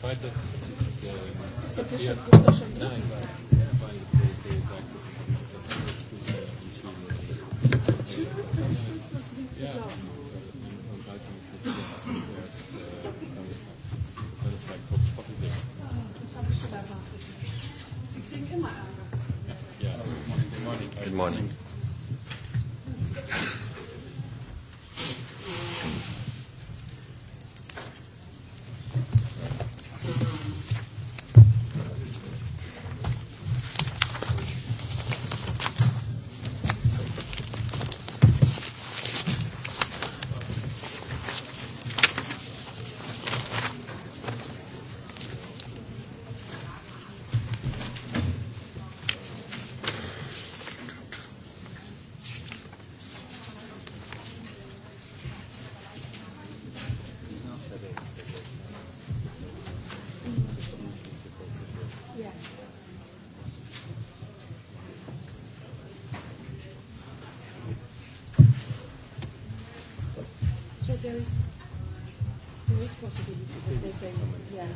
zweite ist there is there is possibility that they yeah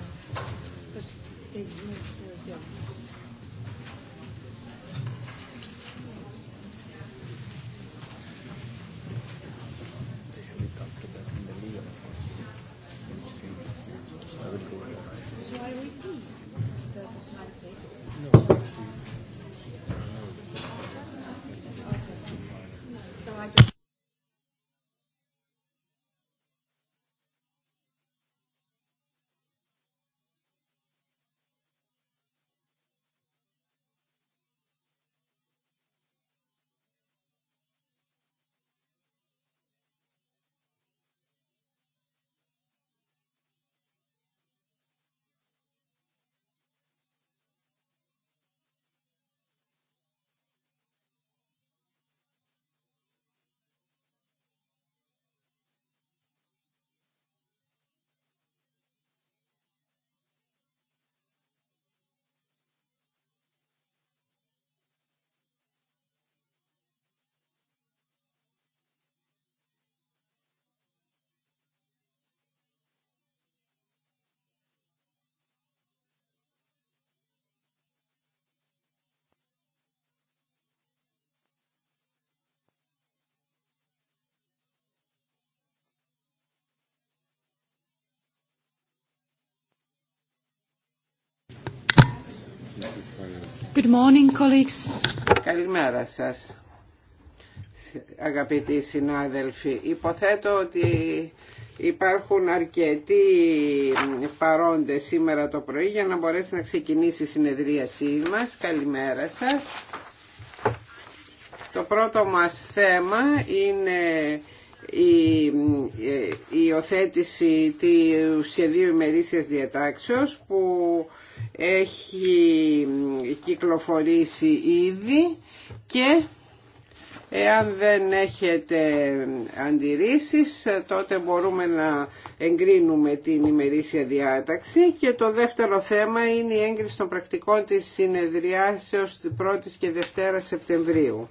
Καλημέρα σας, αγαπητοί συνάδελφοι. Υποθέτω ότι υπάρχουν αρκετοί παρόντες σήμερα το πρωί για να μπορέσει να ξεκινήσει η συνεδρίασή μας. Καλημέρα σας. Το πρώτο μας θέμα είναι η, η υιοθέτηση του σχεδίου ημερήσιας διατάξεως που έχει κυκλοφορήσει ήδη και εάν δεν έχετε αντιρρήσεις τότε μπορούμε να εγκρίνουμε την ημερήσια διάταξη και το δεύτερο θέμα είναι η έγκριση των πρακτικών της συνεδριάσεως 1η και 2η Σεπτεμβρίου.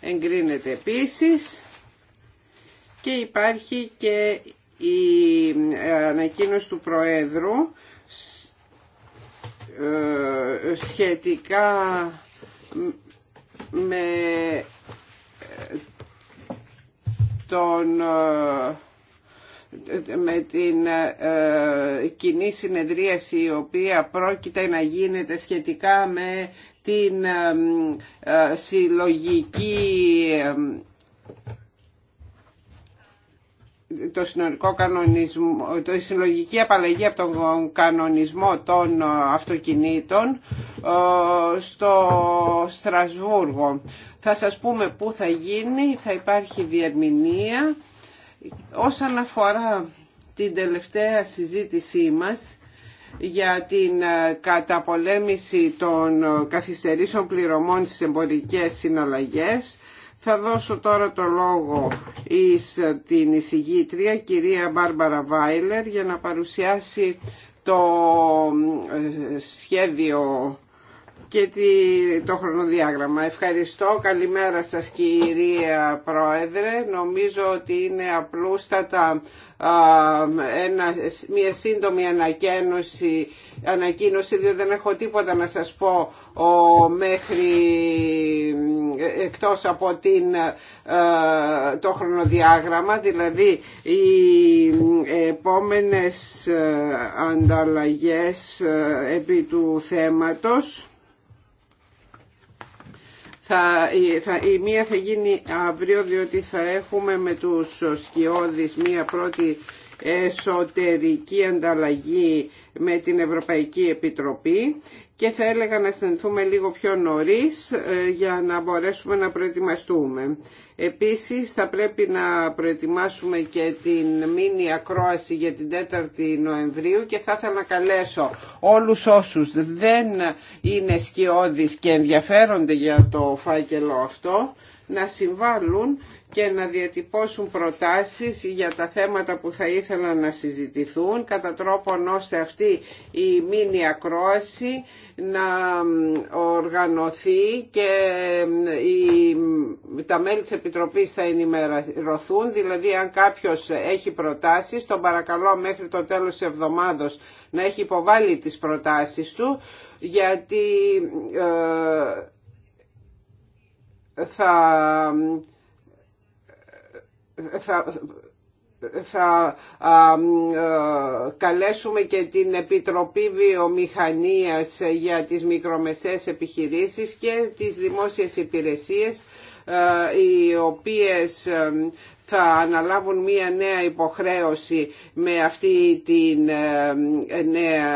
Εγκρίνεται επίσης και υπάρχει και η ανακοίνωση του Προέδρου ε, σχετικά με ε, τον ε, με την ε, κοινή συνεδρίαση η οποία πρόκειται να γίνεται σχετικά με την ε, συλλογική το συνολικό κανονισμό, το συλλογική απαλλαγή από τον κανονισμό των ε, αυτοκινήτων ε, στο Στρασβούργο. Θα σας πούμε πού θα γίνει, θα υπάρχει διερμηνία. Όσον αφορά την τελευταία συζήτησή μας για την ε, καταπολέμηση των καθυστερήσεων πληρωμών στις εμπορικές συναλλαγές, θα δώσω τώρα το λόγο εις ε, την εισηγήτρια κυρία Μπάρμπαρα Βάιλερ για να παρουσιάσει το ε, σχέδιο και το χρονοδιάγραμμα. Ευχαριστώ. Καλημέρα σας κυρία Πρόεδρε. Νομίζω ότι είναι απλούστατα μια σύντομη ανακαίνωση, ανακοίνωση διότι δεν έχω τίποτα να σας πω ο, μέχρι εκτός από την, το χρονοδιάγραμμα δηλαδή οι επόμενες ανταλλαγές επί του θέματος θα, η μία θα γίνει αύριο διότι θα έχουμε με τους σκιώδεις μία πρώτη εσωτερική ανταλλαγή με την Ευρωπαϊκή Επιτροπή και θα έλεγα να συνενθούμε λίγο πιο νωρίς ε, για να μπορέσουμε να προετοιμαστούμε. Επίσης θα πρέπει να προετοιμάσουμε και την μήνυ ακρόαση για την 4η Νοεμβρίου και θα ήθελα να καλέσω όλους όσους δεν είναι σκιώδεις και ενδιαφέρονται για το φάκελο αυτό να συμβάλλουν και να διατυπώσουν προτάσεις για τα θέματα που θα ήθελαν να συζητηθούν κατά τρόπον ώστε αυτή η μήνυ ακρόαση να οργανωθεί και τα μέλη της Επιτροπής θα ενημερωθούν δηλαδή αν κάποιος έχει προτάσεις τον παρακαλώ μέχρι το τέλος της εβδομάδος να έχει υποβάλει τις προτάσεις του γιατί ε, θα, θα θα ε, καλέσουμε και την Επιτροπή Βιομηχανίας για τις μικρομεσαίες επιχειρήσεις και τις δημόσιες υπηρεσίες ε, οι οποίες ε, θα αναλάβουν μία νέα υποχρέωση με αυτή την ε, νέα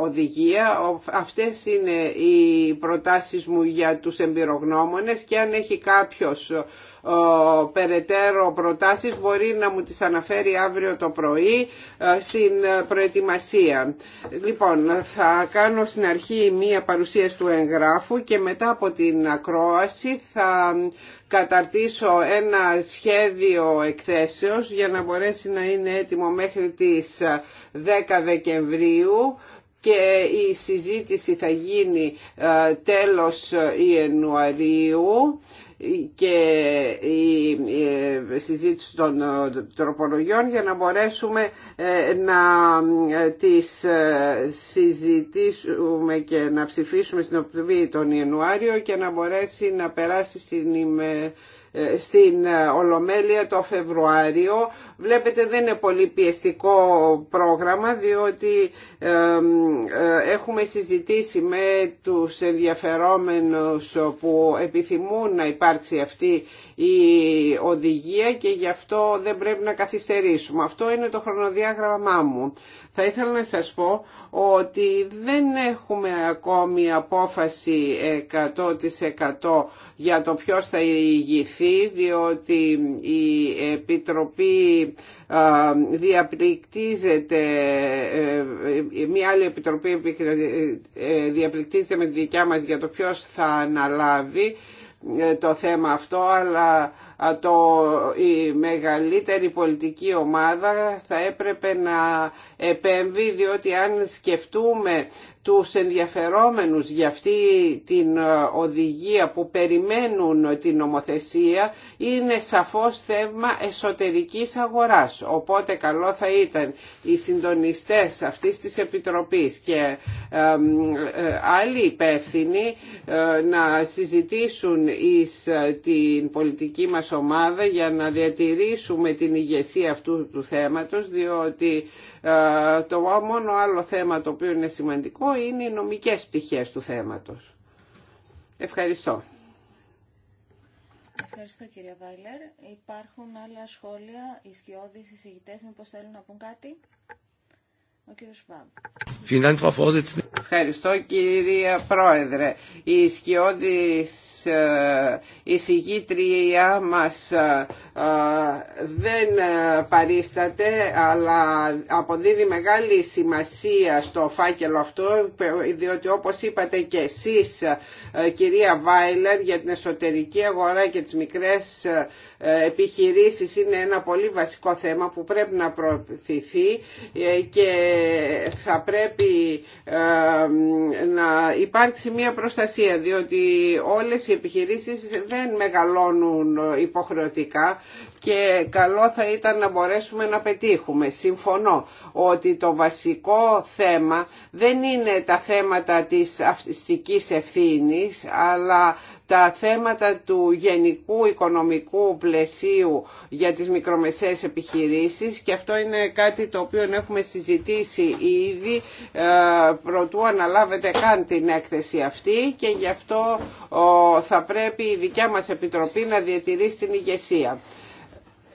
οδηγία. Αυτές είναι οι προτάσεις μου για τους εμπειρογνώμονες και αν έχει κάποιος περαιτέρω προτάσεις μπορεί να μου τις αναφέρει αύριο το πρωί ε, στην προετοιμασία. Λοιπόν, θα κάνω στην αρχή μία παρουσίαση του εγγράφου και μετά από την ακρόαση θα καταρτήσω ένα σχέδιο εκθέσεως για να μπορέσει να είναι έτοιμο μέχρι τις 10 Δεκεμβρίου και η συζήτηση θα γίνει ε, τέλος Ιανουαρίου και η ε, συζήτηση των ε, τροπολογιών για να μπορέσουμε ε, να τις συζητήσουμε και να ψηφίσουμε στην Οπτική τον Ιανουάριο και να μπορέσει να περάσει στην ε, στην ε, Ολομέλεια το Φεβρουάριο. Βλέπετε δεν είναι πολύ πιεστικό πρόγραμμα διότι ε, έχουμε συζητήσει με τους ενδιαφερόμενους που επιθυμούν να υπάρξει αυτή η οδηγία και γι' αυτό δεν πρέπει να καθυστερήσουμε. Αυτό είναι το χρονοδιάγραμμά μου. Θα ήθελα να σας πω ότι δεν έχουμε ακόμη απόφαση 100% για το ποιος θα ηγηθεί, διότι η Επιτροπή διαπληκτίζεται, ε, μια άλλη Επιτροπή ε, διαπληκτίζεται με τη δικιά μας για το ποιος θα αναλάβει το θέμα αυτό αλλά το, η μεγαλύτερη πολιτική ομάδα θα έπρεπε να επέμβει διότι αν σκεφτούμε τους ενδιαφερόμενους για αυτή την ε, οδηγία που περιμένουν την νομοθεσία είναι σαφώς θέμα εσωτερικής αγοράς. Οπότε καλό θα ήταν οι συντονιστές αυτής της Επιτροπής και ε, ε, άλλοι υπεύθυνοι να συζητήσουν εις την πολιτική μας ομάδα για να διατηρήσουμε την ηγεσία αυτού του θέματος διότι το μόνο άλλο θέμα το οποίο είναι σημαντικό είναι οι νομικές πτυχές του θέματος. Ευχαριστώ. Ευχαριστώ κύριε Βάιλερ. Υπάρχουν άλλα σχόλια, οι σκιώδεις εισηγητές μήπως θέλουν να πούν κάτι. Ευχαριστώ κυρία Πρόεδρε. Η σκιώδης ε, η μα μας ε, ε, δεν παρίσταται αλλά αποδίδει μεγάλη σημασία στο φάκελο αυτό διότι όπως είπατε και εσείς κυρία Βάιλερ για την εσωτερική αγορά και τις μικρές επιχειρήσεις είναι ένα πολύ βασικό θέμα που πρέπει να προωθηθεί και θα πρέπει να υπάρξει μια προστασία διότι όλες οι επιχειρήσεις δεν μεγαλώνουν υποχρεωτικά και καλό θα ήταν να μπορέσουμε να πετύχουμε. Συμφωνώ ότι το βασικό θέμα δεν είναι τα θέματα της αυτιστικής ευθύνης αλλά τα θέματα του γενικού οικονομικού πλαισίου για τις μικρομεσαίες επιχειρήσεις και αυτό είναι κάτι το οποίο έχουμε συζητήσει ήδη ε, προτού αναλάβετε καν την έκθεση αυτή και γι' αυτό θα πρέπει η δικιά μας Επιτροπή να διατηρήσει την ηγεσία.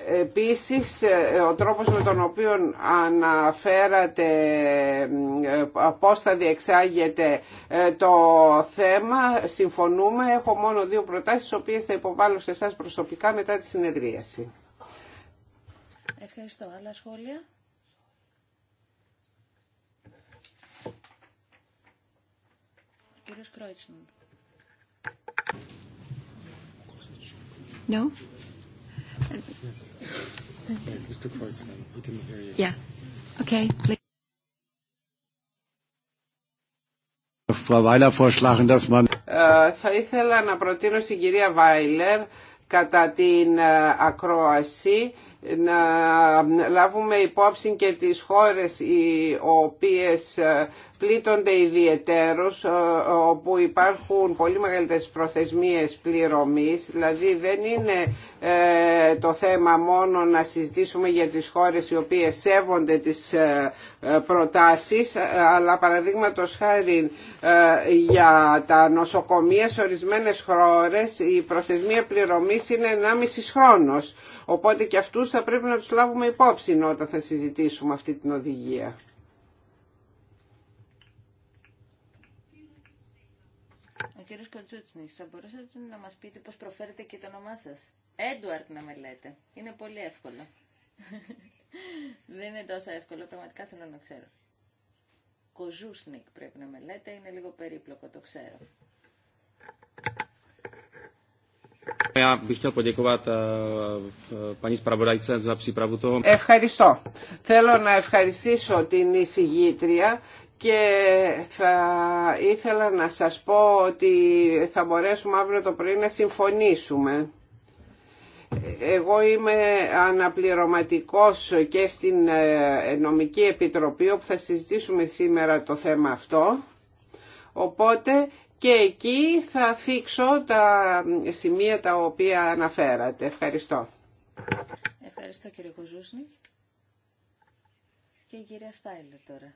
Επίσης, ε, ο τρόπος με τον οποίο αναφέρατε ε, πώς θα διεξάγεται ε, το θέμα, συμφωνούμε. Έχω μόνο δύο προτάσεις, τις οποίες θα υποβάλω σε εσά προσωπικά μετά τη συνεδρίαση. Ευχαριστώ. Άλλα σχόλια. κύριος No. Ε, θα ήθελα να προτείνω στην κυρία Βάιλερ κατά την ε, ακρόαση να λάβουμε υπόψη και τις χώρες οι οποίες ε, πλήττονται ιδιαιτέρως ε, όπου υπάρχουν πολύ μεγαλύτερες προθεσμίες πληρωμής δηλαδή δεν είναι ε, το θέμα μόνο να συζητήσουμε για τις χώρες οι οποίες σέβονται τις προτάσεις αλλά παραδείγματο χάρη για τα νοσοκομεία σε ορισμένες χώρες η προθεσμία πληρωμής είναι 1,5 χρόνος Οπότε και αυτούς θα πρέπει να τους λάβουμε υπόψη όταν θα συζητήσουμε αυτή την οδηγία. Ο κύριος Κοτσούτσνης, θα μπορούσατε να μας πείτε πώς προφέρετε και το όνομά σας. Έντουαρτ να με λέτε. Είναι πολύ εύκολο. Δεν είναι τόσο εύκολο, πραγματικά θέλω να ξέρω. Κοζούσνικ πρέπει να με λέτε, είναι λίγο περίπλοκο, το ξέρω. Eh, Ευχαριστώ. Θέλω να ευχαριστήσω την εισηγήτρια και θα ήθελα να σας πω ότι θα μπορέσουμε αύριο το πρωί να συμφωνήσουμε. Εγώ είμαι αναπληρωματικός και στην ε, νομική επιτροπή όπου θα συζητήσουμε σήμερα το θέμα αυτό. Οπότε και εκεί θα αφήξω τα σημεία τα οποία αναφέρατε. Ευχαριστώ. Ευχαριστώ κύριε Κουζούσνη και η κυρία Στάιλερ τώρα.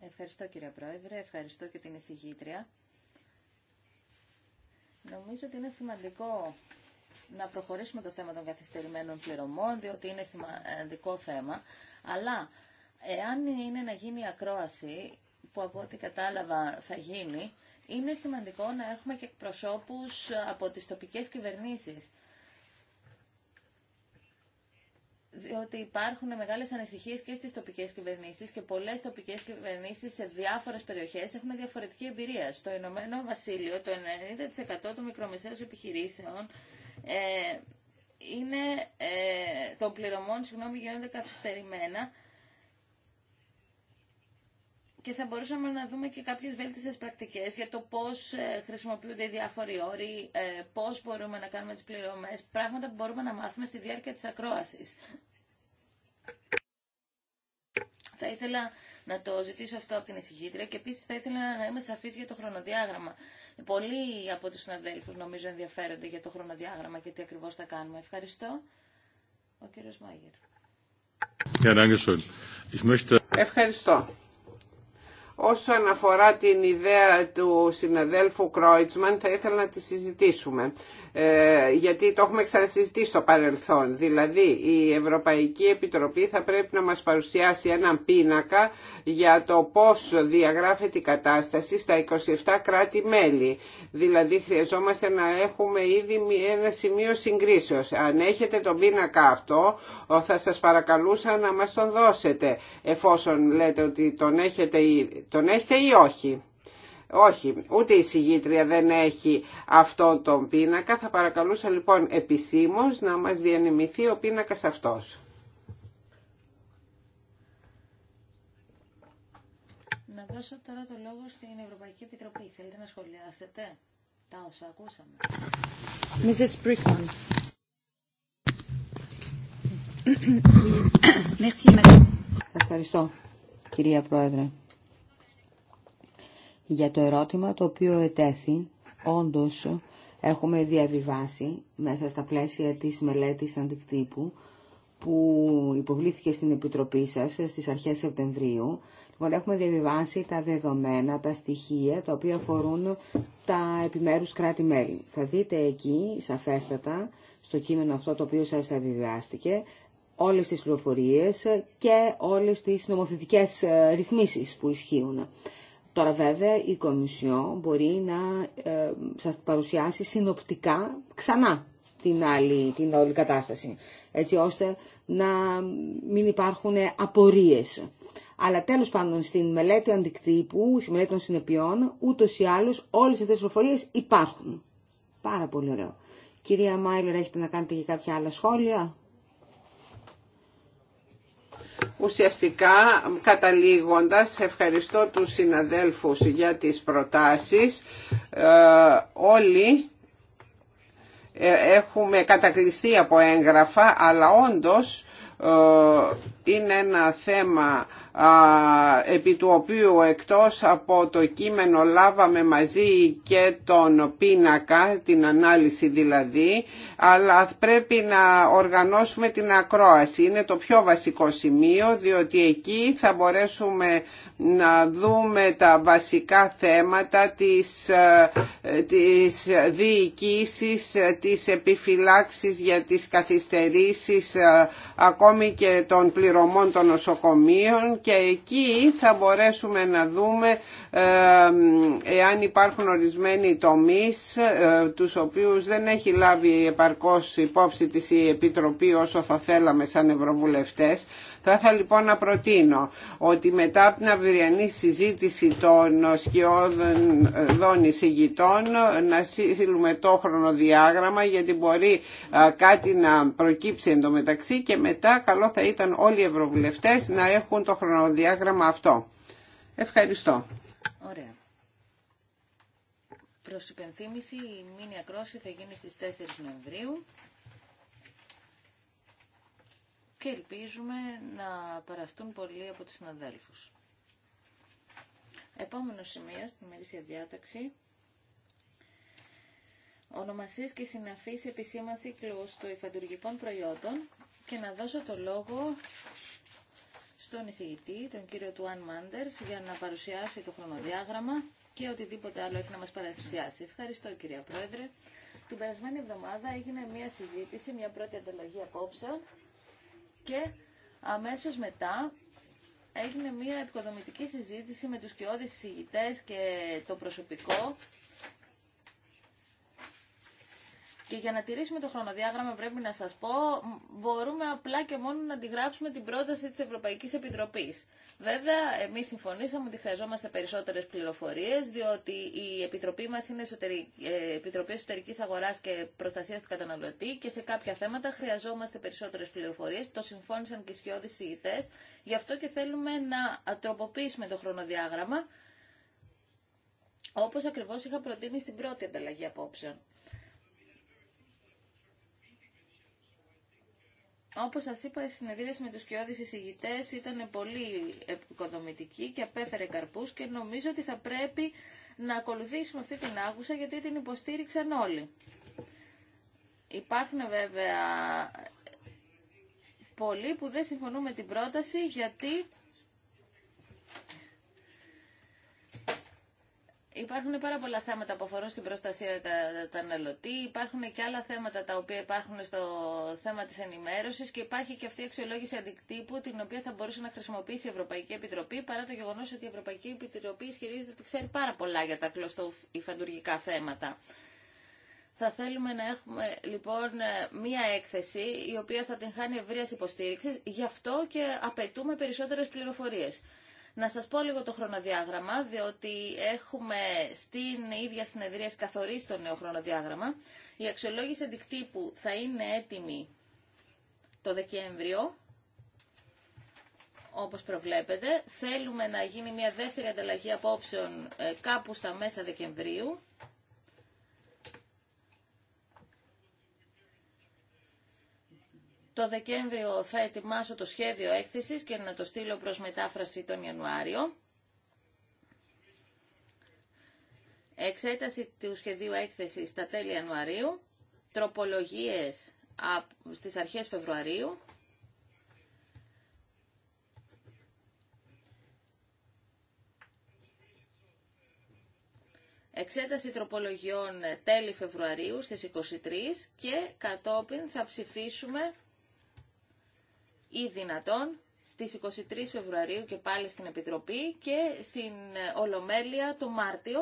Ευχαριστώ κύριε Πρόεδρε, ευχαριστώ και την εισηγήτρια. Νομίζω ότι είναι σημαντικό να προχωρήσουμε το θέμα των καθυστερημένων πληρωμών, διότι είναι σημαντικό θέμα, αλλά εάν είναι να γίνει ακρόαση, που από ό,τι κατάλαβα θα γίνει, είναι σημαντικό να έχουμε και εκπροσώπους από τις τοπικές κυβερνήσεις. Διότι υπάρχουν μεγάλες ανησυχίες και στις τοπικές κυβερνήσεις και πολλές τοπικές κυβερνήσεις σε διάφορες περιοχές έχουν διαφορετική εμπειρία. Στο Ηνωμένο Βασίλειο το 90% των μικρομεσαίων επιχειρήσεων ε, είναι, ε, των πληρωμών συγγνώμη, γίνονται καθυστερημένα και θα μπορούσαμε να δούμε και κάποιες βέλτιστες πρακτικές για το πώς ε, χρησιμοποιούνται οι διάφοροι όροι, ε, πώς μπορούμε να κάνουμε τις πληρωμές, πράγματα που μπορούμε να μάθουμε στη διάρκεια της ακρόασης. Θα ήθελα να το ζητήσω αυτό από την εισηγήτρια και επίση θα ήθελα να είμαι σαφή για το χρονοδιάγραμμα. Πολλοί από του συναδέλφου νομίζω ενδιαφέρονται για το χρονοδιάγραμμα και τι ακριβώ θα κάνουμε. Ευχαριστώ. Ο κύριο Μάγερ. Ευχαριστώ. Όσον αφορά την ιδέα του συναδέλφου Κρόιτσμαν θα ήθελα να τη συζητήσουμε ε, γιατί το έχουμε ξανασυζητήσει στο παρελθόν. Δηλαδή η Ευρωπαϊκή Επιτροπή θα πρέπει να μας παρουσιάσει έναν πίνακα για το πώς διαγράφεται η κατάσταση στα 27 κράτη-μέλη. Δηλαδή χρειαζόμαστε να έχουμε ήδη ένα σημείο συγκρίσεως. Αν έχετε τον πίνακα αυτό θα σας παρακαλούσα να μας τον δώσετε εφόσον λέτε ότι τον έχετε ήδη τον έχετε ή όχι. Όχι, ούτε η συγγήτρια δεν έχει αυτό τον πίνακα. Θα παρακαλούσα λοιπόν επισήμως να μας διανυμηθεί ο πίνακας αυτός. Να δώσω τώρα το λόγο στην Ευρωπαϊκή Επιτροπή. Θέλετε να σχολιάσετε τα όσα ακούσαμε. Mrs. Brickman. Ευχαριστώ, κυρία Πρόεδρε για το ερώτημα το οποίο ετέθη. Όντως, έχουμε διαβιβάσει μέσα στα πλαίσια της μελέτης αντικτύπου που υποβλήθηκε στην Επιτροπή σας στις αρχές Σεπτεμβρίου. Λοιπόν, έχουμε διαβιβάσει τα δεδομένα, τα στοιχεία, τα οποία αφορούν τα επιμέρους κράτη-μέλη. Θα δείτε εκεί, σαφέστατα, στο κείμενο αυτό το οποίο σας διαβιβάστηκε, όλες τις πληροφορίες και όλες τις νομοθετικές ε, ρυθμίσεις που ισχύουν. Τώρα βέβαια η Κομισιό μπορεί να ε, σας παρουσιάσει συνοπτικά ξανά την, άλλη, την όλη κατάσταση, έτσι ώστε να μην υπάρχουν απορίες. Αλλά τέλος πάντων στην μελέτη αντικτύπου, στη μελέτη των συνεπειών, ούτως ή άλλως όλες αυτές τις προφορίες υπάρχουν. Πάρα πολύ ωραίο. Κυρία Μάιλερ, έχετε να κάνετε και κάποια άλλα σχόλια. Ουσιαστικά, καταλήγοντας, ευχαριστώ τους συναδέλφους για τις προτάσεις. Ε, όλοι ε, έχουμε κατακλειστεί από έγγραφα, αλλά όντως ε, είναι ένα θέμα επί του οποίου εκτός από το κείμενο λάβαμε μαζί και τον πίνακα, την ανάλυση δηλαδή, αλλά πρέπει να οργανώσουμε την ακρόαση. Είναι το πιο βασικό σημείο, διότι εκεί θα μπορέσουμε να δούμε τα βασικά θέματα της, ε, της ε, της επιφυλάξης για τις καθυστερήσεις ε, ακόμη και των πληρωμών των νοσοκομείων και εκεί θα μπορέσουμε να δούμε ε, εάν υπάρχουν ορισμένοι τομείς ε, τους οποίους δεν έχει λάβει επαρκώς υπόψη της η Επιτροπή όσο θα θέλαμε σαν Ευρωβουλευτές θα ήθελα λοιπόν να προτείνω ότι μετά από την αυριανή συζήτηση των σκιώδων εισηγητών να σηλουμε το χρονοδιάγραμμα γιατί μπορεί κάτι να προκύψει εντωμεταξύ και μετά καλό θα ήταν όλοι οι ευρωβουλευτές να έχουν το χρονοδιάγραμμα αυτό. Ευχαριστώ. Ωραία. Προς υπενθύμηση η μήνυα κρόση θα γίνει στις 4 Νοεμβρίου και ελπίζουμε να παραστούν πολλοί από τους συναδέλφους. Επόμενο σημείο στην μερίσια διάταξη. Ονομασίες και σε επισήμανση κλωστοϊφαντουργικών προϊόντων και να δώσω το λόγο στον εισηγητή, τον κύριο Τουάν Μάντερς, για να παρουσιάσει το χρονοδιάγραμμα και οτιδήποτε άλλο έχει να μας παρουσιάσει. Ευχαριστώ κυρία Πρόεδρε. Την περασμένη εβδομάδα έγινε μια συζήτηση, μια πρώτη ανταλλαγή απόψεων και αμέσως μετά έγινε μια επικοδομητική συζήτηση με τους κοιόδης συζητητές και το προσωπικό Και για να τηρήσουμε το χρονοδιάγραμμα πρέπει να σας πω, μπορούμε απλά και μόνο να αντιγράψουμε την πρόταση της Ευρωπαϊκής Επιτροπής. Βέβαια, εμείς συμφωνήσαμε ότι χρειαζόμαστε περισσότερες πληροφορίες, διότι η Επιτροπή μας είναι εσωτερική, ε, Επιτροπή Εσωτερικής Αγοράς και Προστασίας του Καταναλωτή και σε κάποια θέματα χρειαζόμαστε περισσότερες πληροφορίες. Το συμφώνησαν και οι σκιώδεις συγητές. Γι' αυτό και θέλουμε να τροποποιήσουμε το χρονοδιάγραμμα, όπως ακριβώς είχα προτείνει στην πρώτη ανταλλαγή απόψεων. Όπως σας είπα, η συνεδρίαση με τους κοιόδης εισηγητές ήταν πολύ επικοδομητική και απέφερε καρπούς και νομίζω ότι θα πρέπει να ακολουθήσουμε αυτή την άγουσα γιατί την υποστήριξαν όλοι. Υπάρχουν βέβαια πολλοί που δεν συμφωνούν με την πρόταση γιατί Υπάρχουν πάρα πολλά θέματα που αφορούν στην προστασία του καταναλωτή, υπάρχουν και άλλα θέματα τα οποία υπάρχουν στο θέμα της ενημέρωσης και υπάρχει και αυτή η αξιολόγηση αντικτύπου την οποία θα μπορούσε να χρησιμοποιήσει η Ευρωπαϊκή Επιτροπή παρά το γεγονός ότι η Ευρωπαϊκή Επιτροπή ισχυρίζεται ότι ξέρει πάρα πολλά για τα κλωστοφαντουργικά θέματα. Θα θέλουμε να έχουμε λοιπόν μία έκθεση η οποία θα την χάνει ευρεία υποστήριξη, γι' αυτό και απαιτούμε περισσότερες πληροφορίες. Να σας πω λίγο το χρονοδιάγραμμα, διότι έχουμε στην ίδια συνεδρία καθορίσει το νέο χρονοδιάγραμμα. Η αξιολόγηση αντικτύπου θα είναι έτοιμη το Δεκέμβριο, όπως προβλέπετε. Θέλουμε να γίνει μια δεύτερη ανταλλαγή απόψεων ε, κάπου στα μέσα Δεκεμβρίου Το Δεκέμβριο θα ετοιμάσω το σχέδιο έκθεσης και να το στείλω προς μετάφραση τον Ιανουάριο. Εξέταση του σχεδίου έκθεσης στα τέλη Ιανουαρίου, τροπολογίες στις αρχές Φεβρουαρίου, εξέταση τροπολογιών τέλη Φεβρουαρίου στις 23 και κατόπιν θα ψηφίσουμε ή δυνατόν στις 23 Φεβρουαρίου και πάλι στην Επιτροπή και στην ε, Ολομέλεια του Μάρτιο,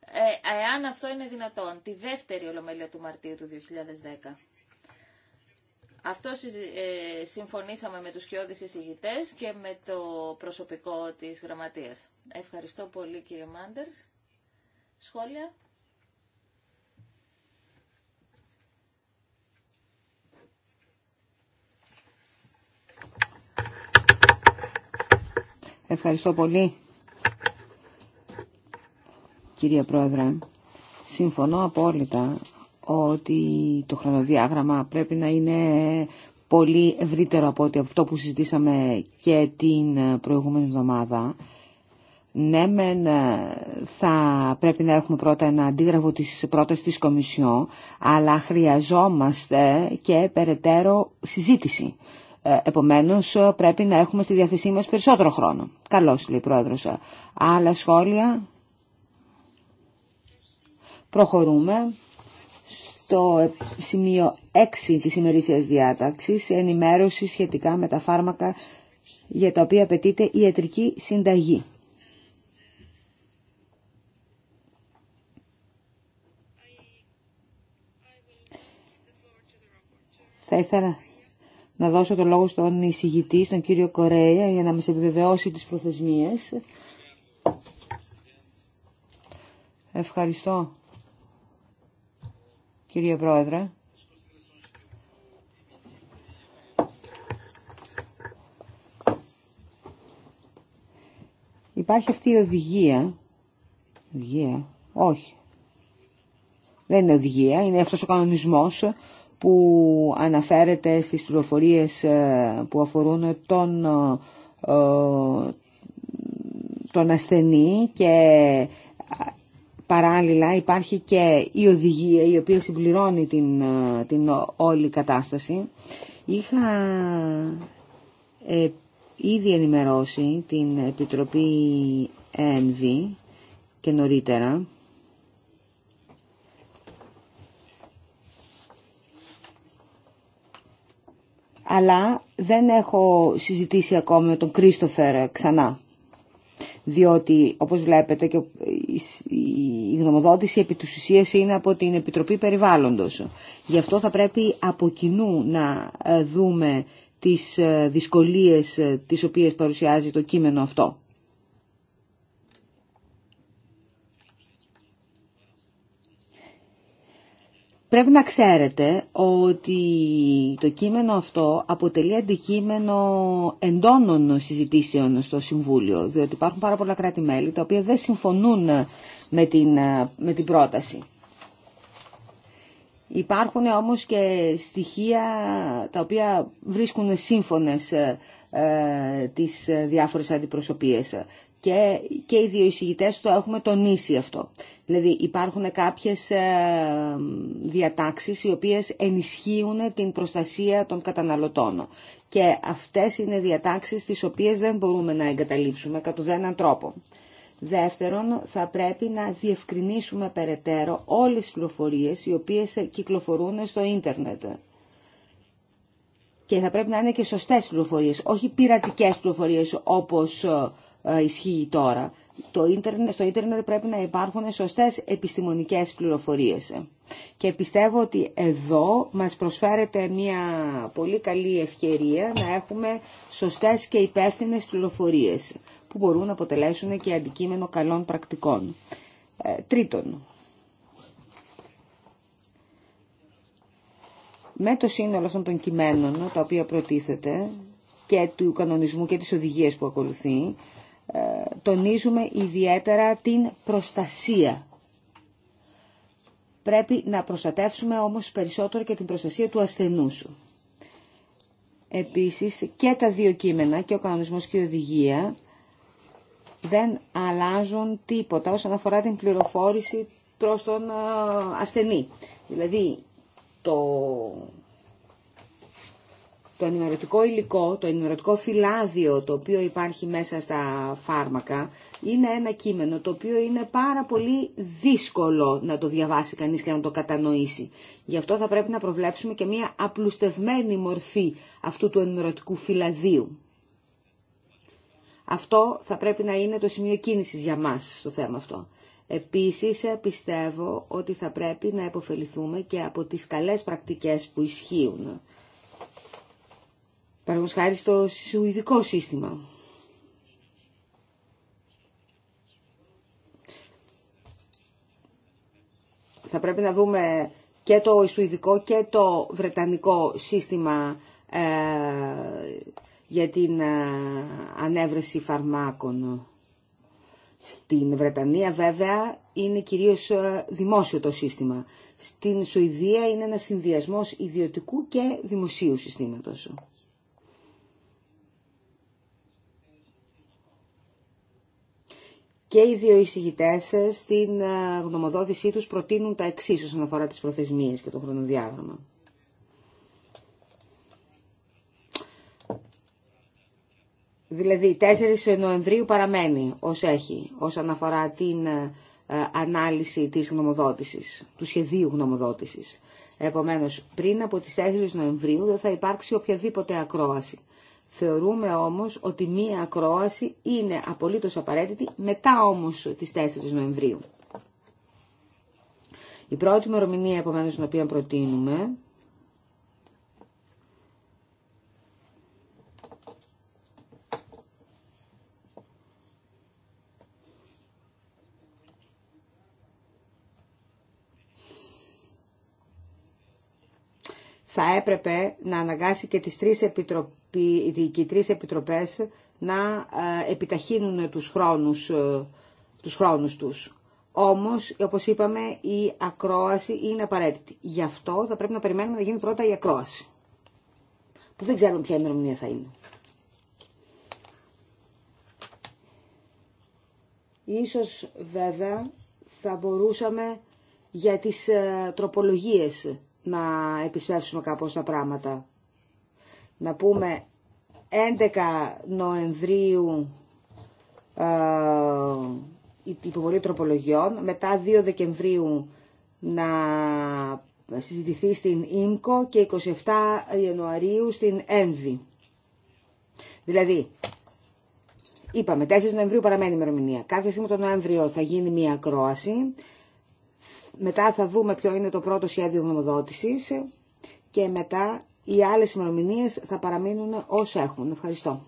ε, εάν αυτό είναι δυνατόν, τη δεύτερη Ολομέλεια του Μαρτίου του 2010. Αυτό ε, συμφωνήσαμε με τους κοιόδης εισηγητές και με το προσωπικό της γραμματείας. Ευχαριστώ πολύ κύριε Μάντερς. Σχόλια. Ευχαριστώ πολύ, κυρία Πρόεδρε. Συμφωνώ απόλυτα ότι το χρονοδιάγραμμα πρέπει να είναι πολύ ευρύτερο από αυτό που συζητήσαμε και την προηγούμενη εβδομάδα. Ναι, ε, θα πρέπει να έχουμε πρώτα ένα αντίγραφο της πρώτης της Κομισιόν, αλλά χρειαζόμαστε και περαιτέρω συζήτηση ε, επομένως ε, πρέπει να έχουμε στη διάθεσή μα περισσότερο χρόνο. Καλώ λέει η ε, Άλλα σχόλια. Προχωρούμε στο σημείο 6 της ημερήσιας διάταξης, ενημέρωση σχετικά με τα φάρμακα για τα οποία απαιτείται ιατρική συνταγή. Θα ήθελα να δώσω το λόγο στον εισηγητή, στον κύριο Κορέα, για να μας επιβεβαιώσει τις προθεσμίες. Ευχαριστώ, κύριε Πρόεδρε. Υπάρχει αυτή η οδηγία. Οδηγία. Όχι. Δεν είναι οδηγία. Είναι αυτός ο κανονισμός που αναφέρεται στις πληροφορίες ε, που αφορούν τον, ε, τον ασθενή και παράλληλα υπάρχει και η οδηγία η οποία συμπληρώνει την, ε, την όλη κατάσταση. Είχα ήδη ενημερώσει την Επιτροπή ΕΝΒ και νωρίτερα αλλά δεν έχω συζητήσει ακόμα με τον Κρίστοφερ ξανά. Διότι, όπως βλέπετε, και η γνωμοδότηση επί είναι από την Επιτροπή Περιβάλλοντος. Γι' αυτό θα πρέπει από κοινού να ε, δούμε τις ε, δυσκολίες ε, τις οποίες παρουσιάζει το κείμενο αυτό. Πρέπει να ξέρετε ότι το κείμενο αυτό αποτελεί αντικείμενο εντόνων συζητήσεων στο Συμβούλιο, διότι υπάρχουν πάρα πολλά κράτη-μέλη τα οποία δεν συμφωνούν με την, με την πρόταση. Υπάρχουν όμως και στοιχεία τα οποία βρίσκουν σύμφωνες ε, τις ε, διάφορες αντιπροσωπίες Και, και οι δύο εισηγητές το έχουμε τονίσει αυτό. Δηλαδή υπάρχουν κάποιες ε, διατάξεις οι οποίες ενισχύουν την προστασία των καταναλωτών. Και αυτές είναι διατάξεις τις οποίες δεν μπορούμε να εγκαταλείψουμε κατ' ουδέναν τρόπο. Δεύτερον, θα πρέπει να διευκρινίσουμε περαιτέρω όλες τις πληροφορίες οι οποίες κυκλοφορούν στο ίντερνετ και θα πρέπει να είναι και σωστές πληροφορίες, όχι πειρατικές πληροφορίες όπως ε, ε, ισχύει τώρα. Το ίντερνετ, στο ίντερνετ πρέπει να υπάρχουν σωστές επιστημονικές πληροφορίες. Και πιστεύω ότι εδώ μας προσφέρεται μια πολύ καλή ευκαιρία να έχουμε σωστές και υπεύθυνε πληροφορίες που μπορούν να αποτελέσουν και αντικείμενο καλών πρακτικών. Ε, τρίτον, με το σύνολο αυτών των κειμένων τα οποία προτίθεται και του κανονισμού και της οδηγίας που ακολουθεί ε, τονίζουμε ιδιαίτερα την προστασία. Πρέπει να προστατεύσουμε όμως περισσότερο και την προστασία του σου. Επίσης και τα δύο κείμενα και ο κανονισμός και η οδηγία δεν αλλάζουν τίποτα όσον αφορά την πληροφόρηση προς τον ε, ασθενή. Δηλαδή το, το ενημερωτικό υλικό, το ενημερωτικό φυλάδιο το οποίο υπάρχει μέσα στα φάρμακα είναι ένα κείμενο το οποίο είναι πάρα πολύ δύσκολο να το διαβάσει κανείς και να το κατανοήσει. Γι' αυτό θα πρέπει να προβλέψουμε και μια απλουστευμένη μορφή αυτού του ενημερωτικού φυλαδίου. Αυτό θα πρέπει να είναι το σημείο κίνησης για μας στο θέμα αυτό. Επίσης, πιστεύω ότι θα πρέπει να επωφεληθούμε και από τις καλές πρακτικές που ισχύουν. Παραγωγός χάρη στο σουηδικό σύστημα. Θα πρέπει να δούμε και το σουηδικό και το βρετανικό σύστημα ε, για την ε, ανέβρεση φαρμάκων. Στην Βρετανία βέβαια είναι κυρίως ε, δημόσιο το σύστημα. Στην Σουηδία είναι ένα συνδυασμός ιδιωτικού και δημοσίου συστήματος. Και οι δύο εισηγητέ ε, στην ε, γνωμοδότησή τους προτείνουν τα εξής όσον αφορά τις προθεσμίες και το χρονοδιάγραμμα. Δηλαδή 4 Νοεμβρίου παραμένει ως έχει, όσον αφορά την ε, ανάλυση της γνωμοδότησης, του σχεδίου γνωμοδότησης. Επομένως, πριν από τις 4 Νοεμβρίου δεν θα υπάρξει οποιαδήποτε ακρόαση. Θεωρούμε όμως ότι μία ακρόαση είναι απολύτως απαραίτητη μετά όμως τις 4 Νοεμβρίου. Η πρώτη μερομηνία, επομένως, την οποία προτείνουμε, θα έπρεπε να αναγκάσει και τις τρεις, επιτροπή, επιτροπές να ε, επιταχύνουν τους χρόνους, ε, τους χρόνους τους. Όμως, όπως είπαμε, η ακρόαση είναι απαραίτητη. Γι' αυτό θα πρέπει να περιμένουμε να γίνει πρώτα η ακρόαση. Που δεν ξέρουμε ποια ημερομηνία θα είναι. Ίσως βέβαια θα μπορούσαμε για τις ε, τροπολογίες να επισπεύσουμε κάπως τα πράγματα. Να πούμε 11 Νοεμβρίου ε, υποβολή τροπολογιών, μετά 2 Δεκεμβρίου να συζητηθεί στην ΙΜΚΟ και 27 Ιανουαρίου στην Έμβη. Δηλαδή, είπαμε 4 Νοεμβρίου παραμένει η ημερομηνία. Κάποια στιγμή το Νοέμβριο θα γίνει μια ακρόαση μετά θα δούμε ποιο είναι το πρώτο σχέδιο γνωμοδότησης και μετά οι άλλες ημερομηνίε θα παραμείνουν όσο έχουν. Ευχαριστώ.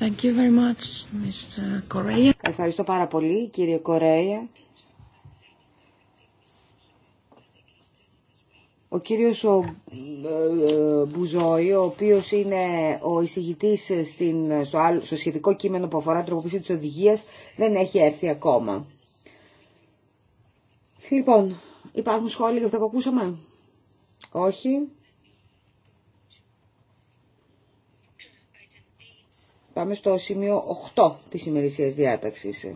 Thank you very much, Mr. Ευχαριστώ πάρα πολύ κύριε Κορέα. ο κύριος ο, ε, Μπουζόη, ο οποίος είναι ο εισηγητής στην, στο, άλλο, σχετικό κείμενο που αφορά τροποποίηση της οδηγίας, δεν έχει έρθει ακόμα. Λοιπόν, υπάρχουν σχόλια για αυτά που ακούσαμε. Όχι. Πάμε στο σημείο 8 της ημερησίας διάταξης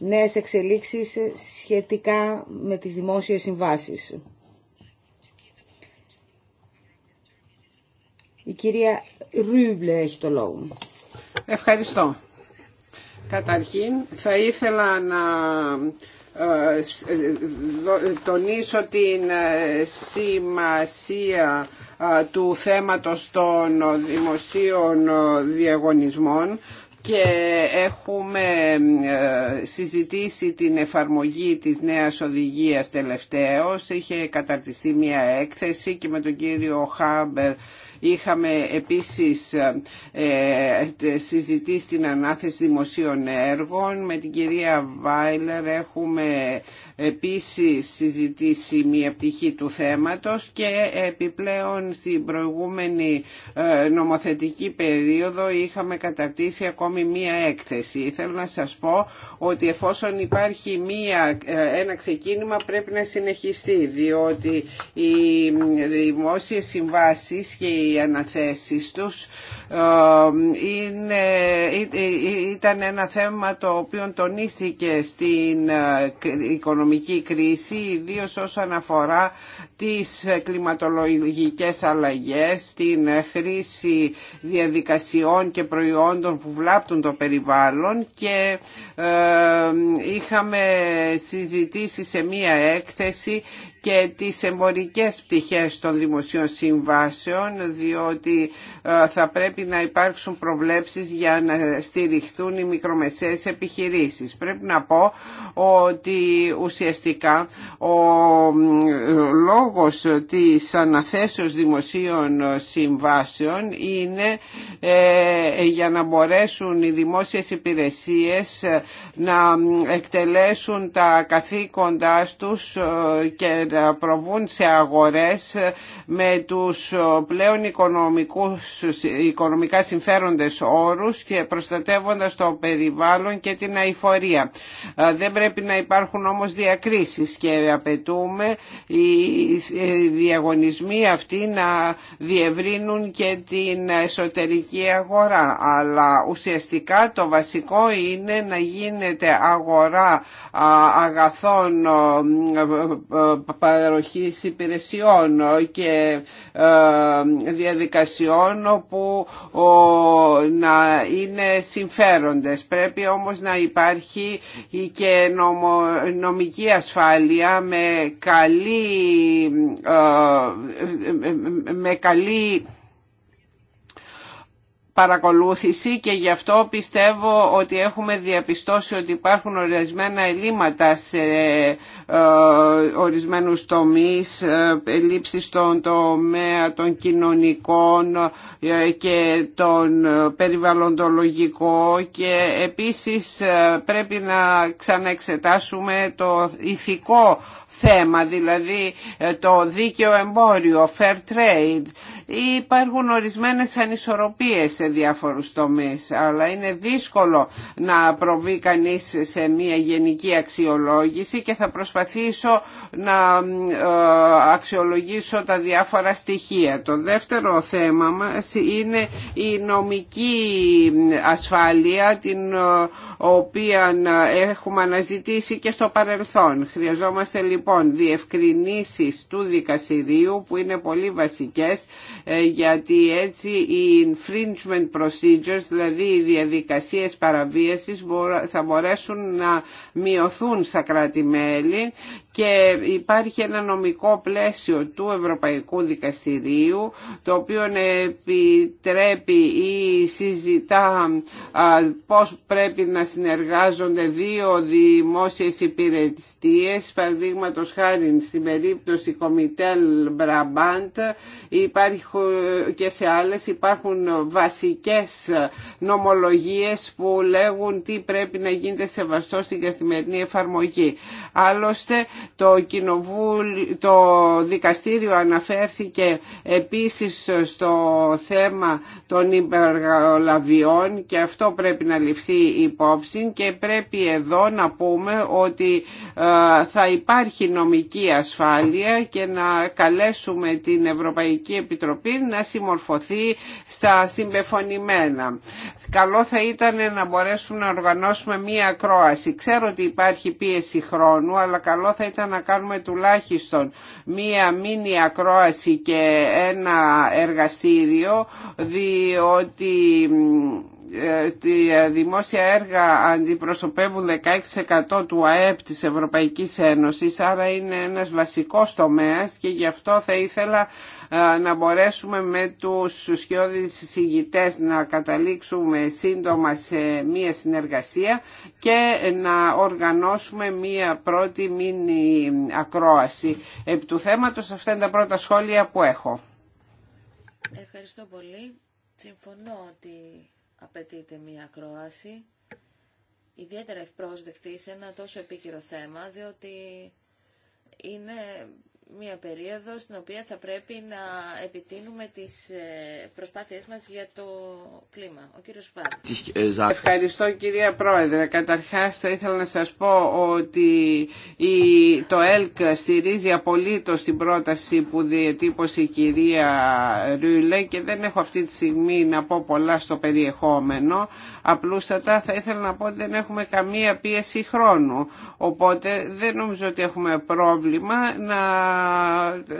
νέες εξελίξεις σχετικά με τις δημόσιες συμβάσεις. Η κυρία Ρούμπλε έχει το λόγο. Ευχαριστώ. Καταρχήν θα ήθελα να ε, τονίσω την ε, σημασία ε, του θέματος των δημοσίων διαγωνισμών και έχουμε ε, συζητήσει την εφαρμογή της νέας οδηγίας τελευταίως. Είχε καταρτιστεί μια έκθεση και με τον κύριο Χάμπερ Είχαμε επίσης ε, ε, συζητήσει την ανάθεση δημοσίων έργων. Με την κυρία Βάιλερ έχουμε επίσης συζητήσει μία πτυχή του θέματος και επιπλέον στην προηγούμενη νομοθετική περίοδο είχαμε καταρτήσει ακόμα ακόμη μία έκθεση. Θέλω να σας πω ότι εφόσον υπάρχει μία, ε, ένα ξεκίνημα πρέπει να συνεχιστεί διότι οι δημόσιες συμβάσεις και οι αναθέσεις τους ε, είναι, ε, ήταν ένα θέμα το οποίο τονίστηκε στην οικονομική κρίση ιδίω όσον αφορά τις κλιματολογικές αλλαγές, την χρήση διαδικασιών και προϊόντων που βλάπτουν κάπτουν το περιβάλλον και ε, είχαμε συζητήσει σε μία έκθεση και τις εμπορικές πτυχές των δημοσίων συμβάσεων διότι ε, θα πρέπει να υπάρξουν προβλέψεις για να στηριχτούν οι μικρομεσαίες επιχειρήσεις. Πρέπει να πω ότι ουσιαστικά ο ε, λόγος της αναθέσεως δημοσίων συμβάσεων είναι ε, για να μπορέσουν οι δημόσιες υπηρεσίες να εκτελέσουν τα καθήκοντά τους και να προβούν σε αγορές με τους πλέον οικονομικούς, οικονομικά συμφέροντες όρους και προστατεύοντας το περιβάλλον και την αηφορία. Ε, δεν πρέπει να υπάρχουν όμως διακρίσεις και απαιτούμε οι διαγωνισμοί αυτοί να διευρύνουν και την εσωτερική αγορά. Αλλά ουσιαστικά το βασικό είναι να γίνεται αγορά αγαθών ε, ε, παροχής υπηρεσιών και ε, διαδικασιών που να είναι συμφέροντες. Πρέπει όμως να υπάρχει και νομική ασφάλεια με καλή, ε, με καλή παρακολούθηση και γι' αυτό πιστεύω ότι έχουμε διαπιστώσει ότι υπάρχουν ορισμένα ελλείμματα σε ε, ορισμένους τομείς, ε, ελλείψεις στον τομέα των κοινωνικών ε, και των περιβαλλοντολογικών και επίσης πρέπει να ξαναεξετάσουμε το ηθικό θέμα, δηλαδή το δίκαιο εμπόριο, fair trade, Υπάρχουν ορισμένες ανισορροπίες σε διάφορους τομείς, αλλά είναι δύσκολο να προβεί κανείς σε μια γενική αξιολόγηση και θα προσπαθήσω να ε, αξιολογήσω τα διάφορα στοιχεία. Το δεύτερο θέμα μας είναι η νομική ασφάλεια την ε, οποία έχουμε αναζητήσει και στο παρελθόν. Χρειαζόμαστε λοιπόν διευκρινήσεις του δικαστηρίου που είναι πολύ βασικές ε, γιατί έτσι οι infringement procedures, δηλαδή οι διαδικασίες παραβίασης θα μπορέσουν να μειωθούν στα κράτη-μέλη και υπάρχει ένα νομικό πλαίσιο του Ευρωπαϊκού Δικαστηρίου το οποίο επιτρέπει ή συζητά πώς πρέπει να συνεργάζονται δύο δημόσιες υπηρεσίες παραδείγματο χάρη στην περίπτωση Κομιτέλ Μπραμπάντ και σε άλλες υπάρχουν βασικές νομολογίες που λέγουν τι πρέπει να γίνεται σεβαστό στην καθημερινή εφαρμογή. Άλλωστε το, το δικαστήριο αναφέρθηκε επίσης στο θέμα των υπεργολαβιών και αυτό πρέπει να ληφθεί υπόψη και πρέπει εδώ να πούμε ότι ε, θα υπάρχει νομική ασφάλεια και να καλέσουμε την Ευρωπαϊκή Επιτροπή να συμμορφωθεί στα συμπεφωνημένα. Καλό θα ήταν να μπορέσουμε να οργανώσουμε μία ακρόαση. Ξέρω ότι υπάρχει πίεση χρόνου, αλλά καλό θα ήταν να κάνουμε τουλάχιστον μία μίνι ακρόαση και ένα εργαστήριο διότι τα ε, δημόσια έργα αντιπροσωπεύουν 16% του ΑΕΠ της Ευρωπαϊκής Ένωσης, άρα είναι ένας βασικός τομέας και γι' αυτό θα ήθελα ε, να μπορέσουμε με τους σκιώδεις συγητές να καταλήξουμε σύντομα σε μία συνεργασία και να οργανώσουμε μία πρώτη μήνυ ακρόαση. Επί του θέματος αυτά είναι τα πρώτα σχόλια που έχω. Ευχαριστώ πολύ. Συμφωνώ ότι απαιτείται μία ακρόαση, ιδιαίτερα ευπρόσδεκτη σε ένα τόσο επίκαιρο θέμα, διότι είναι μια περίοδο στην οποία θα πρέπει να επιτείνουμε τις ε, προσπάθειές μας για το κλίμα. Ο κύριος Βάρ. Ευχαριστώ κυρία Πρόεδρε. Καταρχάς θα ήθελα να σας πω ότι το ΕΛΚ στηρίζει απολύτως την πρόταση που διατύπωσε η κυρία Ρούλε και δεν έχω αυτή τη στιγμή να πω πολλά στο περιεχόμενο. Απλούστατα θα ήθελα να πω ότι δεν έχουμε καμία πίεση χρόνου. Οπότε δεν νομίζω ότι έχουμε πρόβλημα να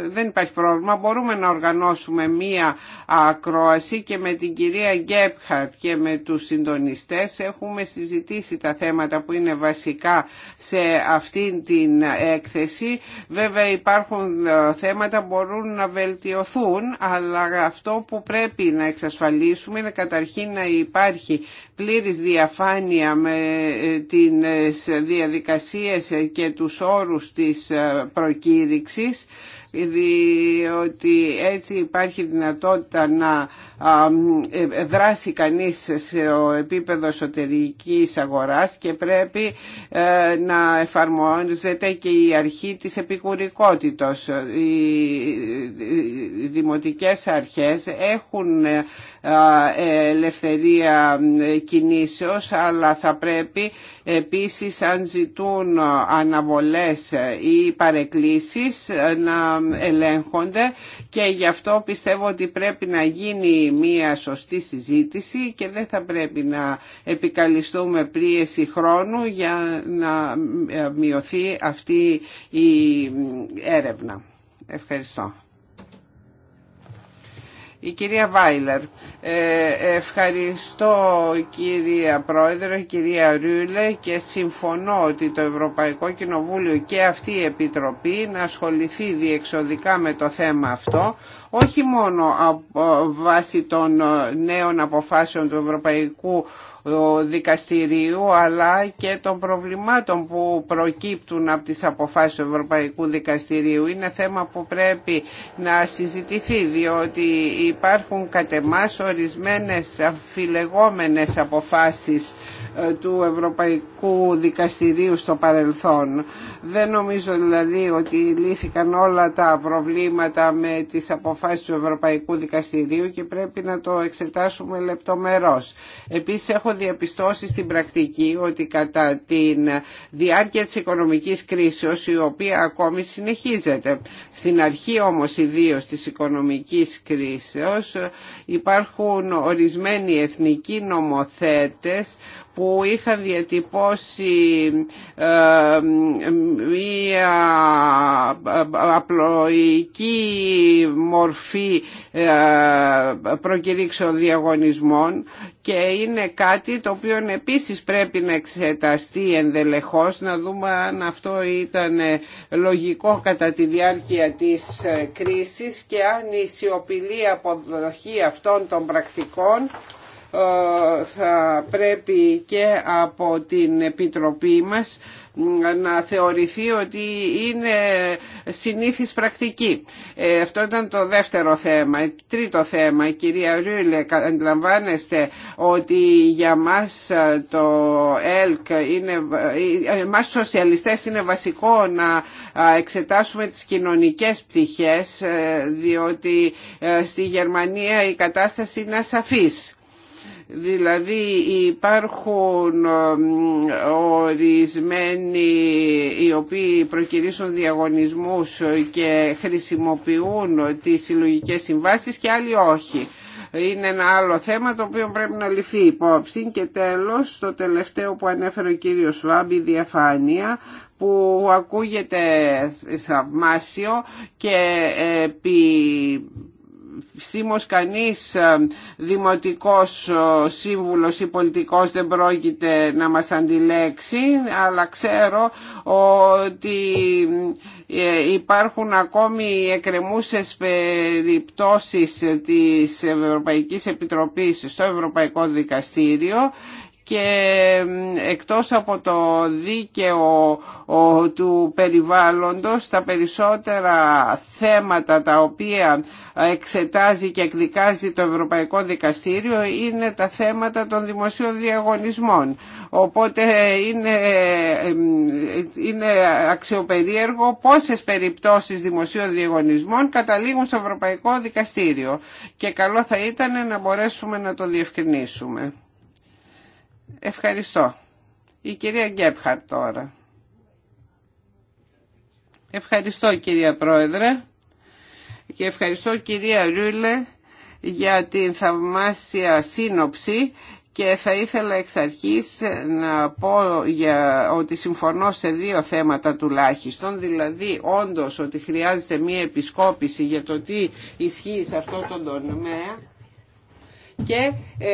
δεν υπάρχει πρόβλημα. Μπορούμε να οργανώσουμε μία ακρόαση και με την κυρία Γκέπχαρτ και με τους συντονιστές έχουμε συζητήσει τα θέματα που είναι βασικά σε αυτήν την έκθεση. Βέβαια υπάρχουν ε, θέματα που μπορούν να βελτιωθούν, αλλά αυτό που πρέπει να εξασφαλίσουμε είναι καταρχήν να υπάρχει πλήρης διαφάνεια με ε, τις διαδικασίες και τους όρους της ε, προκήρυξης είναι διότι έτσι υπάρχει δυνατότητα να δράσει κανείς σε επίπεδο εσωτερικής αγοράς και πρέπει ε, να εφαρμόζεται και η αρχή της επικουρικότητος. Οι δημοτικές αρχές έχουν ε, ε, ελευθερία κινήσεως αλλά θα πρέπει επίσης αν ζητούν αναβολές ή παρεκκλήσεις να ελέγχονται και γι' αυτό πιστεύω ότι πρέπει να γίνει μια σωστή συζήτηση και δεν θα πρέπει να επικαλιστούμε πρίεση χρόνου για να ε, μειωθεί αυτή η ε, έρευνα. Ευχαριστώ. Η κυρία Βάιλερ. Ε, ευχαριστώ κυρία Πρόεδρε, κυρία Ρούλε και συμφωνώ ότι το Ευρωπαϊκό Κοινοβούλιο και αυτή η Επιτροπή να ασχοληθεί διεξοδικά με το θέμα αυτό όχι μόνο βάσει των ε, νέων αποφάσεων του Ευρωπαϊκού δικαστηρίου αλλά και των προβλημάτων που προκύπτουν από τις αποφάσεις του Ευρωπαϊκού Δικαστηρίου. Είναι θέμα που πρέπει να συζητηθεί διότι υπάρχουν κατ' εμάς ορισμένες αμφιλεγόμενες αποφάσεις ε, του Ευρωπαϊκού Δικαστηρίου στο παρελθόν. Δεν νομίζω δηλαδή ότι λύθηκαν όλα τα προβλήματα με τις αποφάσεις του Ευρωπαϊκού Δικαστηρίου και πρέπει να το εξετάσουμε λεπτομερώς. Επίσης έχω έχω διαπιστώσει στην πρακτική ότι κατά τη διάρκεια της οικονομικής κρίσεως η οποία ακόμη συνεχίζεται. Στην αρχή όμως ιδίω της οικονομικής κρίσεως υπάρχουν ορισμένοι εθνικοί νομοθέτες που είχα διατυπώσει ε, μία ε, απλοϊκή μορφή ε, προκηρύξεων διαγωνισμών και είναι κάτι το οποίο επίσης πρέπει να εξεταστεί ενδελεχώς να δούμε αν αυτό ήταν λογικό κατά τη διάρκεια της κρίσης και αν η σιωπηλή αποδοχή αυτών των πρακτικών ε, θα πρέπει και από την Επιτροπή μας να θεωρηθεί ότι είναι συνήθις πρακτική. Ε, αυτό ήταν το δεύτερο θέμα. Τρίτο θέμα, κυρία Ρούλε, αντιλαμβάνεστε ότι για μας ε, το ΕΛΚ, είναι, εμάς τους σοσιαλιστές είναι βασικό να εξετάσουμε τις κοινωνικές πτυχές, διότι στη Γερμανία η κατάσταση είναι ασαφής Δηλαδή υπάρχουν ε, ορισμένοι οι οποίοι προκυρήσουν διαγωνισμούς και χρησιμοποιούν τις συλλογικέ συμβάσεις και άλλοι όχι. Είναι ένα άλλο θέμα το οποίο πρέπει να ληφθεί υπόψη και τέλος το τελευταίο που ανέφερε ο κύριος Σουάμπη, διαφάνεια που ακούγεται θαυμάσιο και επί σήμος κανείς ε, δημοτικός ε, σύμβουλος ή πολιτικός δεν πρόκειται να μας αντιλέξει αλλά ξέρω ότι ε, υπάρχουν ακόμη εκκρεμούσες περιπτώσεις της Ευρωπαϊκής Επιτροπής στο Ευρωπαϊκό Δικαστήριο και εκτός από το δίκαιο του περιβάλλοντος τα περισσότερα θέματα τα οποία εξετάζει και εκδικάζει το Ευρωπαϊκό Δικαστήριο είναι τα θέματα των δημοσίων διαγωνισμών. Οπότε είναι, είναι αξιοπερίεργο πόσες περιπτώσεις δημοσίων διαγωνισμών καταλήγουν στο Ευρωπαϊκό Δικαστήριο και καλό θα ήταν να μπορέσουμε να το διευκρινίσουμε. Ευχαριστώ. Η κυρία Γκέπχαρτ τώρα. Ευχαριστώ κυρία Πρόεδρε και ευχαριστώ κυρία Ρούλε για την θαυμάσια σύνοψη και θα ήθελα εξ αρχής να πω για ότι συμφωνώ σε δύο θέματα τουλάχιστον, δηλαδή όντως ότι χρειάζεται μία επισκόπηση για το τι ισχύει σε αυτό τον τομέα και ε,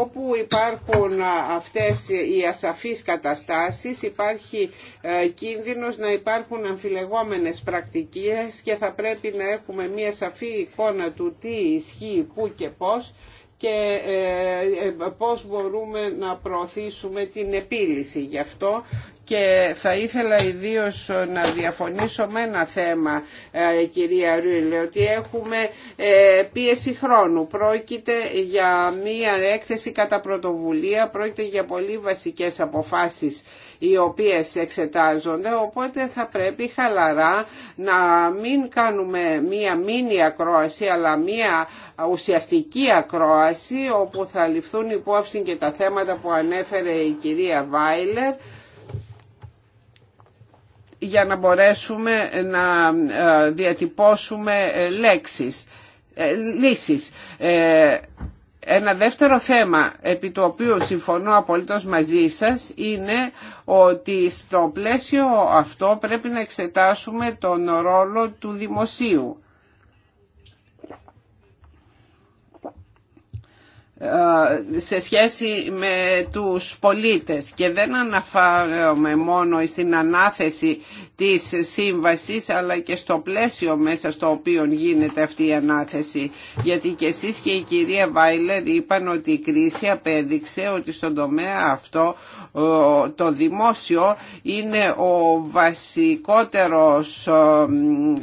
όπου υπάρχουν αυτές οι ασαφείς καταστάσεις υπάρχει ε, κίνδυνος να υπάρχουν αμφιλεγόμενες πρακτικές και θα πρέπει να έχουμε μια σαφή εικόνα του τι ισχύει, πού και πώς και ε, πώς μπορούμε να προωθήσουμε την επίλυση. Γι' αυτό και θα ήθελα ιδίως να διαφωνήσω με ένα θέμα ε, κυρία Ρούιλε ότι έχουμε ε, πίεση χρόνου πρόκειται για μία έκθεση κατά πρωτοβουλία πρόκειται για πολύ βασικές αποφάσεις οι οποίες εξετάζονται οπότε θα πρέπει χαλαρά να μην κάνουμε μία μίνι ακρόαση αλλά μία ουσιαστική ακρόαση όπου θα ληφθούν υπόψη και τα θέματα που ανέφερε η κυρία Βάιλερ για να μπορέσουμε να ε, διατυπώσουμε ε, λέξεις, ε, λύσεις. Ένα δεύτερο θέμα επί του οποίου συμφωνώ απολύτως μαζί σας είναι ότι στο πλαίσιο αυτό πρέπει να εξετάσουμε τον ρόλο του δημοσίου. Ε, σε σχέση με τους πολίτες και δεν αναφέρομαι μόνο στην ανάθεση της σύμβασης αλλά και στο πλαίσιο μέσα στο οποίο γίνεται αυτή η ανάθεση γιατί και εσείς και η κυρία Βάιλερ είπαν ότι η κρίση απέδειξε ότι στον τομέα αυτό ε, το δημόσιο είναι ο βασικότερος ε,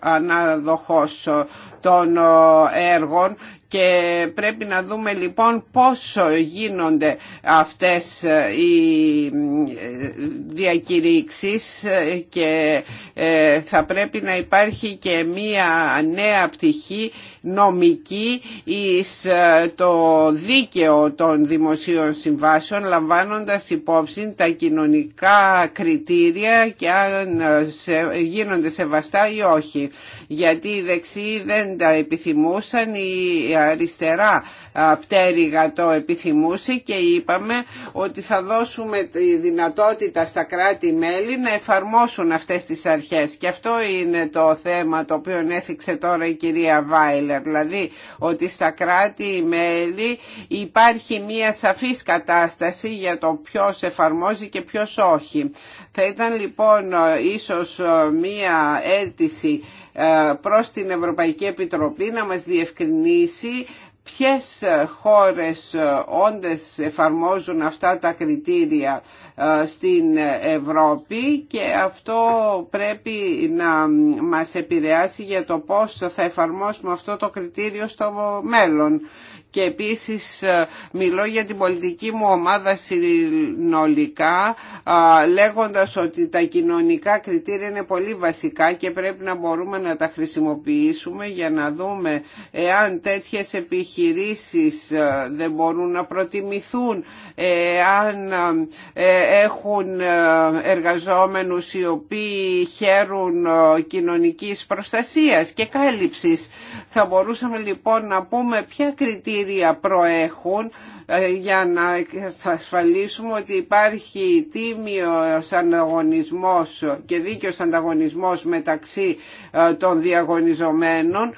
αναδοχός των έργων και πρέπει να δούμε λοιπόν πόσο γίνονται αυτές ε, οι ε, διακηρύξεις ε, και θα πρέπει να υπάρχει και μία νέα πτυχή νομική εις το δίκαιο των δημοσίων συμβάσεων λαμβάνοντας υπόψη τα κοινωνικά κριτήρια και αν γίνονται σεβαστά ή όχι. Γιατί οι δεξιοί δεν τα επιθυμούσαν, οι αριστερά πτέρυγα το επιθυμούσε και είπαμε ότι θα δώσουμε τη δυνατότητα στα κράτη-μέλη να εφαρμόσουν αυτές τις αρχές. Και αυτό είναι το θέμα το οποίο έθιξε τώρα η κυρία Βάιλερ, δηλαδή ότι στα κράτη-μέλη υπάρχει μία σαφής κατάσταση για το ποιος εφαρμόζει και ποιος όχι. Θα ήταν λοιπόν ίσως μία αίτηση ε, προς την Ευρωπαϊκή Επιτροπή να μας διευκρινίσει ποιες ε, χώρες ε, όντες εφαρμόζουν αυτά τα κριτήρια στην Ευρώπη και αυτό πρέπει να μας επηρεάσει για το πώς θα εφαρμόσουμε αυτό το κριτήριο στο μέλλον και επίσης ε, μιλώ για την πολιτική μου ομάδα συνολικά λέγοντας ότι τα κοινωνικά κριτήρια είναι πολύ βασικά και πρέπει να μπορούμε να τα χρησιμοποιήσουμε για να δούμε εάν τέτοιες επιχειρήσεις ε, δεν μπορούν να προτιμηθούν εάν ε, έχουν εργαζόμενους οι οποίοι χαίρουν κοινωνικής προστασίας και κάλυψης. Θα μπορούσαμε λοιπόν να πούμε ποια κριτήρια προέχουν ε, για να ασφαλίσουμε ότι υπάρχει τίμιος ανταγωνισμός και δίκαιος ανταγωνισμός μεταξύ ε, των διαγωνιζομένων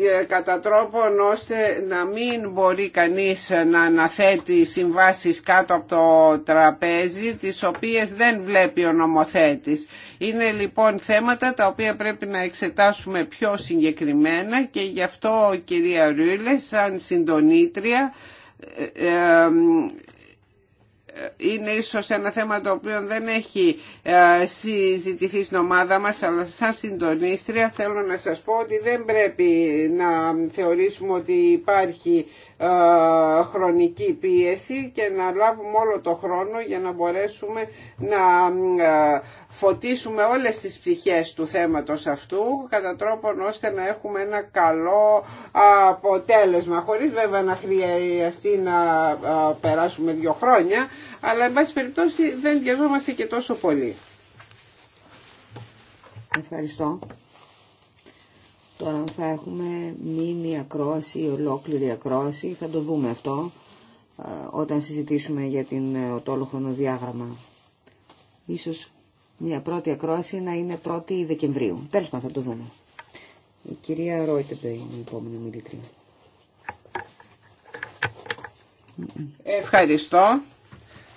ε, κατά τρόπον ώστε να μην μπορεί κανείς να αναθέτει συμβάσεις κάτω από το τραπέζι τις οποίες δεν βλέπει ο νομοθέτης. Είναι λοιπόν θέματα τα οποία πρέπει να εξετάσουμε πιο συγκεκριμένα και γι' αυτό κυρία Ρούλε σαν συντονίτρια ε, ε, είναι ίσως ένα θέμα το οποίο δεν έχει ε, συζητηθεί στην ομάδα μας αλλά σαν συντονίστρια θέλω να σας πω ότι δεν πρέπει να θεωρήσουμε ότι υπάρχει ε, χρονική πίεση και να λάβουμε όλο το χρόνο για να μπορέσουμε να ε, φωτίσουμε όλες τις πτυχές του θέματος αυτού κατά τρόπον ώστε να έχουμε ένα καλό αποτέλεσμα χωρίς βέβαια να χρειαστεί να ε, περάσουμε δύο χρόνια αλλά εν πάση περιπτώσει δεν βιαζόμαστε και τόσο πολύ. Ευχαριστώ. Τώρα αν θα έχουμε μήνυ ακρόαση ή ολόκληρη ακρόαση θα το δούμε αυτό όταν συζητήσουμε για την, ε, το όλο χρονοδιάγραμμα. Ίσως μια πρώτη ακρόαση να είναι 1η Δεκεμβρίου. Τέλος πάντων θα το δούμε. Η κυρία Ρόιτεπε είναι η επόμενη μιλήτρια. Ευχαριστώ.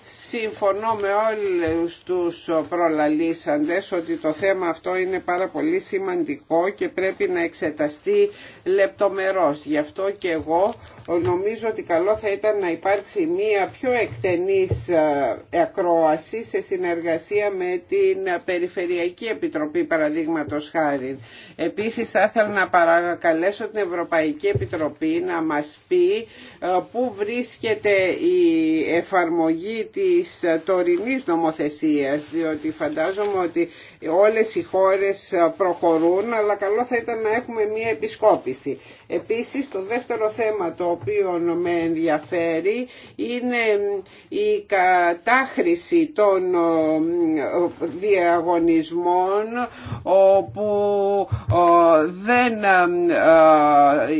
Συμφωνώ με όλους τους προλαλήσαντες ότι το θέμα αυτό είναι πάρα πολύ σημαντικό και πρέπει να εξεταστεί λεπτομερώς. Γι' αυτό και εγώ Νομίζω ότι καλό θα ήταν να υπάρξει μία πιο εκτενής ε, ακρόαση σε συνεργασία με την Περιφερειακή Επιτροπή παραδείγματος χάρη. Επίσης θα ήθελα να παρακαλέσω την Ευρωπαϊκή Επιτροπή να μας πει ε, πού βρίσκεται η εφαρμογή της τωρινής νομοθεσίας διότι φαντάζομαι ότι όλες οι χώρες ε, προχωρούν, αλλά καλό θα ήταν να έχουμε μία επισκόπηση. Επίσης, το δεύτερο θέμα το οποίο με ενδιαφέρει είναι η κατάχρηση των ε, διαγωνισμών όπου ε, δεν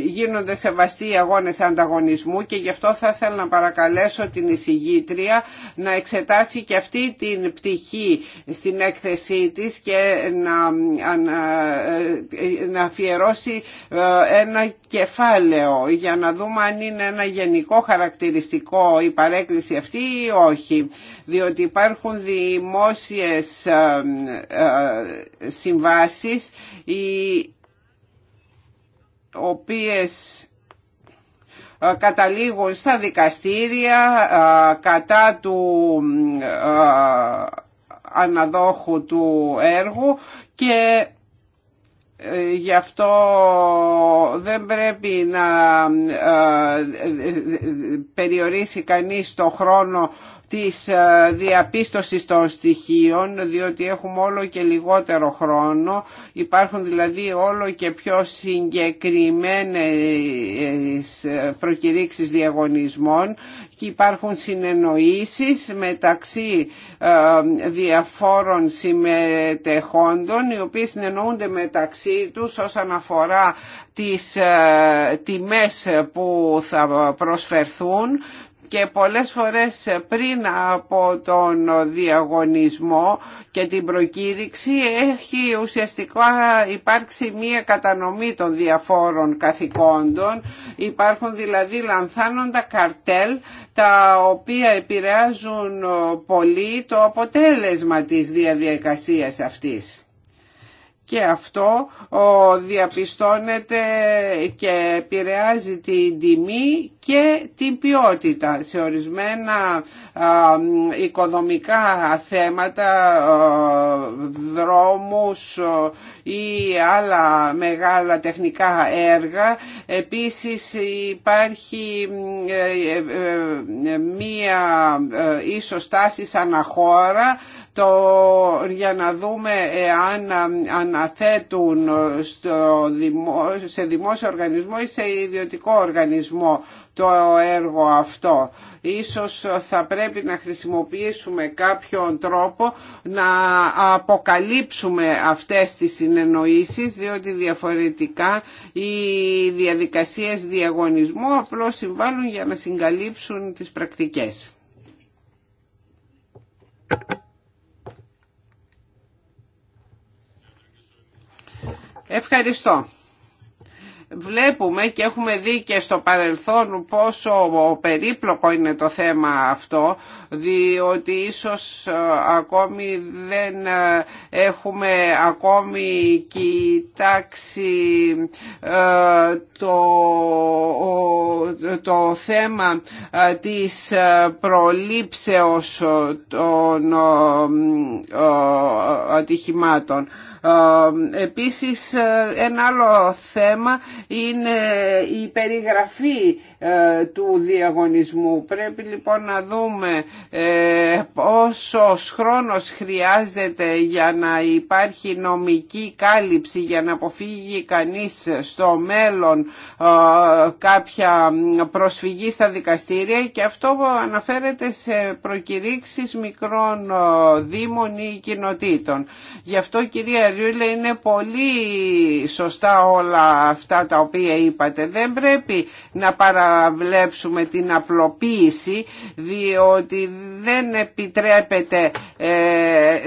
γίνονται σεβαστοί οι αγώνες ανταγωνισμού και γι' αυτό θα ήθελα να παρακαλέσω την εισηγήτρια να εξετάσει και αυτή την πτυχή στην έκθεσή της και να, ε, ε, να αφιερώσει ε, ένα κεφάλαιο για να δούμε αν είναι ένα γενικό χαρακτηριστικό η παρέκκληση αυτή ή όχι. Διότι υπάρχουν δημόσιες συμβάσεις οι οποίες καταλήγουν στα δικαστήρια κατά του αναδόχου του έργου και γι' αυτό δεν πρέπει να περιορίσει κανείς το χρόνο της ε, διαπίστωσης των στοιχείων διότι έχουμε όλο και λιγότερο χρόνο υπάρχουν δηλαδή όλο και πιο συγκεκριμένες ε, προκηρύξεις διαγωνισμών και υπάρχουν συνεννοήσεις μεταξύ ε, διαφόρων συμμετεχόντων οι οποίοι συνεννοούνται μεταξύ τους όσον αφορά τις τιμές που θα προσφερθούν και πολλές φορές πριν από τον διαγωνισμό και την προκήρυξη έχει ουσιαστικά υπάρξει μία κατανομή των διαφόρων καθηκόντων. Υπάρχουν δηλαδή λανθάνοντα καρτέλ τα οποία επηρεάζουν πολύ το αποτέλεσμα της διαδικασίας αυτής και αυτό διαπιστώνεται και επηρεάζει την τιμή και την ποιότητα. Σε ορισμένα οικοδομικά θέματα, δρόμους ή άλλα μεγάλα τεχνικά έργα. Επίσης υπάρχει ε, ε, ε, μία ίσως τάση χώρα το, για να δούμε αν αναθέτουν σε δημόσιο οργανισμό ή σε ιδιωτικό οργανισμό το έργο αυτό. Ίσως θα πρέπει να χρησιμοποιήσουμε κάποιον τρόπο να αποκαλύψουμε αυτές τις συνεννοήσεις διότι διαφορετικά οι διαδικασίες διαγωνισμού απλώς συμβάλλουν για να συγκαλύψουν τις πρακτικές. Ευχαριστώ. Βλέπουμε και έχουμε δει και στο παρελθόν πόσο περίπλοκο είναι το θέμα αυτό διότι ίσως ε, ακόμη δεν ε, έχουμε ακόμη κοιτάξει ε, το, το θέμα της προλήψεως των ατυχημάτων. Επίσης ένα άλλο θέμα είναι η περιγραφή ε, του διαγωνισμού. Πρέπει λοιπόν να δούμε ε, πόσος χρόνος χρειάζεται για να υπάρχει νομική κάλυψη για να αποφύγει κανείς στο μέλλον ε, κάποια προσφυγή στα δικαστήρια και αυτό αναφέρεται σε προκηρύξεις μικρών δήμων ή κοινοτήτων. Γι' αυτό κυρία Ριούλε είναι πολύ σωστά όλα αυτά τα οποία είπατε. Δεν πρέπει να παρα βλέψουμε την απλοποίηση διότι δεν επιτρέπεται ε,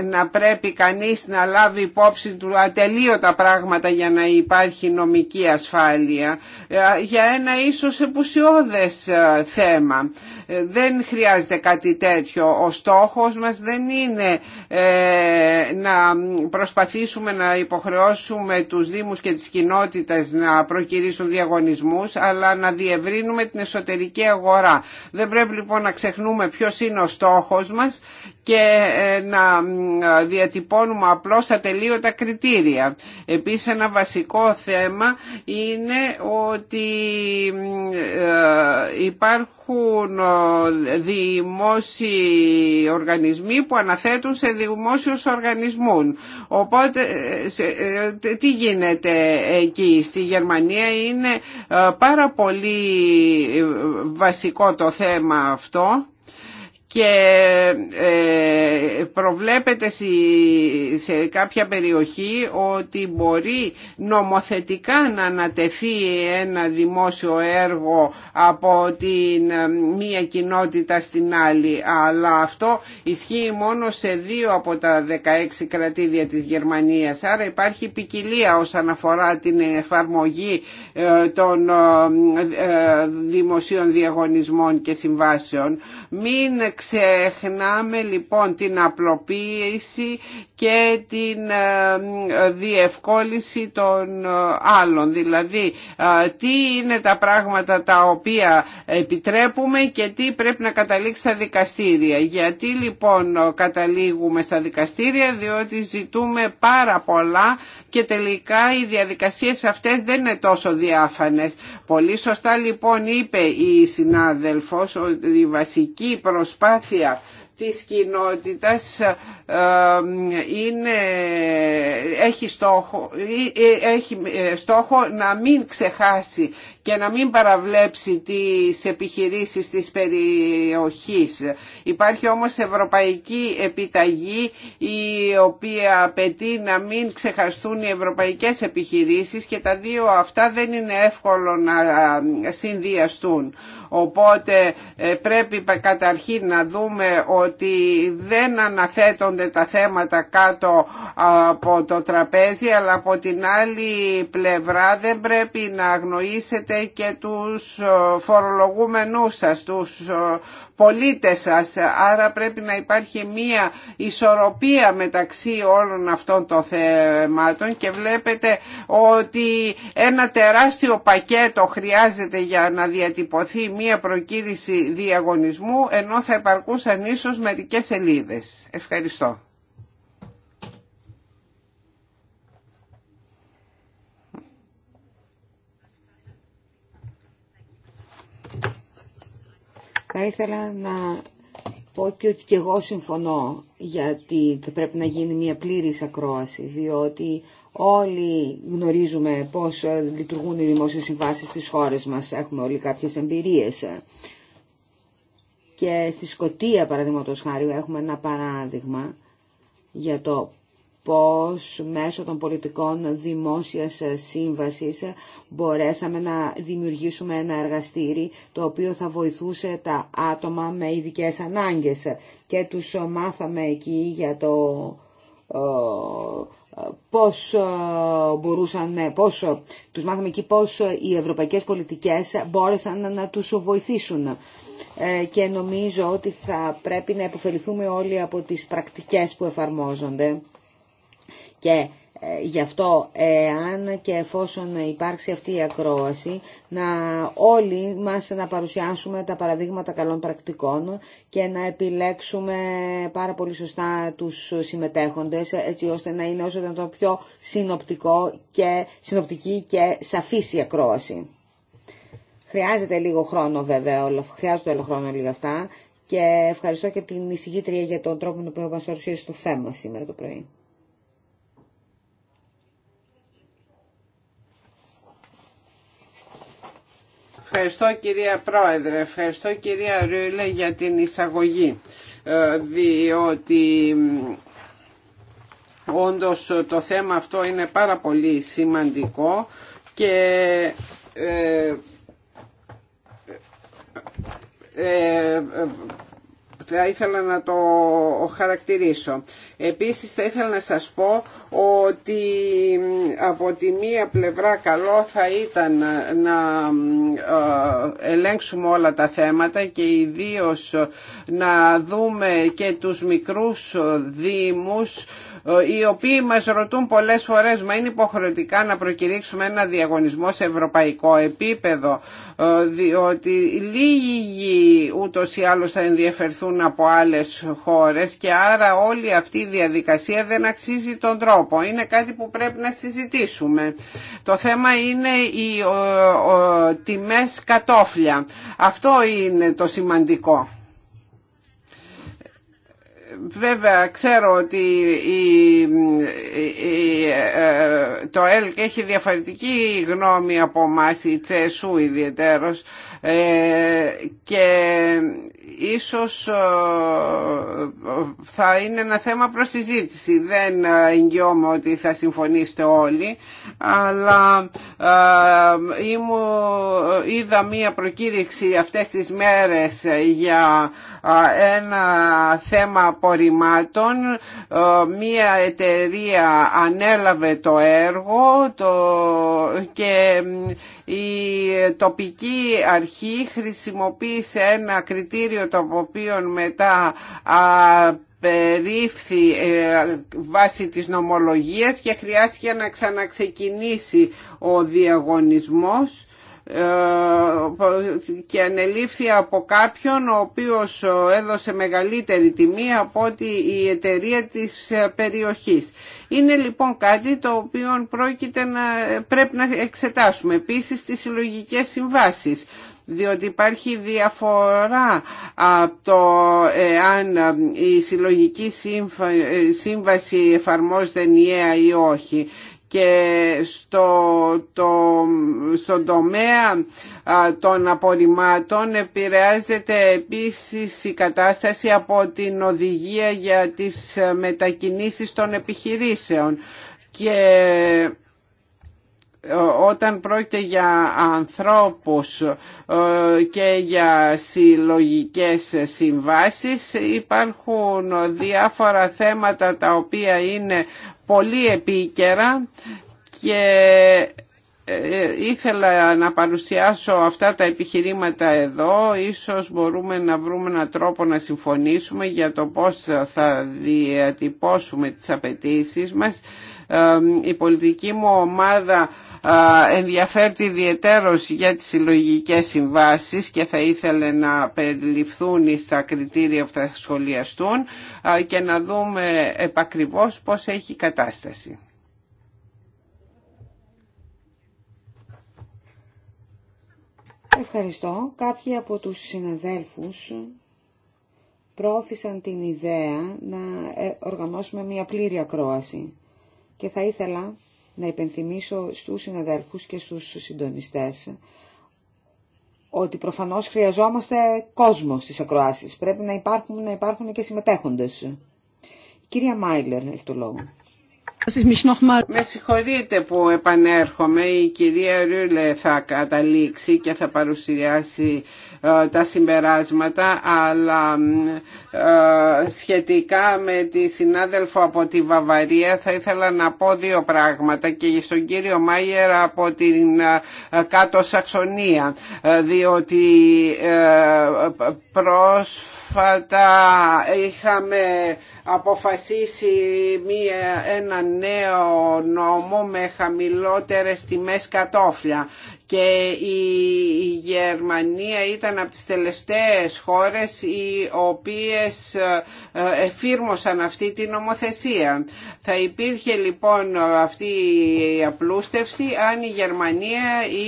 να πρέπει κανείς να λάβει υπόψη του ατελείωτα πράγματα για να υπάρχει νομική ασφάλεια ε, για ένα ίσως επουσιώδες ε, θέμα. Δεν χρειάζεται κάτι τέτοιο. Ο στόχος μας δεν είναι ε, να προσπαθήσουμε να υποχρεώσουμε τους Δήμους και τις κοινότητες να προκυρήσουν διαγωνισμούς, αλλά να διευρύνουμε την εσωτερική αγορά. Δεν πρέπει λοιπόν να ξεχνούμε ποιος είναι ο στόχος μας και ε, να διατυπώνουμε απλώς τελείωτα κριτήρια. Επίσης ένα βασικό θέμα είναι ότι ε, υπάρχουν ε, δημόσιοι οργανισμοί που αναθέτουν σε δημόσιους οργανισμούς. Οπότε τι γίνεται εκεί. Στη Γερμανία είναι πάρα πολύ βασικό το θέμα αυτό και ε, προβλέπεται σε κάποια περιοχή ότι μπορεί νομοθετικά να ανατεθεί ένα δημόσιο έργο από την ε, μία κοινότητα στην άλλη αλλά αυτό ισχύει μόνο σε δύο από τα 16 κρατήδια της Γερμανίας άρα υπάρχει ποικιλία όσον αφορά την εφαρμογή ε, των δημοσίων διαγωνισμών και συμβάσεων μην ξεχνάμε λοιπόν την απλοποίηση και την ε, διευκόλυνση των ε, άλλων. Δηλαδή ε, τι είναι τα πράγματα τα οποία επιτρέπουμε και τι πρέπει να καταλήξει στα δικαστήρια. Γιατί λοιπόν καταλήγουμε στα δικαστήρια διότι ζητούμε πάρα πολλά και τελικά οι διαδικασίες αυτές δεν είναι τόσο διάφανες. Πολύ σωστά λοιπόν είπε η συνάδελφος ότι η βασική προσπάθεια προσπάθεια της κοινότητας είναι, έχει, στόχο, ε, ε, έχει ε, στόχο να μην ξεχάσει για να μην παραβλέψει τις επιχειρήσεις της περιοχής. Υπάρχει όμως ευρωπαϊκή επιταγή η οποία απαιτεί να μην ξεχαστούν οι ευρωπαϊκές επιχειρήσεις και τα δύο αυτά δεν είναι εύκολο να συνδυαστούν. Οπότε ε, πρέπει καταρχήν να δούμε ότι δεν αναθέτονται τα θέματα κάτω από το τραπέζι αλλά από την άλλη πλευρά δεν πρέπει να αγνοήσετε και τους ε, φορολογούμενούς σας, τους ε, πολίτες σας. Άρα πρέπει να υπάρχει μία ισορροπία μεταξύ όλων αυτών των θεμάτων και βλέπετε ότι ένα τεράστιο πακέτο χρειάζεται για να διατυπωθεί μία προκήρυξη διαγωνισμού ενώ θα υπαρκούσαν ίσως μερικές σελίδες. Ευχαριστώ. Θα ήθελα να πω και ότι και εγώ συμφωνώ γιατί πρέπει να γίνει μια πλήρης ακρόαση, διότι όλοι γνωρίζουμε πώς λειτουργούν οι δημόσιες συμβάσεις στις χώρες μας, έχουμε όλοι κάποιες εμπειρίες. Και στη Σκοτία, παραδείγματος χάρη, έχουμε ένα παράδειγμα για το πώς μέσω των πολιτικών δημόσιας σύμβασης μπορέσαμε να δημιουργήσουμε ένα εργαστήρι το οποίο θα βοηθούσε τα άτομα με ειδικέ ανάγκες και τους μάθαμε εκεί για το ε, πώς ε, μπορούσαν, ε, πώς, τους μάθαμε εκεί πώς οι ευρωπαϊκές πολιτικές μπόρεσαν να τους βοηθήσουν και νομίζω ότι θα πρέπει να επωφεληθούμε όλοι από τις πρακτικές που εφαρμόζονται και ε, γι' αυτό εάν και εφόσον υπάρξει αυτή η ακρόαση να όλοι μας να παρουσιάσουμε τα παραδείγματα καλών πρακτικών και να επιλέξουμε πάρα πολύ σωστά τους συμμετέχοντες έτσι ώστε να είναι όσο το πιο συνοπτικό και, συνοπτική και σαφής η ακρόαση. Χρειάζεται λίγο χρόνο βέβαια, χρειάζεται όλο χρόνο λίγα αυτά και ευχαριστώ και την εισηγήτρια για τον τρόπο με τον οποίο μας παρουσίασε το θέμα σήμερα το πρωί. Ευχαριστώ κυρία Πρόεδρε, ευχαριστώ κυρία Ρούλε για την εισαγωγή ε, διότι όντως το θέμα αυτό είναι πάρα πολύ σημαντικό και ε, ε, θα ήθελα να το χαρακτηρίσω. Επίσης θα ήθελα να σας πω ότι από τη μία πλευρά καλό θα ήταν να ε, ελέγξουμε όλα τα θέματα και ιδίως να δούμε και τους μικρούς δήμους ε, οι οποίοι μας ρωτούν πολλές φορές μα είναι υποχρεωτικά να προκηρύξουμε ένα διαγωνισμό σε ευρωπαϊκό επίπεδο ε, διότι λίγοι ούτως ή άλλως θα ενδιαφερθούν από άλλες χώρες και άρα όλη αυτή η διαδικασία δεν αξίζει τον τρόπο. Είναι κάτι που πρέπει να συζητήσουμε. Το θέμα είναι οι ο, ε, τιμές κατόφλια. Αυτό είναι το σημαντικό βέβαια ξέρω ότι η, ε, το ΕΛΚ έχει διαφορετική γνώμη από μας η Τσέσου ε, και ίσως ε, θα είναι ένα θέμα προς συζήτηση. Δεν ε, εγγυώμαι ότι θα συμφωνήσετε όλοι, αλλά είδα μία προκήρυξη αυτές τις μέρες για ένα θέμα απορριμμάτων. Μία εταιρεία ανέλαβε το έργο το, και η τοπική αρχή χρησιμοποίησε ένα κριτήριο το οποίο μετά περίφθη ε, βάσει της νομολογίας και χρειάστηκε να ξαναξεκινήσει ο διαγωνισμός ε, και ανελήφθη από κάποιον ο οποίος έδωσε μεγαλύτερη τιμή από ότι η εταιρεία της ε, περιοχής. Είναι λοιπόν κάτι το οποίο πρόκειται να, πρέπει να εξετάσουμε. Επίσης τις συλλογικές συμβάσεις διότι υπάρχει διαφορά από το εάν η συλλογική ε, σύμβαση εφαρμόζεται ενιαία ή όχι και στο, το, στον τομέα των απορριμμάτων επηρεάζεται επίσης η κατάσταση από την οδηγία για τις μετακινήσεις των επιχειρήσεων και ε, όταν πρόκειται για ανθρώπους ε, και για συλλογικές συμβάσεις υπάρχουν διάφορα θέματα τα οποία είναι πολύ επίκαιρα και ε, ήθελα να παρουσιάσω αυτά τα επιχειρήματα εδώ. Ίσως μπορούμε να βρούμε έναν τρόπο να συμφωνήσουμε για το πώς θα διατυπώσουμε τις απαιτήσει μας. Ε, η πολιτική μου ομάδα ενδιαφέρει ιδιαίτερο για τις συλλογικέ συμβάσεις και θα ήθελε να περιληφθούν στα κριτήρια που θα σχολιαστούν και να δούμε επακριβώς πώς έχει η κατάσταση. Ευχαριστώ. Κάποιοι από τους συναδέλφους πρόωθησαν την ιδέα να ε, οργανώσουμε μια πλήρη ακρόαση και θα ήθελα να υπενθυμίσω στους συναδέλφους και στους συντονιστές ότι προφανώς χρειαζόμαστε κόσμο στις ακροάσεις. Πρέπει να υπάρχουν, να υπάρχουν και συμμετέχοντες. Η κυρία Μάιλερ έχει το λόγο. Με συγχωρείτε που επανέρχομαι, η κυρία Ρούλε θα καταλήξει και θα παρουσιάσει ε, τα συμπεράσματα, αλλά ε, σχετικά με τη συνάδελφο από τη Βαβαρία θα ήθελα να πω δύο πράγματα και στον κύριο Μάιερ από την ε, κάτω Σαξονία, διότι πρόσφατα είχαμε αποφασίσει μία, ένα νέο νόμο με χαμηλότερες τιμές κατόφλια και η Γερμανία ήταν από τις τελευταίες χώρες οι οποίες ε, ε, εφήρμοσαν αυτή την νομοθεσία. Θα υπήρχε λοιπόν αυτή η απλούστευση αν η Γερμανία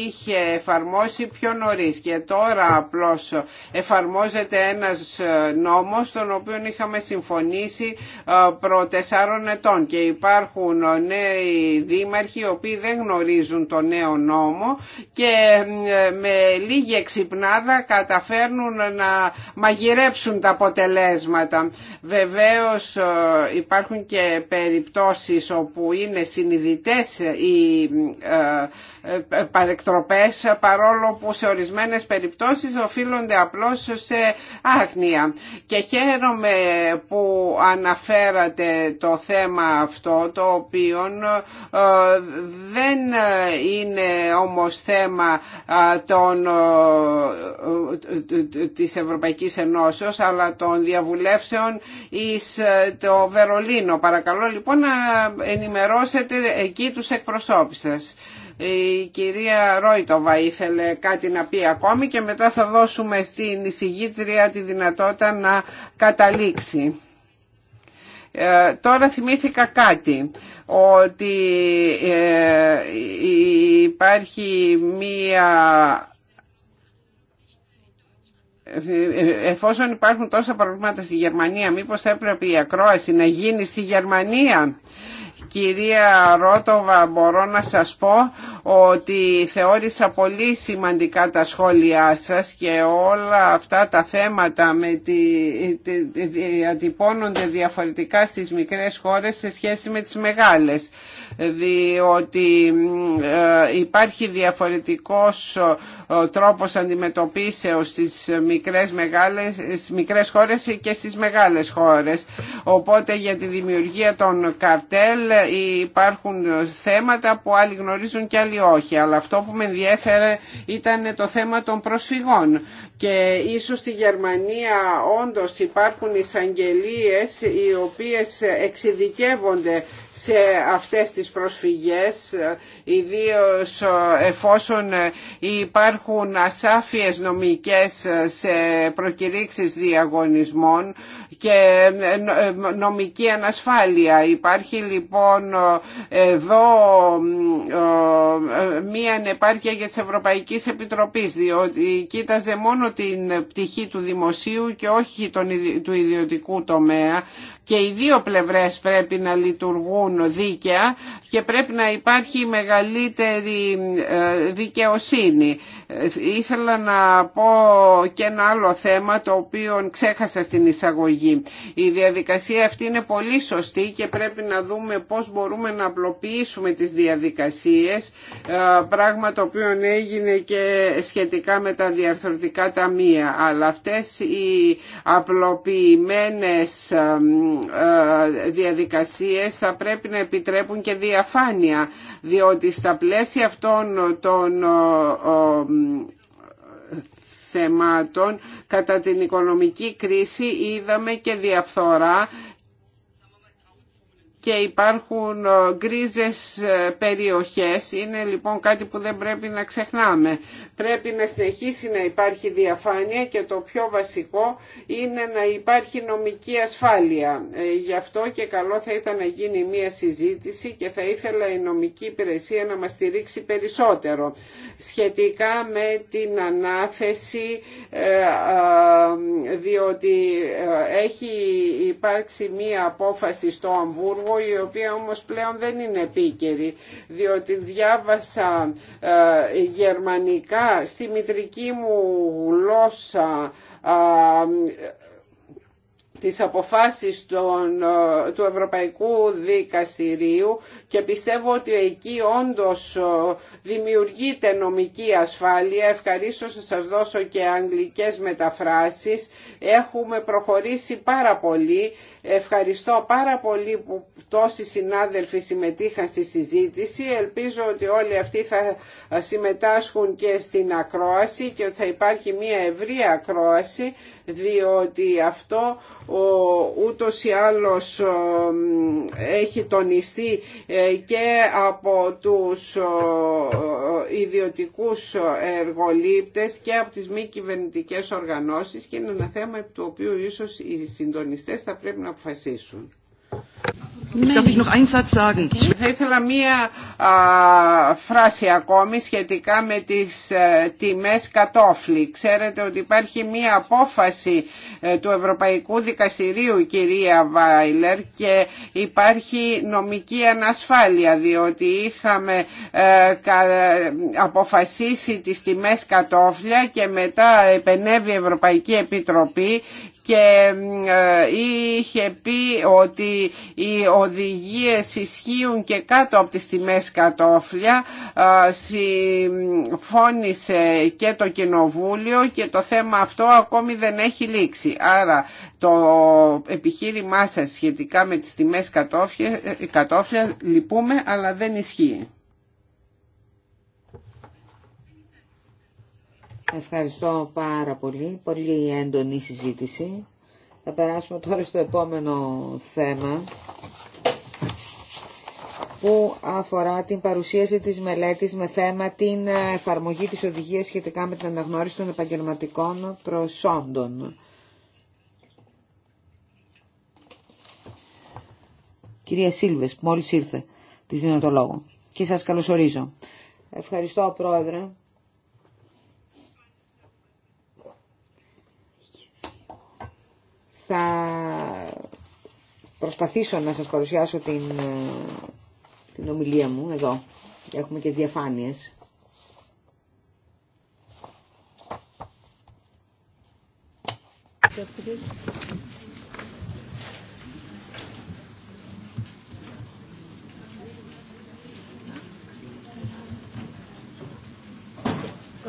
είχε εφαρμόσει πιο νωρίς και τώρα απλώς εφαρμόζεται ένας ε, νόμος τον οποίο είχαμε συμφωνήσει προ τεσσάρων ετών και υπάρχουν νέοι δήμαρχοι οι οποίοι δεν γνωρίζουν το νέο νόμο και με λίγη εξυπνάδα καταφέρνουν να μαγειρέψουν τα αποτελέσματα. Βεβαίως ε, υπάρχουν και περιπτώσεις όπου είναι συνειδητές οι ε, ε, παρεκτροπές παρόλο που σε ορισμένες περιπτώσεις οφείλονται απλώς σε άγνοια. Και χαίρομαι που αναφέρατε το θέμα αυτό το οποίο δεν είναι όμως θέμα θέμα των, της Ευρωπαϊκής Ενώσεως αλλά των διαβουλεύσεων εις ε, το Βερολίνο. Παρακαλώ λοιπόν να ενημερώσετε εκεί τους εκπροσώπους σας. Η κυρία Ρόιτοβα ήθελε κάτι να πει ακόμη και μετά θα δώσουμε στην εισηγήτρια τη δυνατότητα να καταλήξει. Ε, τώρα θυμήθηκα κάτι, ότι ε, υπάρχει μία εφόσον υπάρχουν τόσα προβλήματα στη Γερμανία, μήπως έπρεπε η ακρόαση να γίνει στη Γερμανία Κυρία Ρότοβα μπορώ να σας πω ότι θεώρησα πολύ σημαντικά τα σχόλιά σας και όλα αυτά τα θέματα με τη, διατυπώνονται διαφορετικά στις μικρές χώρες σε σχέση με τις μεγάλες διότι ε, υπάρχει διαφορετικός τρόπος αντιμετωπίσεως στις μικρές, μεγάλες, στις μικρές χώρες και στις μεγάλες χώρες οπότε για τη δημιουργία των καρτέλ υπάρχουν θέματα που άλλοι γνωρίζουν και άλλοι όχι. Αλλά αυτό που με ενδιέφερε ήταν το θέμα των προσφυγών. Και ίσως στη Γερμανία όντως υπάρχουν εισαγγελίε οι οποίες εξειδικεύονται σε αυτές τις προσφυγές, ιδίως εφόσον υπάρχουν ασάφιες νομικές σε προκηρύξεις διαγωνισμών και νομική ανασφάλεια. Υπάρχει λοιπόν λοιπόν εδώ ε, μία ανεπάρκεια για της Ευρωπαϊκής Επιτροπής διότι κοίταζε μόνο την πτυχή του δημοσίου και όχι του ιδιωτικού τομέα και οι δύο πλευρές πρέπει να λειτουργούν δίκαια και πρέπει να υπάρχει μεγαλύτερη ε, δικαιοσύνη. Ε, ήθελα να πω και ένα άλλο θέμα το οποίο ξέχασα στην εισαγωγή. Η διαδικασία αυτή είναι πολύ σωστή και πρέπει να δούμε πώς μπορούμε να απλοποιήσουμε τις διαδικασίες, ε, πράγμα το οποίο έγινε και σχετικά με τα διαρθρωτικά ταμεία. Αλλά αυτές οι απλοποιημένες ε, διαδικασίες θα πρέπει να επιτρέπουν και διαφάνεια διότι στα πλαίσια αυτών των ε, ε, θεμάτων κατά την οικονομική κρίση είδαμε και διαφθορά και υπάρχουν ε, γκρίζες ε, περιοχές. Είναι λοιπόν κάτι που δεν πρέπει να ξεχνάμε. Πρέπει να συνεχίσει να υπάρχει διαφάνεια και το πιο βασικό είναι να υπάρχει νομική ασφάλεια. Ε, γι' αυτό και καλό θα ήταν να γίνει μία συζήτηση και θα ήθελα η νομική υπηρεσία να μας στηρίξει περισσότερο σχετικά με την ανάθεση διότι έχει υπάρξει μία απόφαση στο Αμβούργο εγώ η οποία όμως πλέον δεν είναι επίκαιρη διότι διάβασα ε, γερμανικά στη μητρική μου γλώσσα τις αποφάσεις των, ε, του Ευρωπαϊκού Δικαστηρίου και πιστεύω ότι εκεί όντως δημιουργείται νομική ασφάλεια. Ευχαρίστω να σας δώσω και αγγλικές μεταφράσεις. Έχουμε προχωρήσει πάρα πολύ. Ευχαριστώ πάρα πολύ που τόσοι συνάδελφοι συμμετείχαν στη συζήτηση. Ελπίζω ότι όλοι αυτοί θα συμμετάσχουν και στην ακρόαση και ότι θα υπάρχει μια ευρία ακρόαση διότι αυτό ο, ούτως ή άλλως έχει τονιστεί ε, και από τους ε, ε, ιδιωτικούς εργολήπτες και από τις μη κυβερνητικές οργανώσεις και είναι ένα θέμα του οποίου ίσως οι συντονιστές θα πρέπει να αποφασίσουν. Θα ναι. ήθελα μία φράση ακόμη σχετικά με τις ε, τιμές κατόφλι. Ξέρετε ότι υπάρχει μία απόφαση ε, του Ευρωπαϊκού Δικαστηρίου, κυρία Βάιλερ, και υπάρχει νομική ανασφάλεια, διότι είχαμε ε, αποφασίσει τις τιμές κατόφλια και μετά επενέβη η Ευρωπαϊκή Επιτροπή και ε, είχε πει ότι οι οδηγίες ισχύουν και κάτω από τις τιμές κατόφλια ε, συμφώνησε και το Κοινοβούλιο και το θέμα αυτό ακόμη δεν έχει λήξει. Άρα το επιχείρημά σας σχετικά με τις τιμές κατόφλια ε, λυπούμε αλλά δεν ισχύει. Ευχαριστώ πάρα πολύ. Πολύ έντονη συζήτηση. Θα περάσουμε τώρα στο επόμενο θέμα που αφορά την παρουσίαση της μελέτης με θέμα την εφαρμογή της οδηγίας σχετικά με την αναγνώριση των επαγγελματικών προσόντων. Κυρία Σίλβες, μόλις ήρθε, της δίνω το λόγο. Και σας καλωσορίζω. Ευχαριστώ, Πρόεδρε. θα προσπαθήσω να σας παρουσιάσω την, ε, την ομιλία μου εδώ. Έχουμε και διαφάνειες.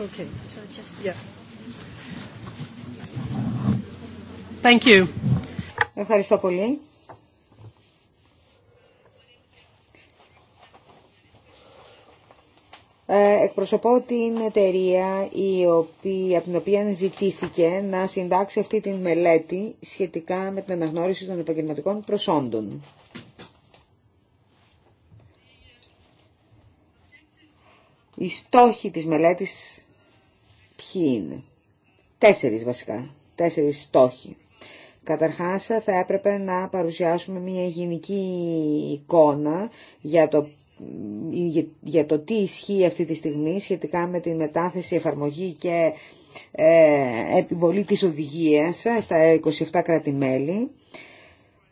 Okay, so Thank you. Ευχαριστώ πολύ. Ε, εκπροσωπώ την εταιρεία η οποία, από την οποία ζητήθηκε να συντάξει αυτή τη μελέτη σχετικά με την αναγνώριση των επαγγελματικών προσόντων. Οι στόχοι της μελέτης ποιοι είναι. Τέσσερις βασικά. Τέσσερις στόχοι. Καταρχάς θα έπρεπε να παρουσιάσουμε μια γενική εικόνα για το, για το τι ισχύει αυτή τη στιγμή σχετικά με τη μετάθεση, εφαρμογή και ε, επιβολή της οδηγίας στα 27 κράτη-μέλη.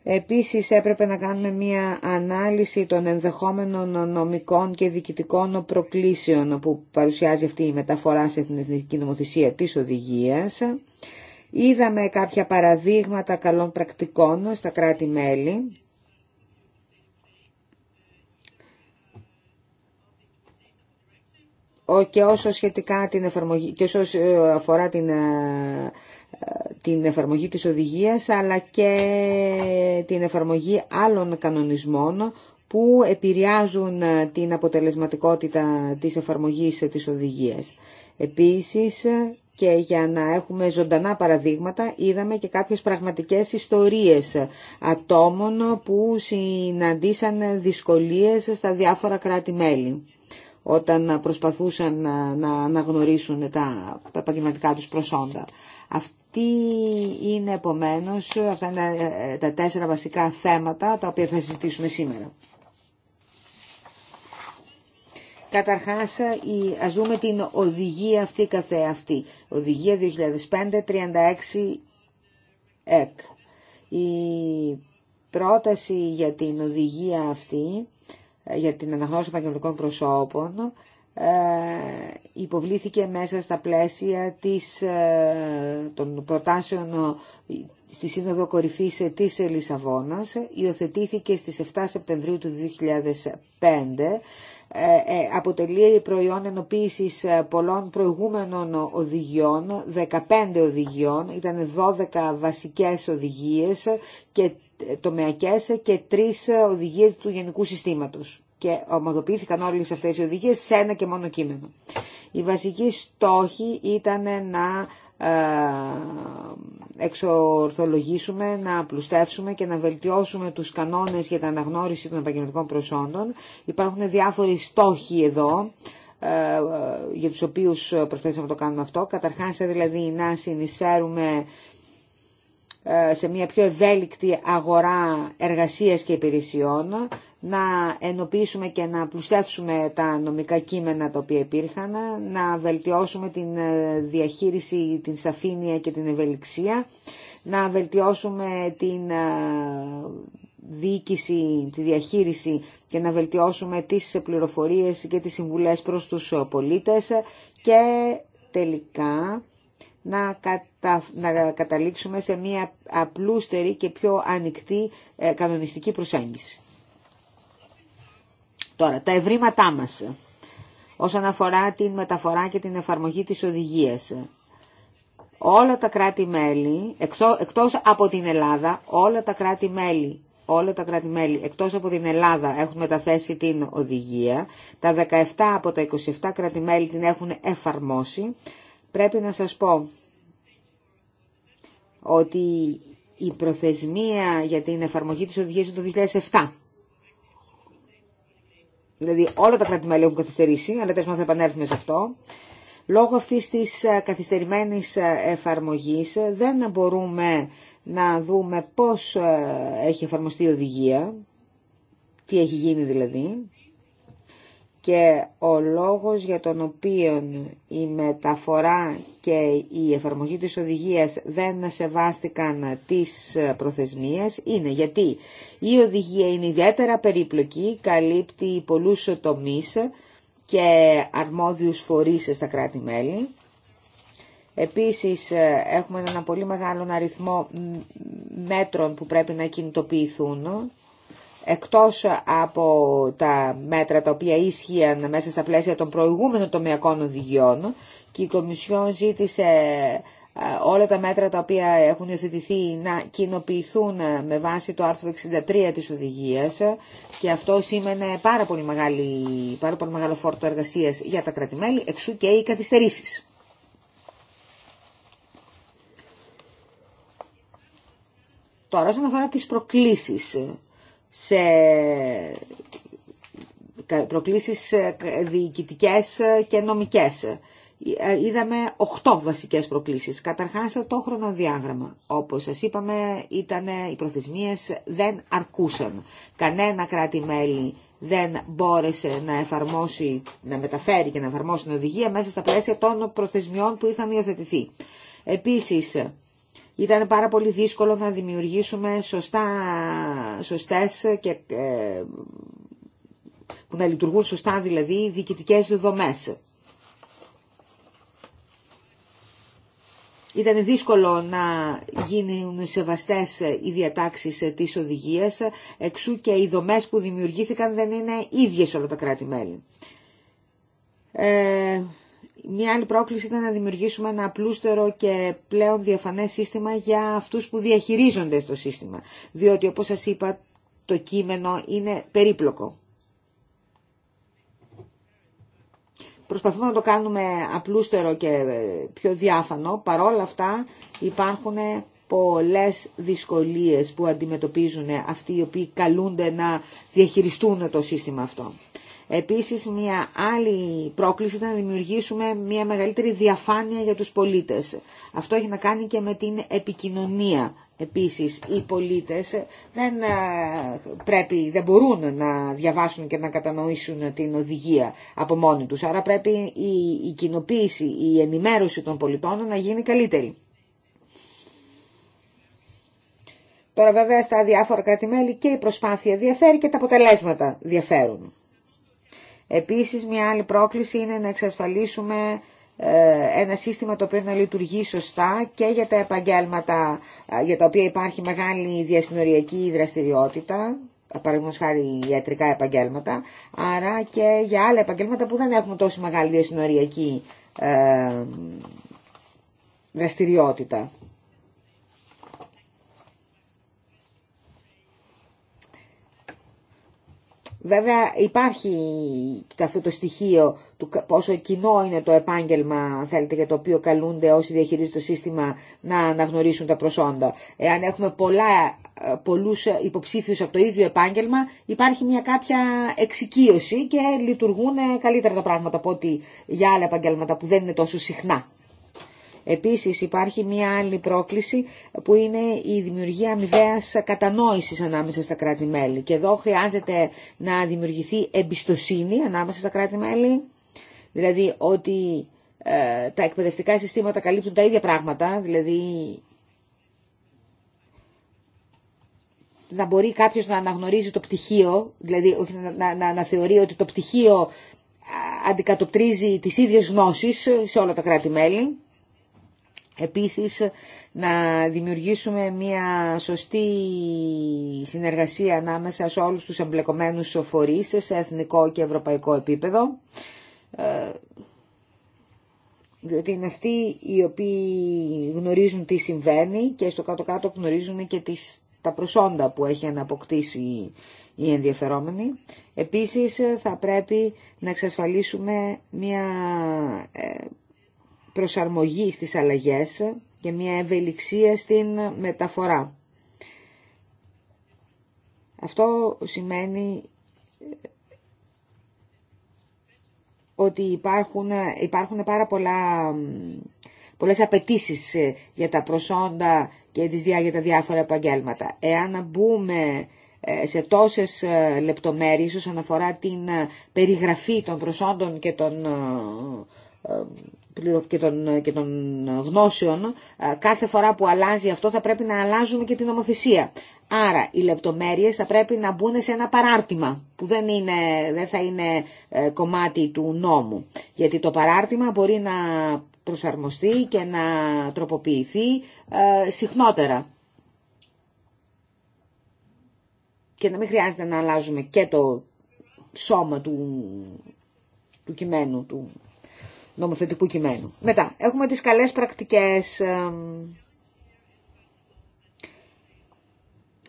Επίσης έπρεπε να κάνουμε μία ανάλυση των ενδεχόμενων νομικών και διοικητικών προκλήσεων που παρουσιάζει αυτή η μεταφορά σε εθνική νομοθεσία της οδηγίας. Είδαμε κάποια παραδείγματα καλών πρακτικών στα κράτη-μέλη. Και όσο σχετικά την εφαρμογή, και όσο ε, αφορά την, ε, την εφαρμογή της οδηγίας, αλλά και την εφαρμογή άλλων κανονισμών που επηρεάζουν ε, την αποτελεσματικότητα της εφαρμογής της οδηγίας. Επίσης, και για να έχουμε ζωντανά παραδείγματα είδαμε και κάποιες πραγματικές ιστορίες ατόμων που συναντήσαν δυσκολίες στα διάφορα κράτη-μέλη όταν προσπαθούσαν να αναγνωρίσουν τα, τα επαγγελματικά τους προσόντα. Αυτή είναι επομένως αυτά είναι ε, ε, τα τέσσερα βασικά θέματα τα οποία θα συζητήσουμε σήμερα. Καταρχάς, α ε, ας δούμε την οδηγία αυτή καθεαυτή. Οδηγία 2005-36 ΕΚ. Η πρόταση για την οδηγία αυτή, ε, για την αναγνώριση επαγγελματικών προσώπων, ε, υποβλήθηκε μέσα στα πλαίσια της, των προτάσεων στη Σύνοδο Κορυφής της Λισαβόνας. Υιοθετήθηκε στις 7 Σεπτεμβρίου του 2005 ε, ε, αποτελεί προϊόν ενοποίησης ε, πολλών προηγούμενων οδηγιών, 15 οδηγιών, ήταν 12 βασικές οδηγίες και τομεακές και τρεις οδηγίες του γενικού συστήματος. Και ομοδοποιήθηκαν όλες αυτές οι οδηγίες σε ένα και μόνο κείμενο. η βασική στόχη ήταν να ε, εξορθολογήσουμε, να πλουστεύσουμε και να βελτιώσουμε τους κανόνες για την αναγνώριση των επαγγελματικών προσόντων. Υπάρχουν διάφοροι στόχοι εδώ ε, για τους οποίους προσπαθήσαμε να το κάνουμε αυτό. Καταρχάς, ε, δηλαδή, να συνεισφέρουμε σε μια πιο ευέλικτη αγορά εργασίας και υπηρεσιών, να ενοποιήσουμε και να πλουστεύσουμε τα νομικά κείμενα τα οποία υπήρχαν, να βελτιώσουμε την ε, διαχείριση, την σαφήνεια και την ευελιξία, να βελτιώσουμε την ε, διοίκηση, τη διαχείριση και να βελτιώσουμε τις πληροφορίες και τις συμβουλές προς τους πολίτες και τελικά να, να καταλήξουμε σε μια απλούστερη και πιο ανοιχτή ε, κανονιστική προσέγγιση. Τώρα, τα ευρήματά μας όσον αφορά την μεταφορά και την εφαρμογή της οδηγίας. Όλα τα κράτη-μέλη, εκτός από την Ελλάδα, όλα τα κράτη-μέλη όλα τα κράτη-μέλη εκτός από την Ελλάδα έχουν μεταθέσει την οδηγία, τα 17 από τα 27 κράτη-μέλη την έχουν εφαρμόσει, πρέπει να σας πω ότι η προθεσμία για την εφαρμογή της οδηγίας είναι το 2007 δηλαδή όλα τα κράτη-μέλη έχουν καθυστερήσει, αλλά τέλο θα επανέλθουμε σε αυτό. Λόγω αυτής τη ε, καθυστερημένη ε, εφαρμογή ε, δεν μπορούμε να δούμε πώς έχει εφαρμοστεί η οδηγία, τι έχει γίνει δηλαδή και ο λόγος για τον οποίο η μεταφορά και η εφαρμογή της οδηγίας δεν σεβάστηκαν τις προθεσμίες είναι γιατί η οδηγία είναι ιδιαίτερα περίπλοκη, καλύπτει πολλούς τομείς και αρμόδιους φορείς στα κράτη-μέλη. Επίσης έχουμε ένα πολύ μεγάλο αριθμό μέτρων που πρέπει να κινητοποιηθούν εκτός από τα μέτρα τα οποία ίσχυαν μέσα στα πλαίσια των προηγούμενων τομιακών οδηγιών και η Κομισιόν ζήτησε ε, όλα τα μέτρα τα οποία έχουν υιοθετηθεί να κοινοποιηθούν ε, με βάση το άρθρο 63 της οδηγίας και αυτό σήμαινε πάρα πολύ, μεγάλη, πάρα πολύ μεγάλο φόρτο εργασίας για τα κρατημέλη, εξού και οι καθυστερήσεις. Τώρα, όσον αφορά τις προκλήσεις σε προκλήσεις ε, διοικητικές ε, και νομικές. Ε, είδαμε 8 βασικές προκλήσεις. Καταρχάς το χρονοδιάγραμμα. Όπως σας είπαμε, ήταν, οι προθεσμίες δεν αρκούσαν. Κανένα κράτη-μέλη δεν μπόρεσε να εφαρμόσει, να μεταφέρει και να εφαρμόσει την οδηγία μέσα στα πλαίσια των προθεσμιών που είχαν υιοθετηθεί. Επίσης, ήταν πάρα πολύ δύσκολο να δημιουργήσουμε σωστά, σωστές και ε, που να λειτουργούν σωστά δηλαδή διοικητικές δομές. Ήταν δύσκολο να γίνουν σεβαστές οι διατάξεις της οδηγίας, εξού και οι δομές που δημιουργήθηκαν δεν είναι ίδιες όλα τα κράτη-μέλη. Ε, μια άλλη πρόκληση ήταν να δημιουργήσουμε ένα απλούστερο και πλέον διαφανές σύστημα για αυτούς που διαχειρίζονται το σύστημα. Διότι, όπως σας είπα, το κείμενο είναι περίπλοκο. Προσπαθούμε να το κάνουμε απλούστερο και ε, πιο διάφανο. Παρόλα αυτά υπάρχουν πολλές δυσκολίες που αντιμετωπίζουν αυτοί οι οποίοι καλούνται να διαχειριστούν το σύστημα αυτό. Επίσης, μια άλλη πρόκληση ήταν να δημιουργήσουμε μια μεγαλύτερη διαφάνεια για τους πολίτες. Αυτό έχει να κάνει και με την επικοινωνία. Επίσης, οι πολίτες δεν, ε, πρέπει, δεν μπορούν να διαβάσουν και να κατανοήσουν την οδηγία από μόνοι τους. Άρα πρέπει η, η κοινοποίηση, η ενημέρωση των πολιτών να γίνει καλύτερη. Τώρα βέβαια στα διάφορα κράτη-μέλη και η προσπάθεια διαφέρει και τα αποτελέσματα διαφέρουν. Επίσης, μια άλλη πρόκληση είναι να εξασφαλίσουμε ε, ένα σύστημα το οποίο να λειτουργεί σωστά και για τα επαγγέλματα ε, για τα οποία υπάρχει μεγάλη διασυνοριακή δραστηριότητα, ε, παραδείγματος χάρη ιατρικά επαγγέλματα, άρα και για άλλα επαγγέλματα που δεν έχουν τόσο μεγάλη διασυνοριακή δραστηριότητα. Βέβαια υπάρχει αυτό το στοιχείο του πόσο κοινό είναι το επάγγελμα, θέλετε, για το οποίο καλούνται όσοι διαχειρίζουν το σύστημα να αναγνωρίσουν τα προσόντα. Εάν έχουμε πολλά, ε, πολλούς ε, υποψήφιους από το ίδιο επάγγελμα, υπάρχει μια κάποια εξοικείωση και λειτουργούν ε, καλύτερα τα πράγματα από ό,τι για άλλα επαγγέλματα που δεν είναι τόσο συχνά. Επίσης υπάρχει μια άλλη πρόκληση που είναι η δημιουργία αμοιβαίας κατανόησης ανάμεσα στα κράτη-μέλη. Και εδώ χρειάζεται να δημιουργηθεί εμπιστοσύνη ανάμεσα στα κράτη-μέλη, δηλαδή ότι ε, τα εκπαιδευτικά συστήματα καλύπτουν τα ίδια πράγματα, δηλαδή να μπορεί κάποιος να αναγνωρίζει το πτυχίο, δηλαδή όχι να, να, να θεωρεί ότι το πτυχίο ε, αντικατοπτρίζει τις ίδιες γνώσεις σε όλα τα κράτη-μέλη. Επίσης να δημιουργήσουμε μια σωστή συνεργασία ανάμεσα σε όλους τους εμπλεκομένους φορείς σε εθνικό και ευρωπαϊκό επίπεδο. Ε, διότι είναι αυτοί οι οποίοι γνωρίζουν τι συμβαίνει και στο κάτω-κάτω γνωρίζουν και τις, τα προσόντα που έχει αναποκτήσει η ενδιαφερόμενη. Επίσης θα πρέπει να εξασφαλίσουμε μια ε, προσαρμογή στις αλλαγές και μια ευελιξία στην μεταφορά. Αυτό σημαίνει ε, ότι υπάρχουν, ε, υπάρχουν πάρα πολλά, πολλές απαιτήσει ε, για τα προσόντα και τις, για τα διάφορα επαγγέλματα. Εάν μπούμε σε τόσες λεπτομέρειες όσον αφορά την περιγραφή των προσόντων και των και των, ε, και των γνώσεων, ε, κάθε φορά που αλλάζει αυτό θα πρέπει να αλλάζουμε και την νομοθεσία. Άρα οι λεπτομέρειες θα πρέπει να μπουν σε ένα παράρτημα που δεν, είναι, δεν θα είναι ε, κομμάτι του νόμου. Γιατί το παράρτημα μπορεί να προσαρμοστεί και να τροποποιηθεί συχνότερα. Και να μην χρειάζεται να αλλάζουμε και το σώμα του, του κειμένου, του νομοθετικού κειμένου. Μετά, έχουμε τις καλές πρακτικές.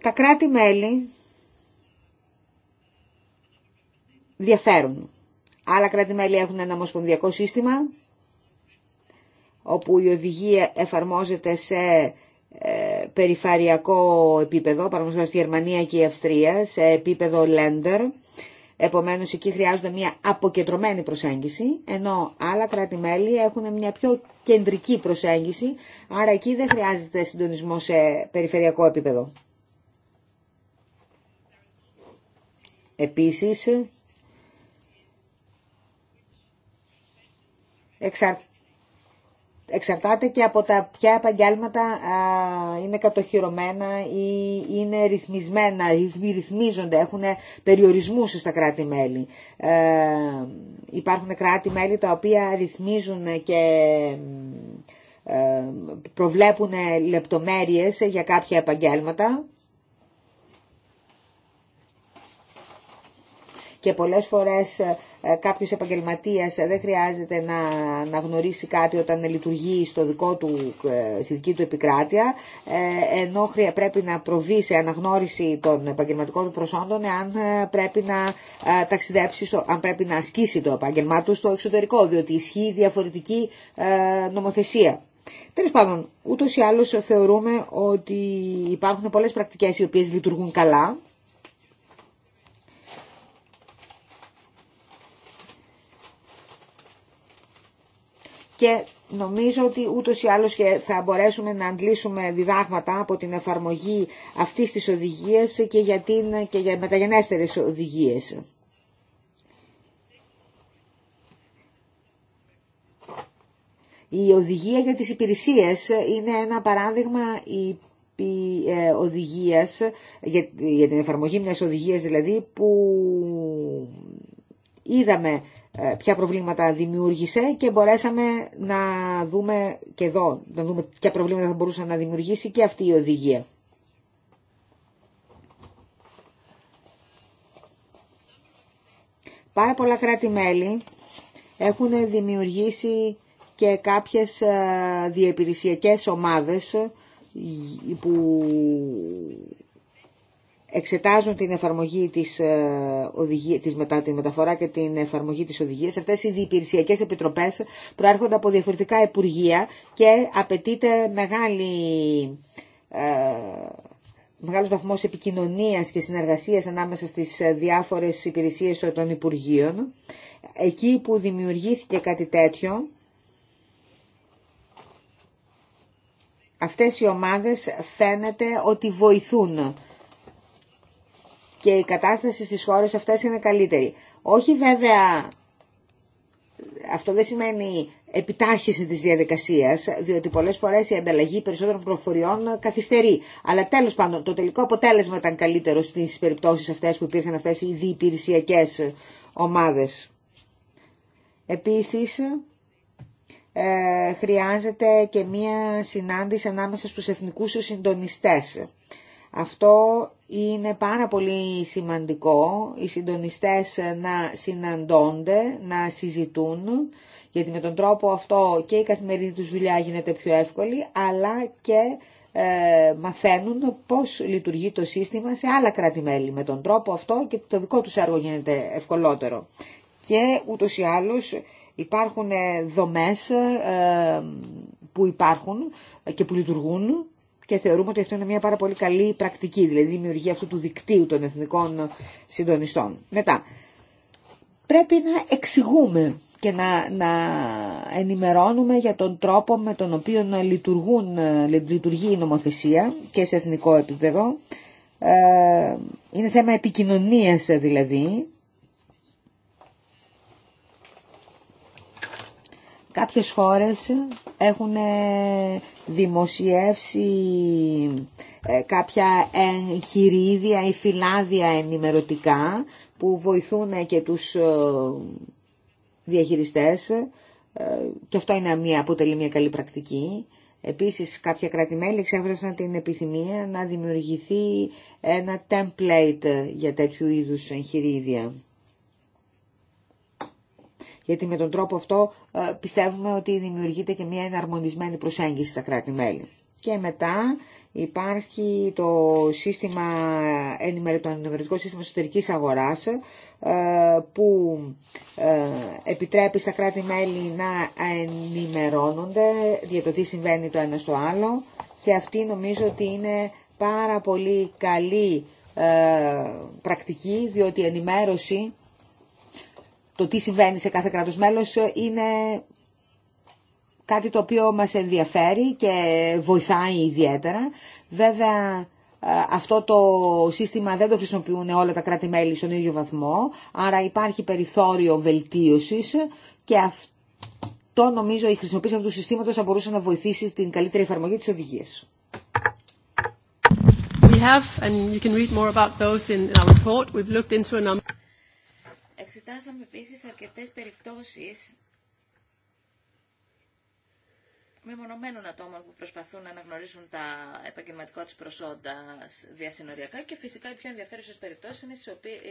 Τα κράτη-μέλη διαφέρουν. Άλλα κράτη-μέλη έχουν ένα ομοσπονδιακό σύστημα, όπου η οδηγία εφαρμόζεται σε ε, περιφερειακό επίπεδο, παραδείγματος στη Γερμανία και η Αυστρία, σε επίπεδο lender, Επομένως εκεί χρειάζονται μια αποκεντρωμένη προσέγγιση, ενώ άλλα κράτη-μέλη έχουν μια πιο κεντρική προσέγγιση, άρα εκεί δεν χρειάζεται συντονισμό σε περιφερειακό επίπεδο. Επίσης, εξαρτάται εξαρτάται και από τα ποια επαγγέλματα είναι κατοχυρωμένα ή είναι ρυθμισμένα, ρυθμίζονται, έχουν περιορισμούς στα κράτη-μέλη. Ε, υπάρχουν κράτη-μέλη τα οποία ρυθμίζουν και ε, προβλέπουν λεπτομέρειες για κάποια επαγγέλματα και πολλές φορές ε, ε, κάποιος επαγγελματίας δεν χρειάζεται να, να γνωρίσει κάτι όταν λειτουργεί στο δικό του, ε, στη δική του επικράτεια, ε, ενώ πρέπει να προβεί σε αναγνώριση των επαγγελματικών του προσόντων αν πρέπει να ταξιδέψει, στο, αν πρέπει να ασκήσει το επαγγελμά του στο εξωτερικό, διότι ισχύει διαφορετική νομοθεσία. Τέλο πάντων, ούτω ή άλλω θεωρούμε ότι υπάρχουν πολλέ πρακτικέ οι οποίε λειτουργούν καλά και νομίζω ότι ούτως ή άλλως και θα μπορέσουμε να αντλήσουμε διδάγματα από την εφαρμογή αυτής της οδηγίας και για, την, και για μεταγενέστερες οδηγίες. Η οδηγία για τις υπηρεσίες είναι ένα παράδειγμα ε, οδηγίας, για την εφαρμογή μιας οδηγίας δηλαδή, που είδαμε ε, ποια προβλήματα δημιούργησε και μπορέσαμε να δούμε και εδώ, να δούμε ποια προβλήματα θα μπορούσε να δημιουργήσει και αυτή η οδηγία. Πάρα πολλά κράτη-μέλη έχουν δημιουργήσει και κάποιες ε, διεπηρεσιακές ομάδες ε, που εξετάζουν την εφαρμογή της, ε, οδηγία, της μετά, μεταφορά και την εφαρμογή της οδηγίας. Αυτές οι διεπηρεσιακές επιτροπές προέρχονται από διαφορετικά υπουργεία και απαιτείται μεγάλη, ε, μεγάλος βαθμός επικοινωνίας και συνεργασίας ανάμεσα στις διάφορες υπηρεσίες των Υπουργείων. Εκεί που δημιουργήθηκε κάτι τέτοιο, αυτές οι ομάδες φαίνεται ότι βοηθούν και η κατάσταση στις χώρες αυτές είναι καλύτερη. Όχι βέβαια, αυτό δεν σημαίνει επιτάχυση της διαδικασίας, διότι πολλές φορές η ανταλλαγή περισσότερων προφοριών καθυστερεί. Αλλά τέλος πάντων, το τελικό αποτέλεσμα ήταν καλύτερο στις περιπτώσεις αυτές που υπήρχαν αυτές οι διυπηρεσιακές ομάδες. Επίσης, ε, χρειάζεται και μία συνάντηση ανάμεσα στους εθνικούς συντονιστές αυτό είναι πάρα πολύ σημαντικό, οι συντονιστές να συναντώνται, να συζητούν, γιατί με τον τρόπο αυτό και η καθημερινή τους δουλειά γίνεται πιο εύκολη, αλλά και ε, μαθαίνουν πώς λειτουργεί το σύστημα σε άλλα κράτη-μέλη. Με τον τρόπο αυτό και το δικό τους έργο γίνεται ευκολότερο. Και ούτως ή άλλως υπάρχουν ε, δομές ε, που υπάρχουν και που λειτουργούν και θεωρούμε ότι αυτό είναι μια πάρα πολύ καλή πρακτική, δηλαδή δημιουργία αυτού του δικτύου των εθνικών συντονιστών. Μετά, πρέπει να εξηγούμε και να, να ενημερώνουμε για τον τρόπο με τον οποίο λειτουργούν, ε, λειτουργεί η νομοθεσία και σε εθνικό επίπεδο. Ε, είναι θέμα επικοινωνίας ε, δηλαδή Κάποιες χώρες έχουν ε, δημοσιεύσει ε, κάποια εγχειρίδια ή φυλάδια ενημερωτικά που βοηθούν ε, και τους διαχειριστές και αυτό είναι μια, αποτελεί μια καλή πρακτική. Επίσης κάποια εξέφρασαν την επιθυμία να δημιουργηθεί ένα template για τέτοιου είδους εγχειρίδια γιατί με τον τρόπο αυτό ε, πιστεύουμε ότι δημιουργείται και μια εναρμονισμένη προσέγγιση στα κράτη-μέλη. Και μετά υπάρχει το σύστημα, το ενημερωτικό σύστημα εσωτερικής αγοράς ε, που ε, επιτρέπει στα κράτη-μέλη να ενημερώνονται για το τι συμβαίνει το ένα στο άλλο και αυτή νομίζω ότι είναι πάρα πολύ καλή πρακτική διότι η ενημέρωση το τι συμβαίνει σε κάθε κράτος μέλος ε, είναι κάτι το οποίο μας ενδιαφέρει και βοηθάει ιδιαίτερα. Βέβαια ε, αυτό το σύστημα δεν το χρησιμοποιούν όλα τα κράτη-μέλη στον ίδιο βαθμό, άρα υπάρχει περιθώριο βελτίωσης και αυτό νομίζω η χρησιμοποίηση αυτού του συστήματος θα μπορούσε να βοηθήσει στην καλύτερη εφαρμογή της οδηγίας. We have, and you can read more about those in our report, we've looked into a number εξετάσαμε επίσης αρκετές περιπτώσεις μεμονωμένων ατόμων που προσπαθούν να αναγνωρίσουν τα επαγγελματικά τους προσόντα διασυνοριακά και φυσικά οι πιο ενδιαφέρουσες περιπτώσεις είναι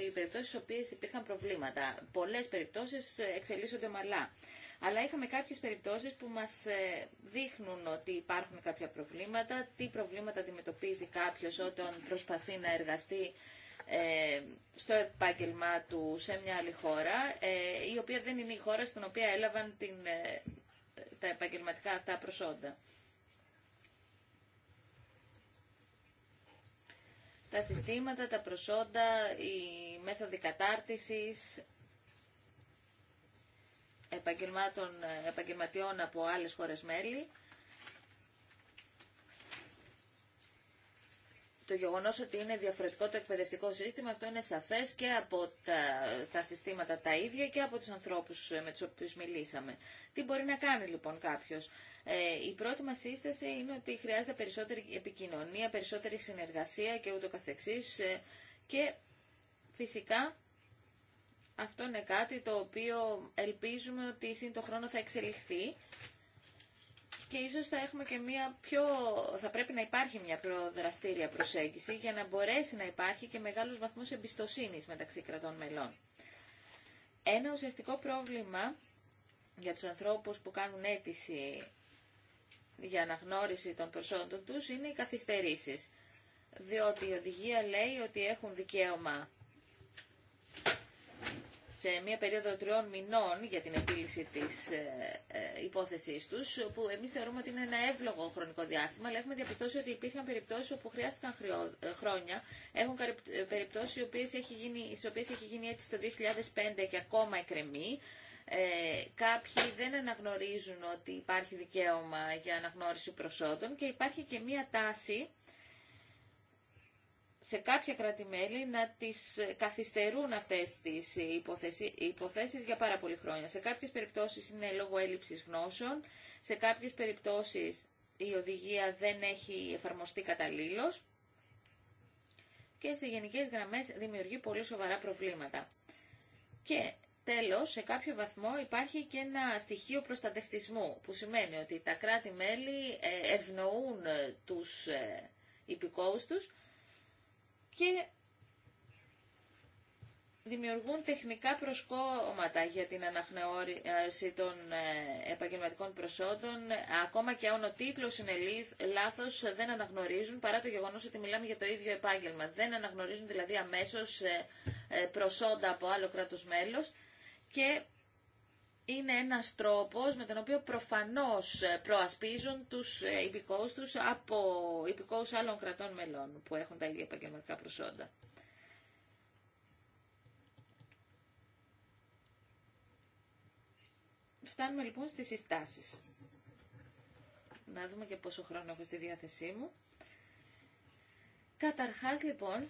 οι περιπτώσεις στις οποίες υπήρχαν προβλήματα. Πολλές περιπτώσεις ε, εξελίσσονται ομαλά. Αλλά είχαμε κάποιες περιπτώσεις που μας ε, δείχνουν ότι υπάρχουν κάποια προβλήματα, τι προβλήματα αντιμετωπίζει κάποιος όταν προσπαθεί να εργαστεί ε, στο επάγγελμά του σε μια άλλη χώρα, ε, η οποία δεν είναι η χώρα στην οποία έλαβαν την, ε, τα επαγγελματικά αυτά προσόντα. Τα συστήματα, τα προσόντα, η μέθοδοι κατάρτισης επαγγελματιών από άλλες χώρες μέλη το γεγονός ότι είναι διαφορετικό το εκπαιδευτικό σύστημα, αυτό είναι σαφές και από τα, τα συστήματα τα ίδια και από τους ανθρώπους με τους οποίους μιλήσαμε. Τι μπορεί να κάνει λοιπόν κάποιος. Ε, η πρώτη μας σύσταση είναι ότι χρειάζεται περισσότερη επικοινωνία, περισσότερη συνεργασία και ούτω καθεξής ε, και φυσικά αυτό είναι κάτι το οποίο ελπίζουμε ότι σύντο χρόνο θα εξελιχθεί και ίσως θα έχουμε και μια πιο, θα πρέπει να υπάρχει μια πιο δραστήρια προσέγγιση για να μπορέσει να υπάρχει και μεγάλος βαθμός εμπιστοσύνης μεταξύ κρατών μελών. Ένα ουσιαστικό πρόβλημα για τους ανθρώπους που κάνουν αίτηση για αναγνώριση των προσόντων τους είναι οι καθυστερήσεις. Διότι η οδηγία λέει ότι έχουν δικαίωμα σε μια περίοδο τριών μηνών για την επίλυση της ε, ε, υπόθεσής τους, που εμείς θεωρούμε ότι είναι ένα εύλογο χρονικό διάστημα, αλλά έχουμε διαπιστώσει ότι υπήρχαν περιπτώσεις όπου χρειάστηκαν ε, χρόνια. Έχουν ε, περιπτώσει οι οποίες έχει γίνει, έχει γίνει έτσι το 2005 και ακόμα εκκρεμεί. Ε, κάποιοι δεν αναγνωρίζουν ότι υπάρχει δικαίωμα για αναγνώριση προσόντων και υπάρχει και μία τάση σε κάποια να τις καθυστερούν αυτές τις υποθέσεις για πάρα πολύ χρόνια. Σε κάποιες περιπτώσεις είναι λόγω έλλειψης γνώσεων, σε κάποιες περιπτώσεις η οδηγία δεν έχει εφαρμοστεί καταλήλως και σε γενικές γραμμές δημιουργεί πολύ σοβαρά προβλήματα. Και Τέλος, σε κάποιο βαθμό υπάρχει και ένα στοιχείο προστατευτισμού, που σημαίνει ότι τα κράτη-μέλη ε, ευνοούν τους ε, υπηκόους τους και δημιουργούν τεχνικά προσκόμματα για την αναχνεώρηση των ε, επαγγελματικών προσόντων. Ακόμα και αν ο τίτλο είναι λάθος, δεν αναγνωρίζουν, παρά το γεγονός ότι μιλάμε για το ίδιο επάγγελμα. Δεν αναγνωρίζουν δηλαδή αμέσω ε, ε, προσόντα από άλλο κράτος μέλος και είναι ένας τρόπος με τον οποίο προφανώς προασπίζουν τους ε, υπηκόους τους από υπηκόους άλλων κρατών μελών που έχουν τα ίδια επαγγελματικά προσόντα. Φτάνουμε λοιπόν στις συστάσεις. Να δούμε και πόσο χρόνο έχω στη διάθεσή μου. Καταρχάς λοιπόν,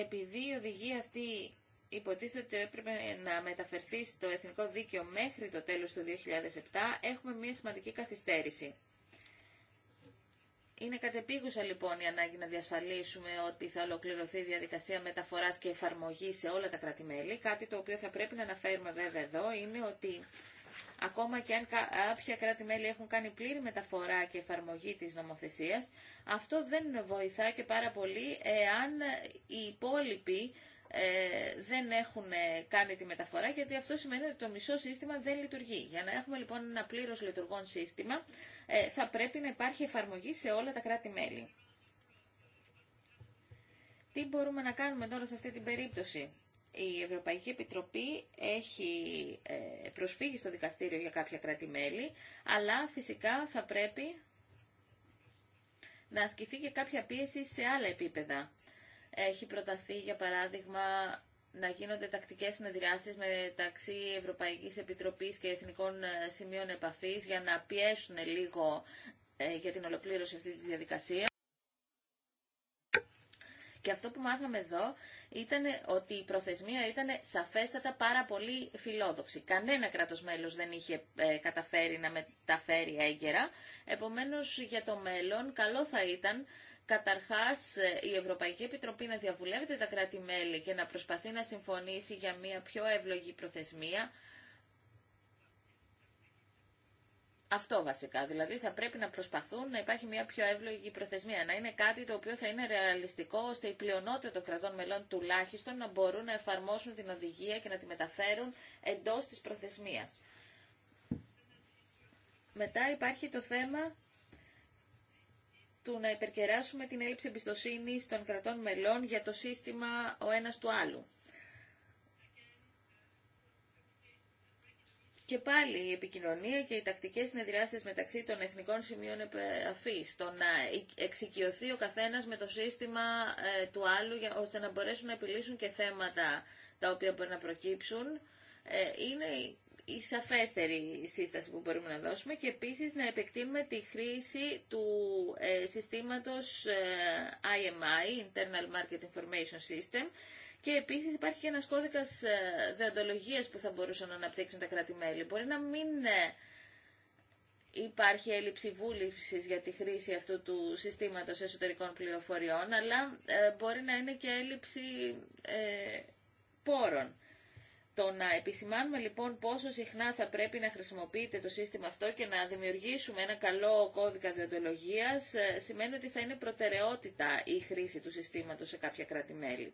επειδή η οδηγία αυτή υποτίθεται ότι έπρεπε να μεταφερθεί στο εθνικό δίκαιο μέχρι το τέλος του 2007, έχουμε μια σημαντική καθυστέρηση. Είναι κατεπίγουσα λοιπόν η ανάγκη να διασφαλίσουμε ότι θα ολοκληρωθεί η διαδικασία μεταφοράς και εφαρμογή σε όλα τα κράτη-μέλη. Κάτι το οποίο θα πρέπει να αναφέρουμε βέβαια εδώ είναι ότι ακόμα και αν κάποια κράτη-μέλη έχουν κάνει πλήρη μεταφορά και εφαρμογή της νομοθεσίας, αυτό δεν βοηθάει και πάρα πολύ εάν οι υπόλοιποι ε, δεν έχουν ε, κάνει τη μεταφορά, γιατί αυτό σημαίνει ότι το μισό σύστημα δεν λειτουργεί. Για να έχουμε λοιπόν ένα πλήρως λειτουργών σύστημα, ε, θα πρέπει να υπάρχει εφαρμογή σε όλα τα κράτη-μέλη. Τι μπορούμε να κάνουμε τώρα σε αυτή την περίπτωση η Ευρωπαϊκή Επιτροπή έχει ε, προσφύγει στο δικαστήριο για κάποια κράτη-μέλη, αλλά φυσικά θα πρέπει να ασκηθεί και κάποια πίεση σε άλλα επίπεδα. Έχει προταθεί, για παράδειγμα, να γίνονται τακτικές συνεδριάσεις μεταξύ Ευρωπαϊκής Επιτροπής και Εθνικών ε, Σημείων Επαφής για να πιέσουν λίγο ε, για την ολοκλήρωση αυτή της διαδικασίας. Και αυτό που μάθαμε εδώ ήταν ότι η προθεσμία ήταν σαφέστατα πάρα πολύ φιλόδοξη. Κανένα κράτος μέλος δεν είχε ε, καταφέρει να μεταφέρει έγκαιρα. Επομένως, για το μέλλον, καλό θα ήταν Καταρχάς, ε, η Ευρωπαϊκή Επιτροπή να διαβουλεύεται τα κράτη-μέλη και να προσπαθεί να συμφωνήσει για μια πιο εύλογη προθεσμία, Αυτό βασικά. Δηλαδή θα πρέπει να προσπαθούν να υπάρχει μια πιο εύλογη προθεσμία. Να είναι κάτι το οποίο θα είναι ρεαλιστικό ώστε η πλειονότητα των κρατών μελών τουλάχιστον να μπορούν να εφαρμόσουν την οδηγία και να τη μεταφέρουν εντό τη προθεσμία. Μετά υπάρχει το θέμα του να υπερκεράσουμε την έλλειψη εμπιστοσύνη των κρατών μελών για το σύστημα ο ένας του άλλου. Και πάλι η επικοινωνία και οι τακτικέ συνεδριάσει μεταξύ των εθνικών σημείων επαφή, το να εξοικειωθεί ο καθένα με το σύστημα ε, του άλλου για, ώστε να μπορέσουν να επιλύσουν και θέματα τα οποία μπορεί να προκύψουν, ε, είναι η σαφέστερη σύσταση που μπορούμε να δώσουμε και επίσης να επεκτείνουμε τη χρήση του ε, συστήματος IMI, ε, Internal Market Information System, και επίση υπάρχει και ένα κώδικας ε, δεοντολογίας που θα μπορούσαν να αναπτύξουν τα κράτη-μέλη. Μπορεί να μην ε, υπάρχει έλλειψη βούληση για τη χρήση αυτού του συστήματο εσωτερικών πληροφοριών, αλλά ε, μπορεί να είναι και έλλειψη ε, πόρων. Το να επισημάνουμε λοιπόν πόσο συχνά θα πρέπει να χρησιμοποιείται το σύστημα αυτό και να δημιουργήσουμε ένα καλό κώδικα διοντολογίας σημαίνει ότι θα είναι προτεραιότητα η χρήση του συστήματος σε κάποια κράτη-μέλη.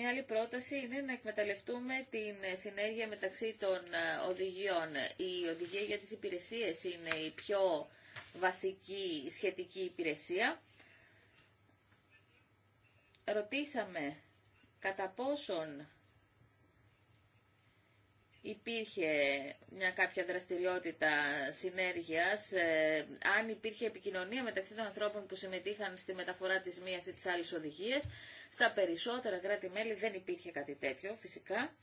Μία άλλη πρόταση είναι να εκμεταλλευτούμε την συνέργεια μεταξύ των ε, οδηγιών. Η οδηγία για τις υπηρεσίες είναι η πιο βασική σχετική υπηρεσία. Ρωτήσαμε κατά πόσον υπήρχε μια κάποια δραστηριότητα συνέργειας, ε, αν υπήρχε επικοινωνία μεταξύ των ανθρώπων που συμμετείχαν στη μεταφορά της μίας ή της άλλης οδηγίας στα περισσότερα κράτη-μέλη δεν υπήρχε κάτι τέτοιο φυσικά.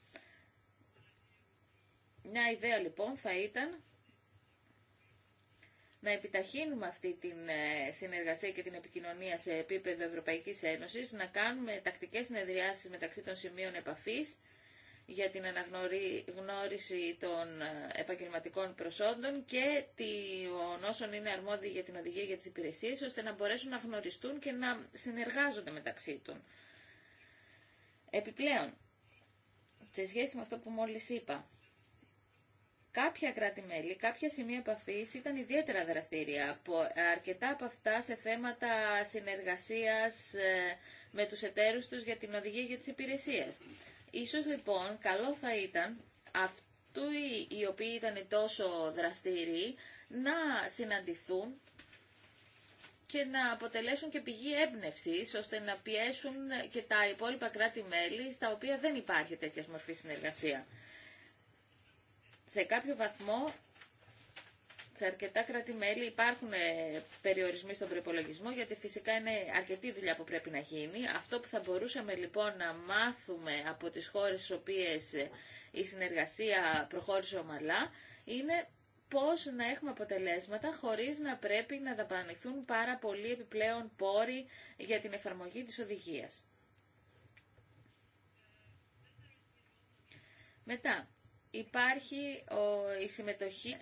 Μια ιδέα λοιπόν θα ήταν να επιταχύνουμε αυτή την ε, συνεργασία και την επικοινωνία σε επίπεδο Ευρωπαϊκής Ένωσης, να κάνουμε τακτικές συνεδριάσεις μεταξύ των σημείων επαφής για την αναγνώριση των ε, επαγγελματικών προσόντων και των όσων είναι αρμόδιοι για την οδηγία για τις υπηρεσίες, ώστε να μπορέσουν να γνωριστούν και να συνεργάζονται μεταξύ των. Επιπλέον, σε σχέση με αυτό που μόλις είπα, κάποια κράτη-μέλη, κάποια σημεία επαφή ήταν ιδιαίτερα δραστήρια. Αρκετά από αυτά σε θέματα συνεργασίας ε, με τους εταίρους τους για την οδηγία για τις υπηρεσίες. Ίσως λοιπόν καλό θα ήταν αυτού οι οποίοι ήταν τόσο δραστηροί να συναντηθούν και να αποτελέσουν και πηγή έμπνευση ώστε να πιέσουν και τα υπόλοιπα κράτη-μέλη στα οποία δεν υπάρχει τέτοια μορφή συνεργασία. Σε κάποιο βαθμό σε αρκετά κράτη-μέλη υπάρχουν ε, περιορισμοί στον προπολογισμό, γιατί φυσικά είναι αρκετή δουλειά που πρέπει να γίνει. Αυτό που θα μπορούσαμε λοιπόν να μάθουμε από τις χώρες στις οποίες ε, η συνεργασία προχώρησε ομαλά, είναι πώς να έχουμε αποτελέσματα χωρίς να πρέπει να δαπανηθούν πάρα πολλοί επιπλέον πόροι για την εφαρμογή της οδηγίας. Μετά, υπάρχει η συμμετοχή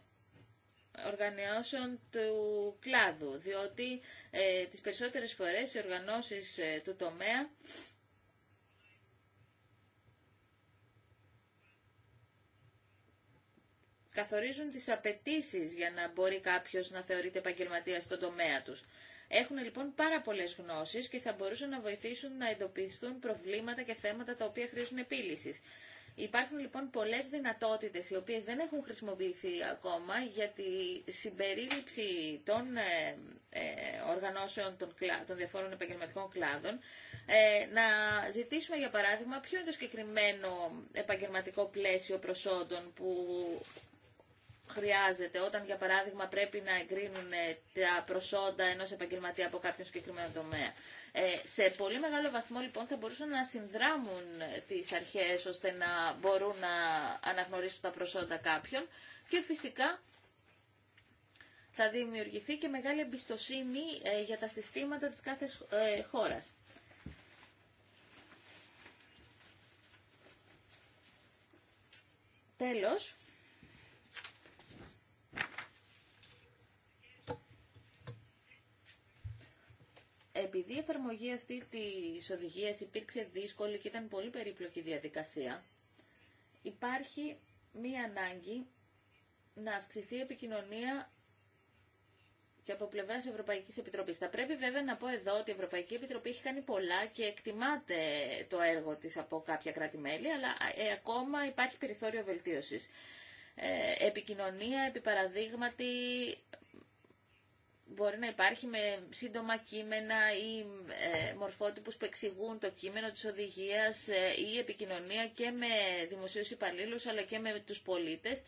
οργανώσεων του κλάδου, διότι ε, τις περισσότερες φορές οι οργανώσεις ε, του τομέα καθορίζουν τις απαιτήσεις για να μπορεί κάποιος να θεωρείται επαγγελματία στον τομέα τους. Έχουν λοιπόν πάρα πολλές γνώσεις και θα μπορούσαν να βοηθήσουν να εντοπιστούν προβλήματα και θέματα τα οποία χρήσουν επίλυσης. Υπάρχουν λοιπόν πολλές δυνατότητες οι οποίες δεν έχουν χρησιμοποιηθεί ακόμα για τη συμπερίληψη των ε, ε οργανώσεων των, διαφόρων επαγγελματικών κλάδων. Ε, να ζητήσουμε για παράδειγμα ποιο είναι το συγκεκριμένο επαγγελματικό πλαίσιο προσόντων που χρειάζεται όταν, για παράδειγμα, πρέπει να εγκρίνουν ε, τα προσόντα ενός επαγγελματία από κάποιον συγκεκριμένο τομέα. Ε, σε πολύ μεγάλο βαθμό, λοιπόν, θα μπορούσαν να συνδράμουν ε, τις αρχές ώστε να μπορούν να αναγνωρίσουν τα προσόντα κάποιων και φυσικά θα δημιουργηθεί και μεγάλη εμπιστοσύνη ε, για τα συστήματα της κάθε ε, χώρας. Τέλος, Επειδή η εφαρμογή αυτή της οδηγίας υπήρξε δύσκολη και ήταν πολύ περίπλοκη διαδικασία, υπάρχει μία ανάγκη να αυξηθεί η επικοινωνία και από πλευρά Ευρωπαϊκή Επιτροπή. Θα πρέπει βέβαια να πω εδώ ότι η Ευρωπαϊκή Επιτροπή έχει κάνει πολλά και εκτιμάται το έργο τη από κάποια κράτη-μέλη, αλλά ε, ακόμα υπάρχει περιθώριο βελτίωση. Ε, επικοινωνία, επί μπορεί να υπάρχει με σύντομα κείμενα ή ε, μορφότυπους που εξηγούν το κείμενο της οδηγίας ή ε, επικοινωνία και με δημοσίους υπαλλήλους αλλά και με τους πολίτες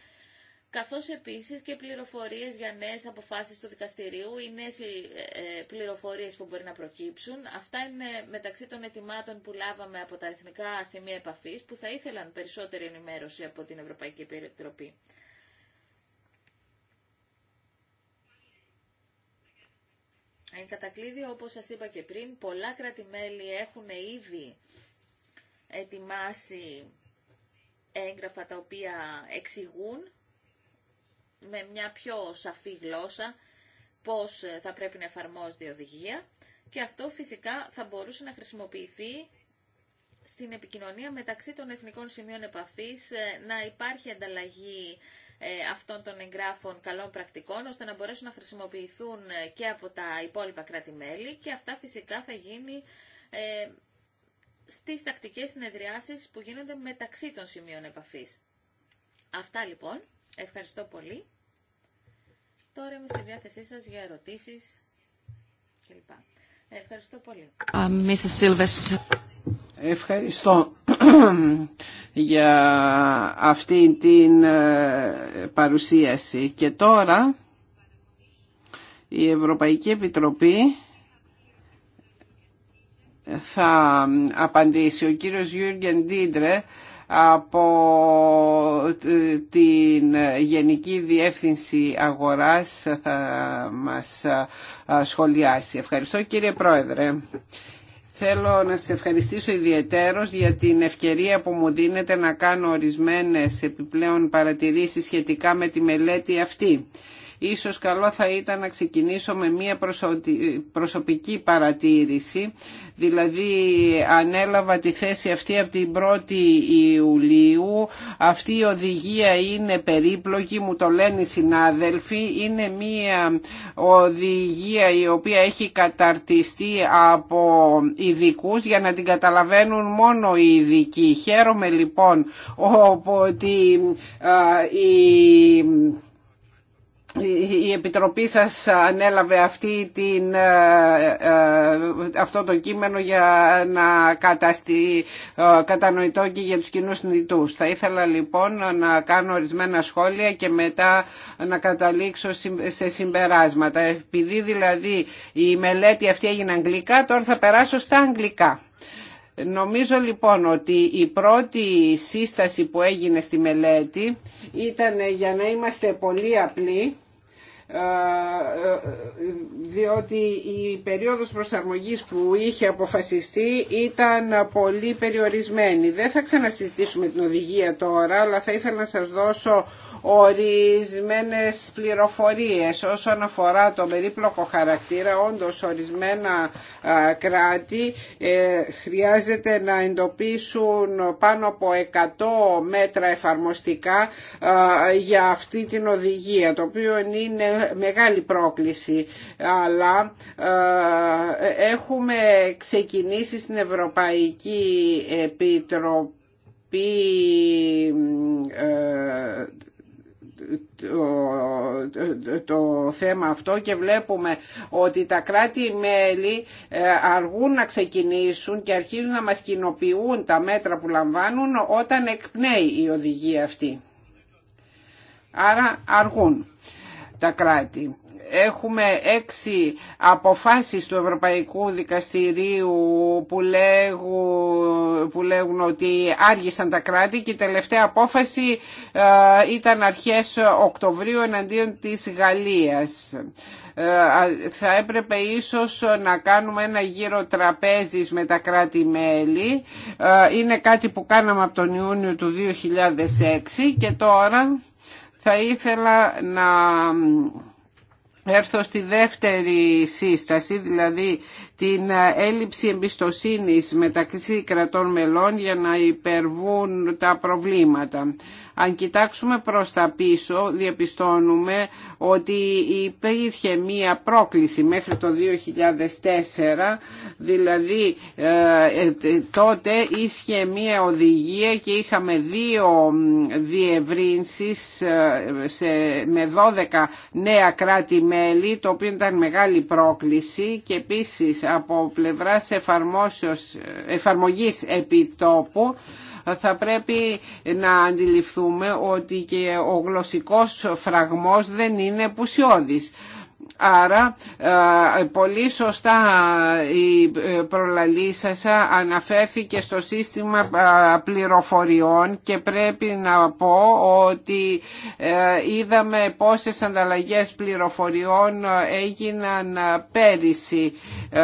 καθώς επίσης και πληροφορίες για νέες αποφάσεις του δικαστηρίου ή νέες ε, ε, πληροφορίες που μπορεί να προκύψουν. Αυτά είναι μεταξύ των ετοιμάτων που λάβαμε από τα εθνικά σημεία επαφής που θα ήθελαν περισσότερη ενημέρωση από την Ευρωπαϊκή Επιτροπή. Εν κατακλείδη, όπως σας είπα και πριν, πολλά κράτη-μέλη έχουν ήδη ετοιμάσει έγγραφα τα οποία εξηγούν με μια πιο σαφή γλώσσα πώς θα πρέπει να εφαρμόζεται η οδηγία και αυτό φυσικά θα μπορούσε να χρησιμοποιηθεί στην επικοινωνία μεταξύ των εθνικών σημείων επαφής, να υπάρχει ανταλλαγή ε, αυτών των εγγράφων καλών πρακτικών, ώστε να μπορέσουν να χρησιμοποιηθούν ε, και από τα υπόλοιπα κράτη-μέλη και αυτά φυσικά θα γίνει ε, στις τακτικές συνεδριάσεις που γίνονται μεταξύ των σημείων επαφής. Αυτά λοιπόν. Ευχαριστώ πολύ. Τώρα είμαι στη διάθεσή σας για ερωτήσεις κλπ. Ευχαριστώ πολύ. Uh, Ευχαριστώ για αυτή την ε, παρουσίαση. Και τώρα η Ευρωπαϊκή Επιτροπή θα απαντήσει. Ο κύριος Γιούργεν Ντίντρε από την Γενική Διεύθυνση Αγοράς θα μας ε, σχολιάσει. Ευχαριστώ κύριε Πρόεδρε. Θέλω να σας ευχαριστήσω ιδιαιτέρως για την ευκαιρία που μου δίνετε να κάνω ορισμένες επιπλέον παρατηρήσεις σχετικά με τη μελέτη αυτή. Ίσως καλό θα ήταν να ξεκινήσω με μια προσωπική παρατήρηση. Δηλαδή ανέλαβα τη θέση αυτή από την 1η Ιουλίου. Αυτή η οδηγία είναι περίπλοκη, μου το λένε οι συνάδελφοι. Είναι μια οδηγία η οποία έχει καταρτιστεί από ειδικού για να την καταλαβαίνουν μόνο οι ειδικοί. Χαίρομαι λοιπόν ότι η η Επιτροπή σας ανέλαβε αυτή την, ε, ε, αυτό το κείμενο για να καταστεί κατανοητό και για τους κοινούς νητούς. Θα ήθελα λοιπόν να κάνω ορισμένα σχόλια και μετά να καταλήξω σε συμπεράσματα. Επειδή δηλαδή η μελέτη αυτή έγινε αγγλικά, τώρα θα περάσω στα αγγλικά. Νομίζω λοιπόν ότι η πρώτη σύσταση που έγινε στη μελέτη ήταν για να είμαστε πολύ απλοί ε, ε, διότι η περίοδος προσαρμογής που είχε αποφασιστεί ήταν πολύ περιορισμένη. Δεν θα ξανασυζητήσουμε την οδηγία τώρα, αλλά θα ήθελα να σας δώσω ορισμένες πληροφορίες όσον αφορά το περίπλοκο χαρακτήρα. Όντως ορισμένα ε, κράτη χρειάζεται να εντοπίσουν πάνω από 100 μέτρα εφαρμοστικά για αυτή την οδηγία, το οποίο είναι μεγάλη πρόκληση αλλά ε, έχουμε ξεκινήσει στην Ευρωπαϊκή Επίτροπη ε, το θέμα αυτό και βλέπουμε ότι τα κράτη-μέλη ε, αργούν να ξεκινήσουν και αρχίζουν να μας κοινοποιούν τα μέτρα που λαμβάνουν όταν εκπνέει η οδηγία αυτή. Άρα αργούν τα κράτη. Έχουμε έξι αποφάσεις του Ευρωπαϊκού Δικαστηρίου που λέγουν, που λέγουν ότι άργησαν τα κράτη και η τελευταία απόφαση ε, ήταν αρχές Οκτωβρίου εναντίον της Γαλλίας. Ε, θα έπρεπε ίσως να κάνουμε ένα γύρο τραπέζις με τα κράτη-μέλη. Ε, είναι κάτι που κάναμε από τον Ιούνιο του 2006 και τώρα θα ήθελα να έρθω στη δεύτερη σύσταση, δηλαδή την έλλειψη εμπιστοσύνης μεταξύ κρατών μελών για να υπερβούν τα προβλήματα. Αν κοιτάξουμε προς τα πίσω διαπιστώνουμε ότι υπήρχε μία πρόκληση μέχρι το 2004 δηλαδή ε, ε, τότε ίσχυε μία οδηγία και είχαμε δύο διευρύνσεις ε, με 12 νέα κράτη-μέλη το οποίο ήταν μεγάλη πρόκληση και επίσης από πλευράς εφαρμογής επιτόπου θα πρέπει να αντιληφθούμε ότι και ο γλωσσικός φραγμός δεν είναι πουσιώδης. Άρα ε, πολύ σωστά η ε, προλαλήσασα αναφέρθηκε στο σύστημα ε, πληροφοριών και πρέπει να πω ότι είδαμε πόσες ανταλλαγές πληροφοριών έγιναν πέρυσι 1400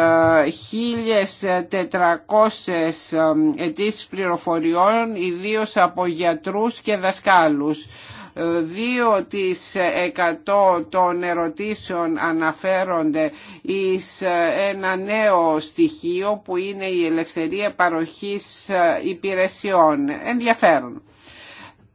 ετήσεις πληροφοριών ιδίως από γιατρούς και δασκάλους. 2% των ερωτήσεων αναφέρονται εις ε, ένα νέο στοιχείο που είναι η ελευθερία παροχής ε, υπηρεσιών. Ενδιαφέρον.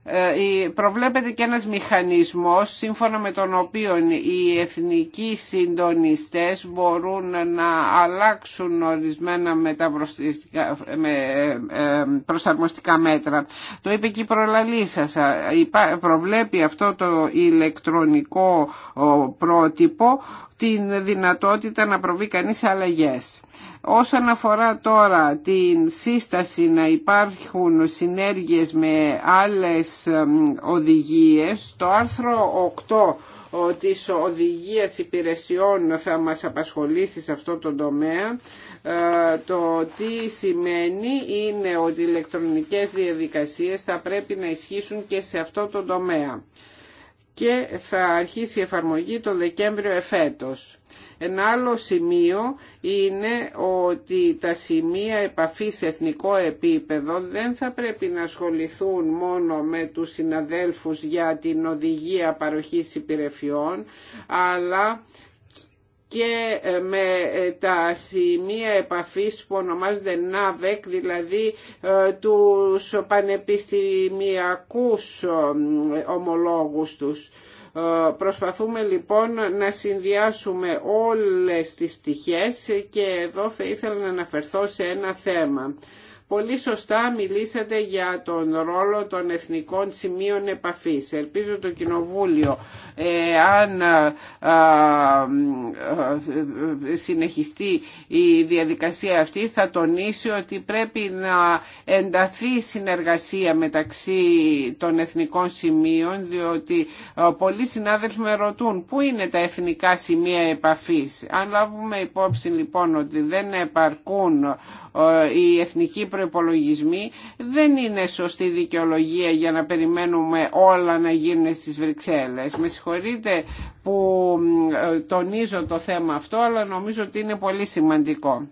Ε, προβλέπεται και ένας μηχανισμός σύμφωνα με τον οποίο οι εθνικοί συντονιστές μπορούν να αλλάξουν ορισμένα με ε, ε, προσαρμοστικά μέτρα. Το είπε και η προλαλή σα. Προβλέπει αυτό το ηλεκτρονικό πρότυπο την δυνατότητα να προβεί κανείς αλλαγές. Όσον αφορά τώρα την σύσταση να υπάρχουν συνέργειες με άλλες οδηγίες, το άρθρο 8 της οδηγίας υπηρεσιών θα μας απασχολήσει σε αυτό το τομέα. Ε, το τι σημαίνει είναι ότι οι ηλεκτρονικές διαδικασίες θα πρέπει να ισχύσουν και σε αυτό το τομέα και θα αρχίσει η εφαρμογή το Δεκέμβριο εφέτος. Ένα άλλο σημείο είναι ότι τα σημεία επαφής σε εθνικό επίπεδο δεν θα πρέπει να ασχοληθούν μόνο με τους συναδέλφους για την οδηγία παροχής υπηρεσιών, αλλά και ε, με ε, τα σημεία επαφής που ονομάζονται ΝΑΒΕΚ, δηλαδή ε, τους πανεπιστημιακούς ομολόγους τους. Προσπαθούμε λοιπόν να συνδυάσουμε όλες τις πτυχές και εδώ θα ήθελα να αναφερθώ σε ένα θέμα. Πολύ σωστά μιλήσατε για τον ρόλο των εθνικών σημείων επαφής. Ελπίζω το Κοινοβούλιο, ε, αν ε, ε, συνεχιστεί η διαδικασία αυτή, θα τονίσει ότι πρέπει να ενταθεί συνεργασία μεταξύ των εθνικών σημείων, διότι πολλοί συνάδελφοι με ρωτούν πού είναι τα εθνικά σημεία επαφής. Αν λάβουμε υπόψη λοιπόν ότι δεν επαρκούν οι εθνικοί δεν είναι σωστή δικαιολογία για να περιμένουμε όλα να γίνουν στις Βρυξέλλες. Με συγχωρείτε που ε, τονίζω το θέμα αυτό, αλλά νομίζω ότι είναι πολύ σημαντικό.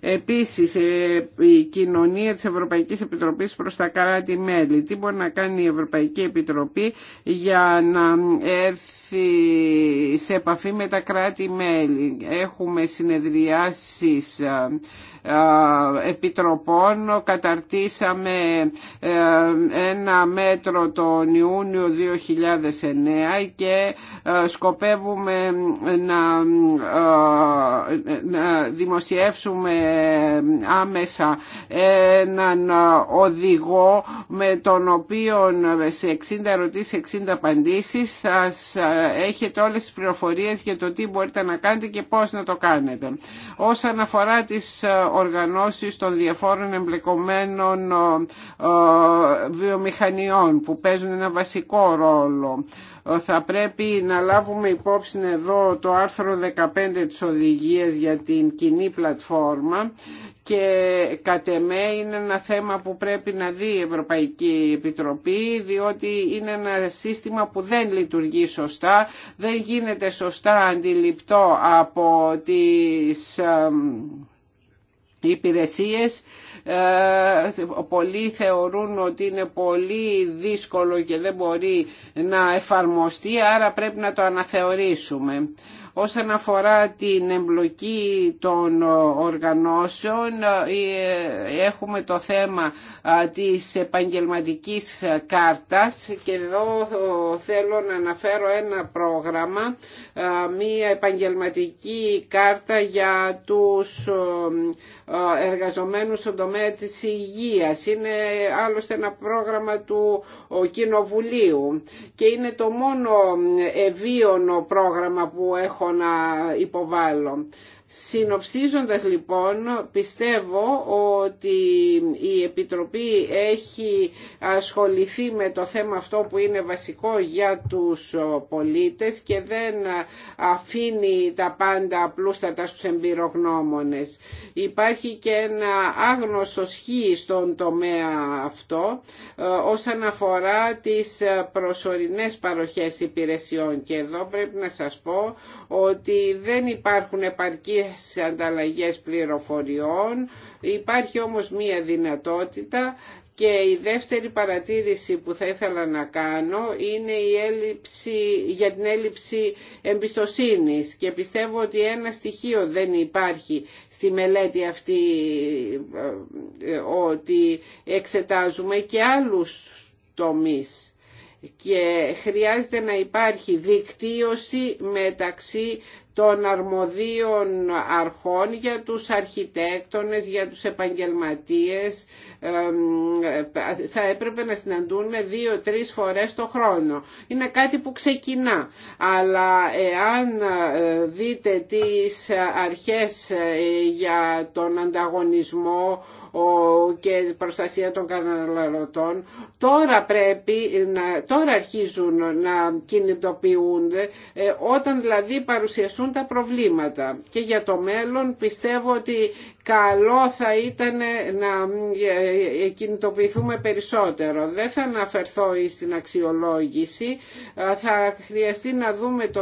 Επίσης, ε, η κοινωνία της Ευρωπαϊκής Επιτροπής προς τα κράτη μέλη. Τι μπορεί να κάνει η Ευρωπαϊκή Επιτροπή για να έρθει σε επαφή με τα κράτη-μέλη. Έχουμε συνεδριάσεις ε, ε, επιτροπών καταρτήσαμε ε, ένα μέτρο τον Ιούνιο 2009 και ε, σκοπεύουμε να, δημοσιεύσουμε άμεσα έναν οδηγό με τον οποίο σε 60 ερωτήσεις, 60 απαντήσεις θα έχετε όλες τις πληροφορίες για το τι μπορείτε να κάνετε και πώς να το κάνετε. Όσον αφορά τις οργανώσεις των διαφόρων εμπλεκομένων ε, ε, βιομηχανιών που παίζουν ένα βασικό ρόλο. Ε, θα πρέπει να λάβουμε υπόψη εδώ το άρθρο 15 της οδηγίας για την κοινή πλατφόρμα και κατ' εμέ είναι ένα θέμα που πρέπει να δει η Ευρωπαϊκή Επιτροπή διότι είναι ένα σύστημα που δεν λειτουργεί σωστά, δεν γίνεται σωστά αντιληπτό από τις οι υπηρεσίες ε, πολλοί θεωρούν ότι είναι πολύ δύσκολο και δεν μπορεί να εφαρμοστεί άρα πρέπει να το αναθεωρήσουμε. Όσον αφορά την εμπλοκή των οργανώσεων ε, έχουμε το θέμα της επαγγελματικής κάρτας και εδώ ε, θέλω να αναφέρω ένα πρόγραμμα, μία επαγγελματική κάρτα για τους εργαζομένους στον τομέα της υγείας. Είναι άλλωστε ένα πρόγραμμα του Κοινοβουλίου και είναι το μόνο ευίωνο πρόγραμμα που έχω να υποβάλω. Συνοψίζοντας λοιπόν πιστεύω ότι η Επιτροπή έχει ασχοληθεί με το θέμα αυτό που είναι βασικό για τους πολίτες και δεν αφήνει τα πάντα απλούστατα στους εμπειρογνώμονες. Υπάρχει και ένα άγνωστο σχή στον τομέα αυτό ε, όσον αφορά τις προσωρινές παροχές υπηρεσιών και εδώ πρέπει να σας πω ότι δεν υπάρχουν επαρκή σε ανταλλαγές πληροφοριών. Υπάρχει όμως μία δυνατότητα και η δεύτερη παρατήρηση που θα ήθελα να κάνω είναι η έλλειψη, για την έλλειψη εμπιστοσύνης και πιστεύω ότι ένα στοιχείο δεν υπάρχει στη μελέτη αυτή ε, ε, ότι εξετάζουμε και άλλους τομείς και χρειάζεται να υπάρχει δικτύωση μεταξύ των αρμοδίων αρχών για τους αρχιτέκτονες, για τους επαγγελματίες θα έπρεπε να συναντούν δύο-τρεις φορές το χρόνο. Είναι κάτι που ξεκινά, αλλά εάν ε, δείτε τις αρχές ε, για τον ανταγωνισμό και προστασία των καταναλωτών τώρα πρέπει να, τώρα αρχίζουν να κινητοποιούνται ε, όταν δηλαδή παρουσιαστούν τα προβλήματα και για το μέλλον πιστεύω ότι καλό θα ήταν να ε, ε, ε, κινητοποιηθούμε περισσότερο. Δεν θα αναφερθώ στην αξιολόγηση, θα χρειαστεί να δούμε το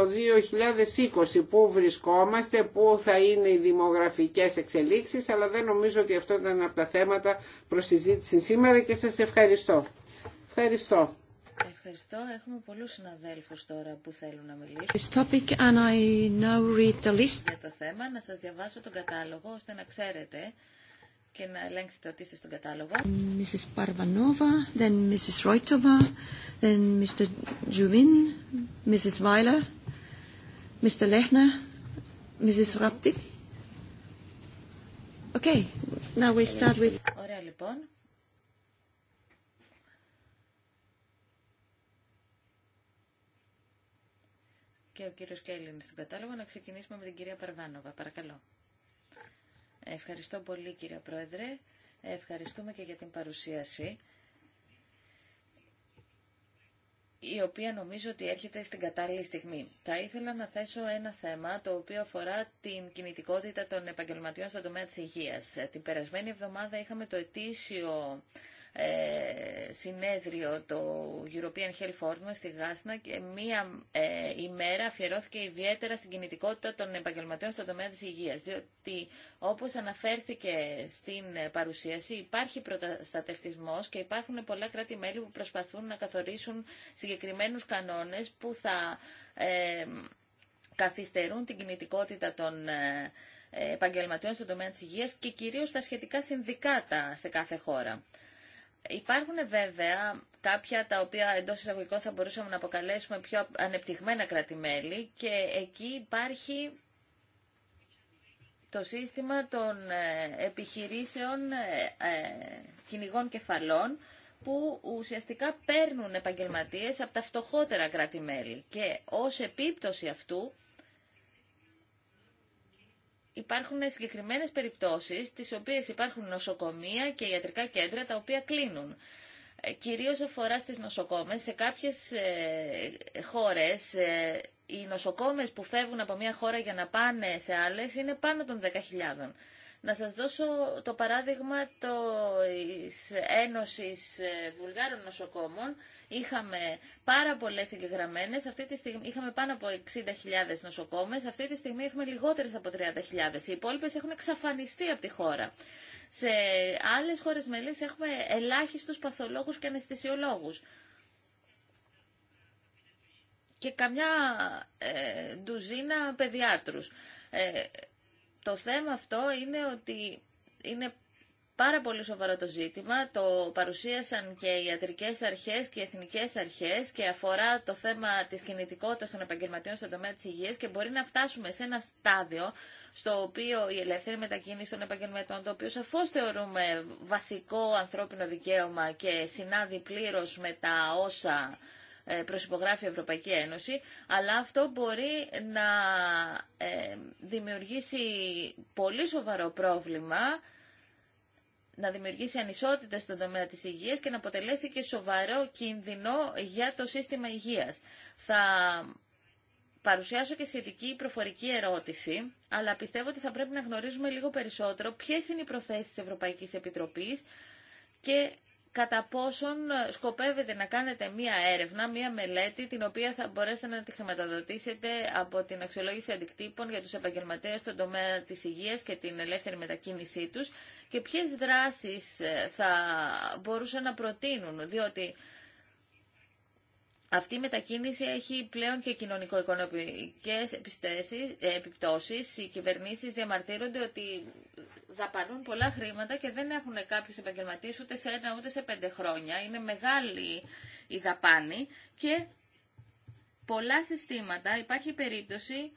2020 που βρισκόμαστε, που θα είναι οι δημογραφικές εξελίξεις, αλλά δεν νομίζω ότι αυτό ήταν από τα θέματα προς συζήτηση σήμερα και σας ευχαριστώ. Ευχαριστώ. Ευχαριστώ. Έχουμε πολλούς συναδέλφου τώρα που θέλουν να μιλήσουν This topic and I now read the list. για το θέμα. Να σας διαβάσω τον κατάλογο ώστε να ξέρετε και να ελέγξετε ότι είστε στον κατάλογο. Mrs. Parvanova, then Mrs. Roitova, then Mr. Juvin, Mrs. Weiler, Mr. Lechner, Mrs. Rapti. Okay, now we start with... Ωραία λοιπόν. και ο κύριος Κέλλιν στην κατάλογο. Να ξεκινήσουμε με την κυρία Παρβάνοβα. Παρακαλώ. Ευχαριστώ πολύ κύριε Πρόεδρε. Ευχαριστούμε και για την παρουσίαση η οποία νομίζω ότι έρχεται στην κατάλληλη στιγμή. Θα ήθελα να θέσω ένα θέμα το οποίο αφορά την κινητικότητα των επαγγελματιών στον τομέα της υγείας. Την περασμένη εβδομάδα είχαμε το ετήσιο ε, συνέδριο το European Health Forum στη Γάσνα και μία ε, ημέρα αφιερώθηκε ιδιαίτερα στην κινητικότητα των επαγγελματιών στον τομέα της υγείας. Διότι όπως αναφέρθηκε στην παρουσίαση υπάρχει προστατευτισμός και υπάρχουν πολλά κράτη-μέλη που προσπαθούν να καθορίσουν συγκεκριμένους κανόνες που θα ε, καθυστερούν την κινητικότητα των ε, επαγγελματιών στον τομέα της υγείας και κυρίως τα σχετικά συνδικάτα σε κάθε χώρα. Υπάρχουν βέβαια κάποια τα οποία εντός εισαγωγικών θα μπορούσαμε να αποκαλέσουμε πιο ανεπτυγμένα κρατημέλη και εκεί υπάρχει το σύστημα των ε, επιχειρήσεων ε, ε, κυνηγών κεφαλών που ουσιαστικά παίρνουν επαγγελματίες από τα φτωχότερα Και ως επίπτωση αυτού υπάρχουν συγκεκριμένες περιπτώσεις τις οποίες υπάρχουν νοσοκομεία και ιατρικά κέντρα τα οποία κλείνουν. Ε, κυρίως αφορά στις νοσοκόμες, σε κάποιες ε, χώρες ε, οι νοσοκόμες που φεύγουν από μια χώρα για να πάνε σε άλλες είναι πάνω των 10.000. Να σας δώσω το παράδειγμα της Ένωσης ε, Βουλγάρων Νοσοκόμων. Είχαμε πάρα πολλές εγγεγραμμένες, αυτή τη στιγμή είχαμε πάνω από 60.000 νοσοκόμες, αυτή τη στιγμή έχουμε λιγότερες από 30.000. Οι υπόλοιπε έχουν εξαφανιστεί από τη χώρα. Σε άλλες χώρες μελής έχουμε ελάχιστους παθολόγους και αναισθησιολόγους. Και καμιά ε, ντουζίνα παιδιάτρους. Ε, το θέμα αυτό είναι ότι είναι πάρα πολύ σοβαρό το ζήτημα. Το παρουσίασαν και οι ιατρικές αρχές και οι εθνικές αρχές και αφορά το θέμα της κινητικότητας των επαγγελματιών στον τομέα της υγείας και μπορεί να φτάσουμε σε ένα στάδιο στο οποίο η ελεύθερη μετακίνηση των επαγγελματών, το οποίο σαφώ θεωρούμε βασικό ανθρώπινο δικαίωμα και συνάδει πλήρως με τα όσα ε, προσυπογράφει η Ευρωπαϊκή Ένωση, αλλά αυτό μπορεί να ε, δημιουργήσει πολύ σοβαρό πρόβλημα να δημιουργήσει ανισότητες στον τομέα της υγείας και να αποτελέσει και σοβαρό κίνδυνο για το σύστημα υγείας. Θα παρουσιάσω και σχετική προφορική ερώτηση, αλλά πιστεύω ότι θα πρέπει να γνωρίζουμε λίγο περισσότερο ποιες είναι οι προθέσεις της Ευρωπαϊκής Επιτροπής και κατά πόσον ε, σκοπεύετε να κάνετε μία έρευνα, μία μελέτη, την οποία θα μπορέσετε να τη χρηματοδοτήσετε από την αξιολόγηση αντικτύπων για τους επαγγελματίες στον τομέα της υγείας και την ελεύθερη μετακίνησή τους και ποιες δράσεις ε, θα μπορούσαν να προτείνουν, διότι αυτή η μετακίνηση έχει πλέον και κοινωνικο-οικονομικές ε, επιπτώσεις. Οι κυβερνήσεις διαμαρτύρονται ότι δαπανούν πολλά χρήματα και δεν έχουν κάποιους επαγγελματίες ούτε σε ένα ούτε σε πέντε χρόνια. Είναι μεγάλη η δαπάνη και πολλά συστήματα υπάρχει περίπτωση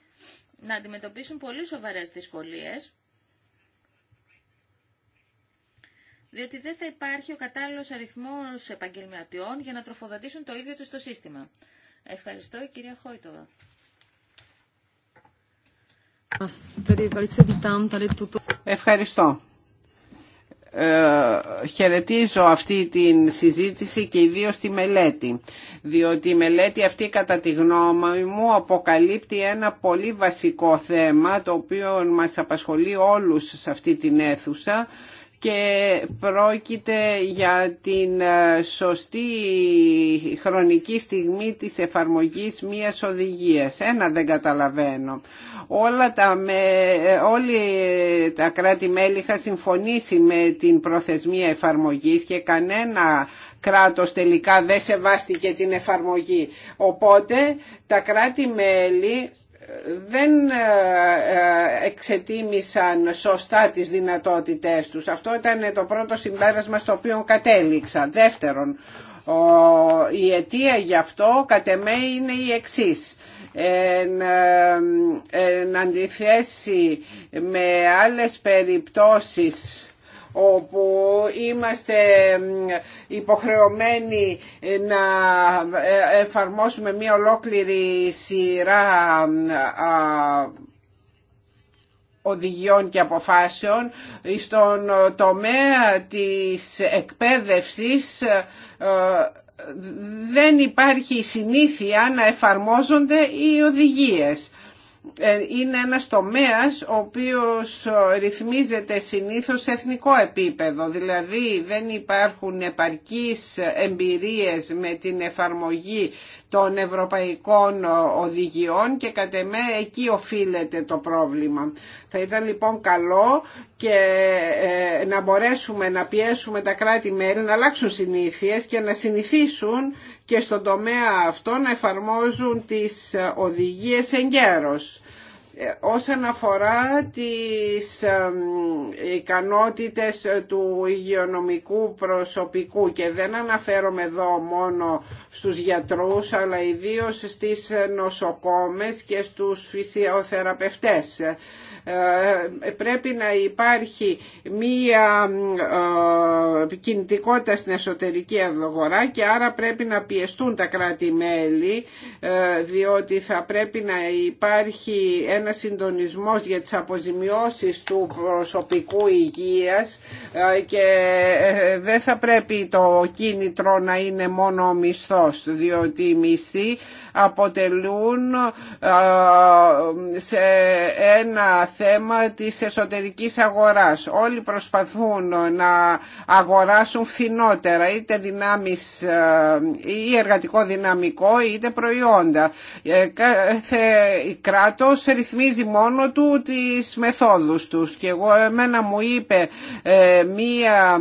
να αντιμετωπίσουν πολύ σοβαρές δυσκολίες διότι δεν θα υπάρχει ο κατάλληλος αριθμός επαγγελματιών για να τροφοδοτήσουν το ίδιο τους το σύστημα. Ευχαριστώ, κυρία Χόιτοβα. Ευχαριστώ. Ε, χαιρετίζω αυτή την συζήτηση και ιδίω τη μελέτη διότι η μελέτη αυτή κατά τη γνώμη μου αποκαλύπτει ένα πολύ βασικό θέμα το οποίο μας απασχολεί όλους σε αυτή την αίθουσα και πρόκειται για την ε, σωστή χρονική στιγμή της εφαρμογής μιας οδηγίας. Ένα δεν καταλαβαίνω. Όλα τα, με, ε, όλοι τα κράτη-μέλη είχαν συμφωνήσει με την προθεσμία εφαρμογής και κανένα κράτος τελικά δεν σεβάστηκε την εφαρμογή. Οπότε τα κράτη-μέλη δεν ε, ε, εξετίμησαν σωστά τις δυνατότητές τους. Αυτό ήταν το πρώτο συμπέρασμα στο οποίο κατέληξα. Δεύτερον, η αιτία γι' αυτό κατ' εμέ είναι η εξής. Εν, ε, αντιθέσει με άλλες περιπτώσεις όπου είμαστε υποχρεωμένοι να ε, εφαρμόσουμε μια ολόκληρη σειρά οδηγιών και αποφάσεων στον τομέα της εκπαίδευσης ε, δεν υπάρχει συνήθεια να εφαρμόζονται οι οδηγίες. Ε, είναι ένας τομέας ο οποίος ρυθμίζεται συνήθως σε εθνικό επίπεδο, δηλαδή δεν υπάρχουν επαρκείς εμπειρίες με την εφαρμογή των ευρωπαϊκών οδηγιών και κατ' εμέ εκεί οφείλεται το πρόβλημα. Θα ήταν λοιπόν καλό και ε, να μπορέσουμε να πιέσουμε τα κρατη μερη να αλλάξουν συνήθειες και να συνηθίσουν και στον τομέα αυτό να εφαρμόζουν τις ε, οδηγίες εγκαίρως ε, όσον αφορά τις ικανότητες του υγειονομικού προσωπικού και δεν αναφέρομαι εδώ μόνο στους γιατρούς αλλά ιδίως στις νοσοκόμες και στους φυσιοθεραπευτές ε, πρέπει να υπάρχει μία ε, κινητικότητα στην εσωτερική αγορά και άρα πρέπει να πιεστούν τα κράτη-μέλη ε, διότι θα πρέπει να υπάρχει ένα συντονισμός για τις αποζημιώσεις του προσωπικού υγείας και δεν θα πρέπει το κίνητρο να είναι μόνο ο μισθός διότι οι μισθοί αποτελούν σε ένα θέμα της εσωτερικής αγοράς. Όλοι προσπαθούν να αγοράσουν φθηνότερα είτε δυνάμεις ε, ή εργατικό δυναμικό είτε προϊόντα. Ε, κάθε κράτος ρυθμίζει μόνο του τις μεθόδους τους και εγώ εμένα μου είπε ε, μία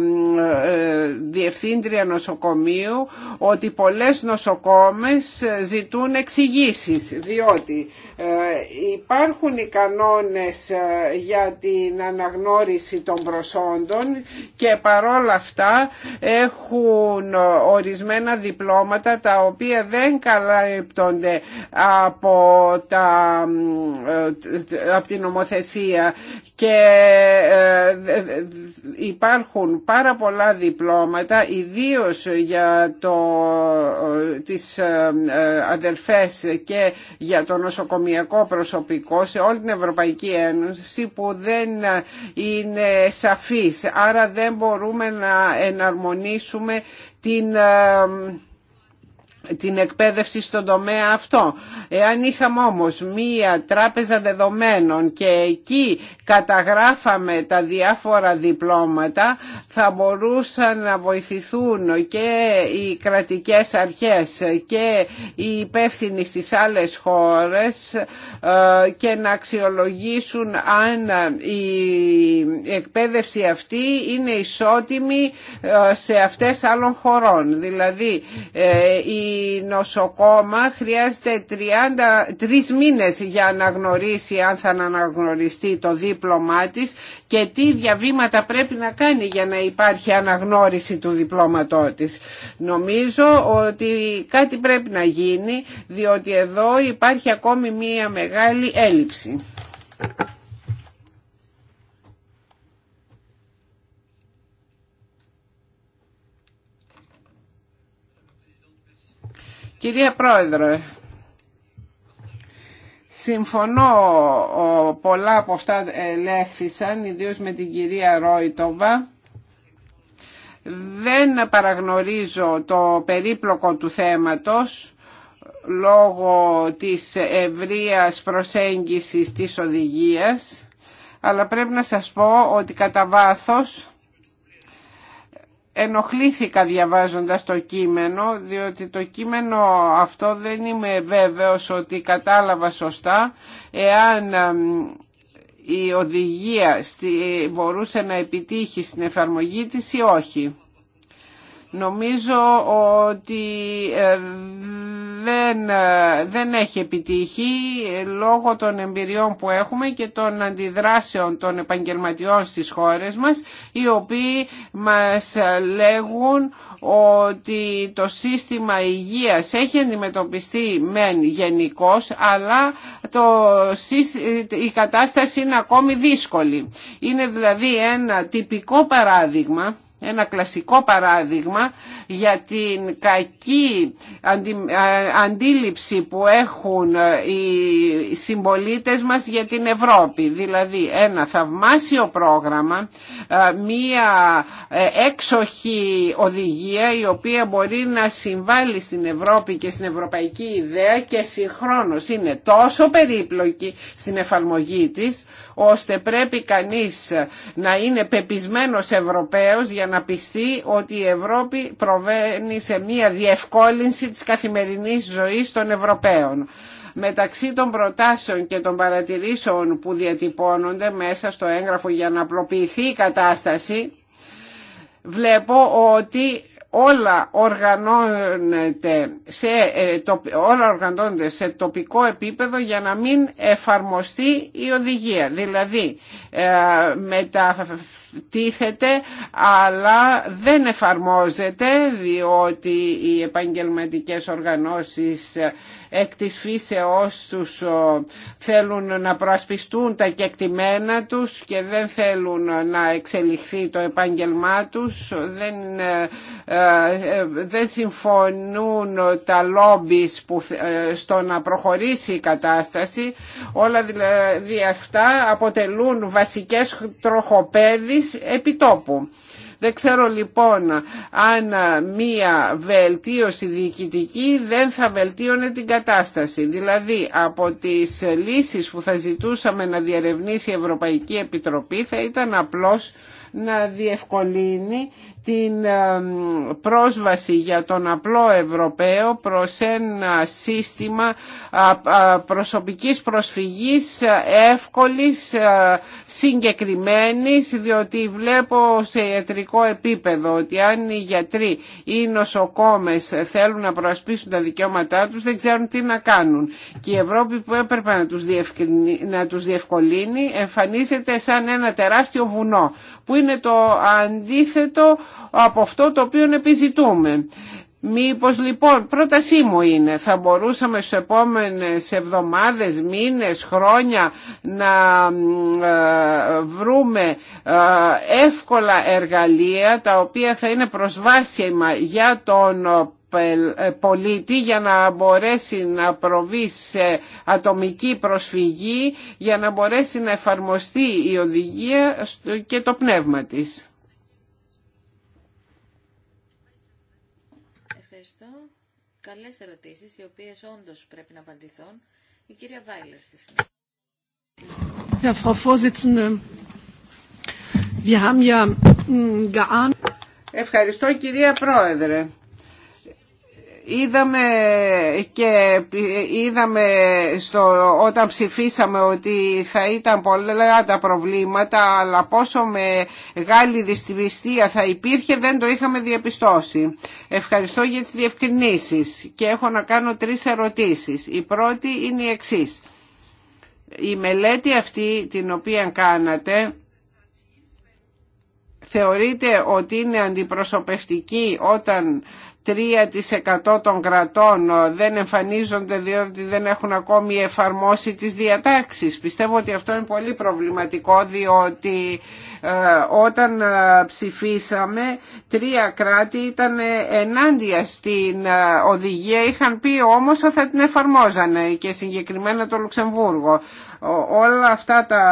διευθύντρια νοσοκομείου ότι πολλές νοσοκόμες ζητούν εξηγήσει διότι υπάρχουν οι κανόνες ε, για την αναγνώριση των προσόντων και παρόλα αυτά έχουν ορισμένα διπλώματα τα οποία δεν καλύπτονται από, τα, ε, από την νομοθεσία και ε, υπάρχουν πάρα πολλά διπλώματα ιδίως για το, τις αδερφές και για το νοσοκομιακό προσωπικό σε όλη την Ευρωπαϊκή Ένωση που δεν είναι σαφής. Άρα δεν μπορούμε να εναρμονίσουμε την ε, την εκπαίδευση στον τομέα αυτό. Εάν είχαμε όμως μία τράπεζα δεδομένων και εκεί καταγράφαμε τα διάφορα διπλώματα θα μπορούσαν να βοηθηθούν και οι κρατικές αρχές και οι υπεύθυνοι στις άλλες χώρες ε, και να αξιολογήσουν αν η εκπαίδευση αυτή είναι ισότιμη ε, σε αυτές άλλων χωρών. Δηλαδή ε, η η νοσοκόμα χρειάζεται 30, 3 μήνες για να γνωρίσει αν θα αναγνωριστεί το δίπλωμά της και τι διαβήματα πρέπει να κάνει για να υπάρχει αναγνώριση του διπλώματό της. Νομίζω ότι κάτι πρέπει να γίνει διότι εδώ υπάρχει ακόμη μία μεγάλη έλλειψη. Κυρία Πρόεδρε, συμφωνώ πολλά από αυτά ελέγχθησαν, ιδίως με την κυρία Ρόιτοβα. Δεν παραγνωρίζω το περίπλοκο του θέματος λόγω της ευρείας προσέγγισης της οδηγίας, αλλά πρέπει να σας πω ότι κατά βάθος ενοχλήθηκα διαβάζοντας το κείμενο διότι το κείμενο αυτό δεν είμαι βέβαιος ότι κατάλαβα σωστά εάν η οδηγία μπορούσε να επιτύχει στην εφαρμογή της ή όχι. Νομίζω ότι ε, δεν, ε, δεν έχει επιτύχει λόγω των εμπειριών που έχουμε και των αντιδράσεων των επαγγελματιών στις χώρες μας οι οποίοι μας λέγουν ότι το σύστημα υγείας έχει αντιμετωπιστεί μεν γενικώ, αλλά το, η κατάσταση είναι ακόμη δύσκολη. Είναι δηλαδή ένα τυπικό παράδειγμα ένα κλασικό παράδειγμα για την κακή αντίληψη που έχουν ε, οι συμπολίτες μας για την Ευρώπη. Δηλαδή ένα θαυμάσιο πρόγραμμα, ε, μία ε, έξοχη οδηγία η οποία μπορεί να συμβάλλει στην Ευρώπη και στην ευρωπαϊκή ιδέα και συγχρόνως είναι τόσο περίπλοκη στην εφαρμογή της ώστε πρέπει κανείς να είναι πεπισμένος Ευρωπαίος για να πιστεί ότι η Ευρώπη προβαίνει σε μια διευκόλυνση της καθημερινής ζωής των Ευρωπαίων. Μεταξύ των προτάσεων και των παρατηρήσεων που διατυπώνονται μέσα στο έγγραφο για να απλοποιηθεί η κατάσταση, βλέπω ότι όλα οργανώνεται σε, ε, όλα σε τοπικό επίπεδο για να μην εφαρμοστεί η οδηγία. Δηλαδή ε, μετατίθεται αλλά δεν εφαρμόζεται διότι οι επαγγελματικές οργανώσεις ε, εκ της φύσεώς τους θέλουν να προασπιστούν τα κεκτημένα τους και δεν θέλουν να εξελιχθεί το επάγγελμά τους, δεν, ε, ε, δεν συμφωνούν τα λόμπις που, ε, στο να προχωρήσει η κατάσταση. Όλα δηλαδή αυτά αποτελούν βασικές τροχοπέδεις επιτόπου. Δεν ξέρω λοιπόν αν μία βελτίωση διοικητική δεν θα βελτίωνε την κατάσταση. Δηλαδή από τις λύσεις που θα ζητούσαμε να διαρευνήσει η Ευρωπαϊκή Επιτροπή θα ήταν απλώς να διευκολύνει την ε, πρόσβαση για τον απλό Ευρωπαίο προς ένα σύστημα προσωπικής προσφυγής ε, εύκολης, ε, συγκεκριμένης, διότι βλέπω σε ιατρικό επίπεδο ότι αν οι γιατροί ή οι νοσοκόμες θέλουν να προασπίσουν τα δικαιώματά τους δεν ξέρουν τι να κάνουν. Και η Ευρώπη που έπρεπε να τους, να τους διευκολύνει εμφανίζεται σαν ένα τεράστιο βουνό που είναι το αντίθετο από αυτό το οποίο επιζητούμε. Μήπως λοιπόν, πρότασή μου είναι, θα μπορούσαμε στις επόμενες εβδομάδες, μήνες, χρόνια να ε, βρούμε ε, εύκολα εργαλεία τα οποία θα είναι προσβάσιμα για τον ε, πολίτη για να μπορέσει να προβεί σε ατομική προσφυγή, για να μπορέσει να εφαρμοστεί η οδηγία και το πνεύμα της. καλές ερωτήσεις, οι οποίες όντως πρέπει να απαντηθούν. Η κυρία Βάιλερ στη συνέχεια. Hm, Ευχαριστώ κυρία Πρόεδρε. Είδαμε και είδαμε στο, όταν ψηφίσαμε ότι θα ήταν πολλά τα προβλήματα αλλά πόσο μεγάλη δυστυπιστία θα υπήρχε δεν το είχαμε διαπιστώσει. Ευχαριστώ για τις διευκρινήσεις και έχω να κάνω τρεις ερωτήσεις. Η πρώτη είναι η εξής. Η μελέτη αυτή την οποία κάνατε θεωρείτε ότι είναι αντιπροσωπευτική όταν 3% των κρατών ε, δεν εμφανίζονται διότι δεν έχουν ακόμη εφαρμόσει τις διατάξεις. Πιστεύω ότι αυτό είναι πολύ προβληματικό διότι ε, όταν ε, ψηφίσαμε τρία κράτη ήταν ενάντια στην ε, οδηγία είχαν πει όμως ότι θα την εφαρμόζανε και συγκεκριμένα το Λουξεμβούργο όλα αυτά τα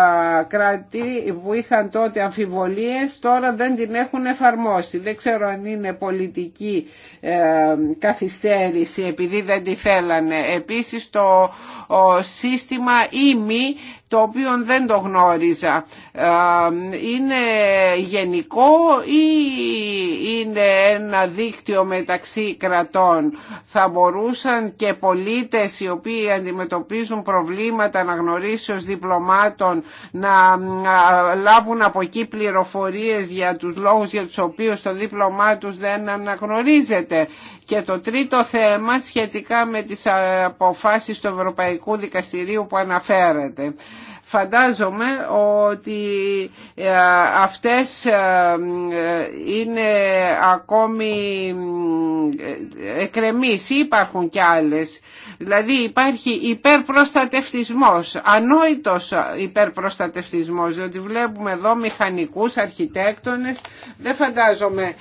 κράτη που είχαν τότε αμφιβολίες τώρα δεν την έχουν εφαρμόσει. Δεν ξέρω αν είναι πολιτική καθυστέρηση επειδή δεν τη θέλανε. Επίσης το σύστημα ήμι το οποίο δεν το γνώριζα. Ε, είναι γενικό ή είναι ένα δίκτυο μεταξύ κρατών. Θα μπορούσαν και πολίτες οι οποίοι αντιμετωπίζουν προβλήματα αναγνωρίσεως διπλωμάτων να λάβουν από εκεί πληροφορίες για τους λόγους για τους οποίους το δίπλωμά τους δεν αναγνωρίζεται και το τρίτο θέμα σχετικά με τις αποφάσεις του Ευρωπαϊκού Δικαστηρίου που αναφέρεται. Φαντάζομαι ότι ε, αυτές ε, ε, είναι ακόμη εκρεμείς ή υπάρχουν και άλλες. Δηλαδή υπάρχει υπερπροστατευτισμός, ανόητος υπερπροστατευτισμός, διότι βλέπουμε εδώ μηχανικούς, αρχιτέκτονες. Δεν φαντάζομαι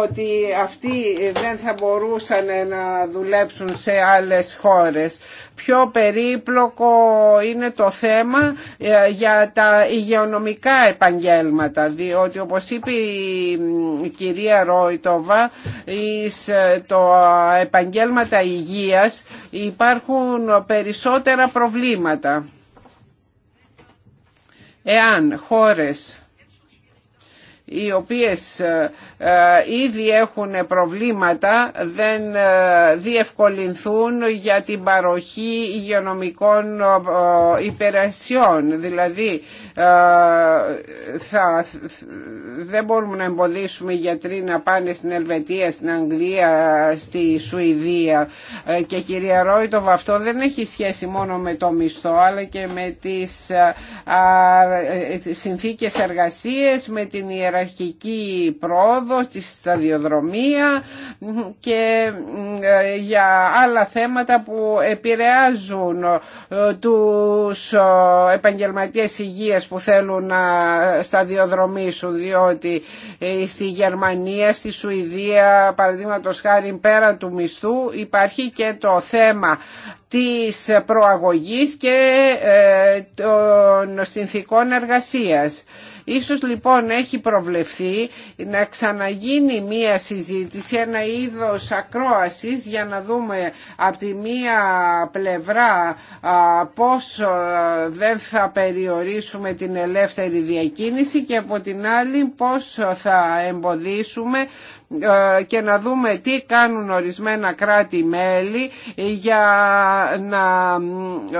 ότι αυτοί δεν θα μπορούσαν να δουλέψουν σε άλλες χώρες. Πιο περίπλοκο είναι το θέμα για τα υγειονομικά επαγγελματικά επαγγέλματα διότι όπως είπε η κυρία Ρόιτοβα εις ε, το επαγγέλματα υγείας υπάρχουν περισσότερα προβλήματα εάν χώρες οι οποίες ε, ε, ήδη έχουν προβλήματα δεν ε, διευκολυνθούν για την παροχή υγειονομικών υπηρεσιών. Δηλαδή θα, δεν μπορούμε να εμποδίσουμε γιατροί να πάνε στην Ελβετία, στην Αγγλία, στη Σουηδία και κυρία Ρόιτοβ αυτό δεν έχει σχέση μόνο με το μισθό αλλά και με τις συνθήκες εργασίες, με την ιεραρχία αρχική πρόοδο, τη σταδιοδρομία και ε, για άλλα θέματα που επηρεάζουν ε, τους ε, επαγγελματίες υγείας που θέλουν να σταδιοδρομήσουν διότι στη Γερμανία, στη Σουηδία παραδείγματος χάρη πέρα του μισθού υπάρχει και το θέμα της προαγωγής και των συνθήκων εργασίας. Ίσως λοιπόν έχει προβλεφθεί να ξαναγίνει μία συζήτηση, ένα είδος ακρόασης για να δούμε από τη μία πλευρά πώς δεν θα περιορίσουμε την ελεύθερη διακίνηση και από την άλλη πώς θα εμποδίσουμε ε, και να δούμε τι κάνουν ορισμένα κράτη-μέλη για να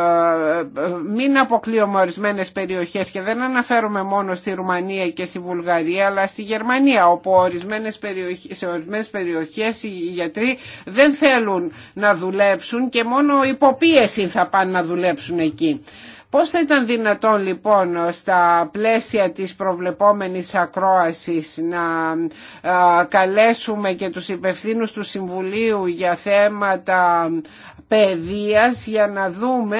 ε, μην αποκλείουμε ορισμένες περιοχές και δεν αναφέρομαι μόνο στη Ρουμανία και στη Βουλγαρία αλλά στη Γερμανία όπου ορισμένες περιοχές, σε ορισμένες περιοχές οι γιατροί δεν θέλουν να δουλέψουν και μόνο υποπίεση θα πάνε να δουλέψουν εκεί. Πώς θα ήταν δυνατόν λοιπόν στα πλαίσια της προβλεπόμενης ακρόασης να καλέσουμε και τους υπευθύνους του Συμβουλίου για θέματα παιδείας για να δούμε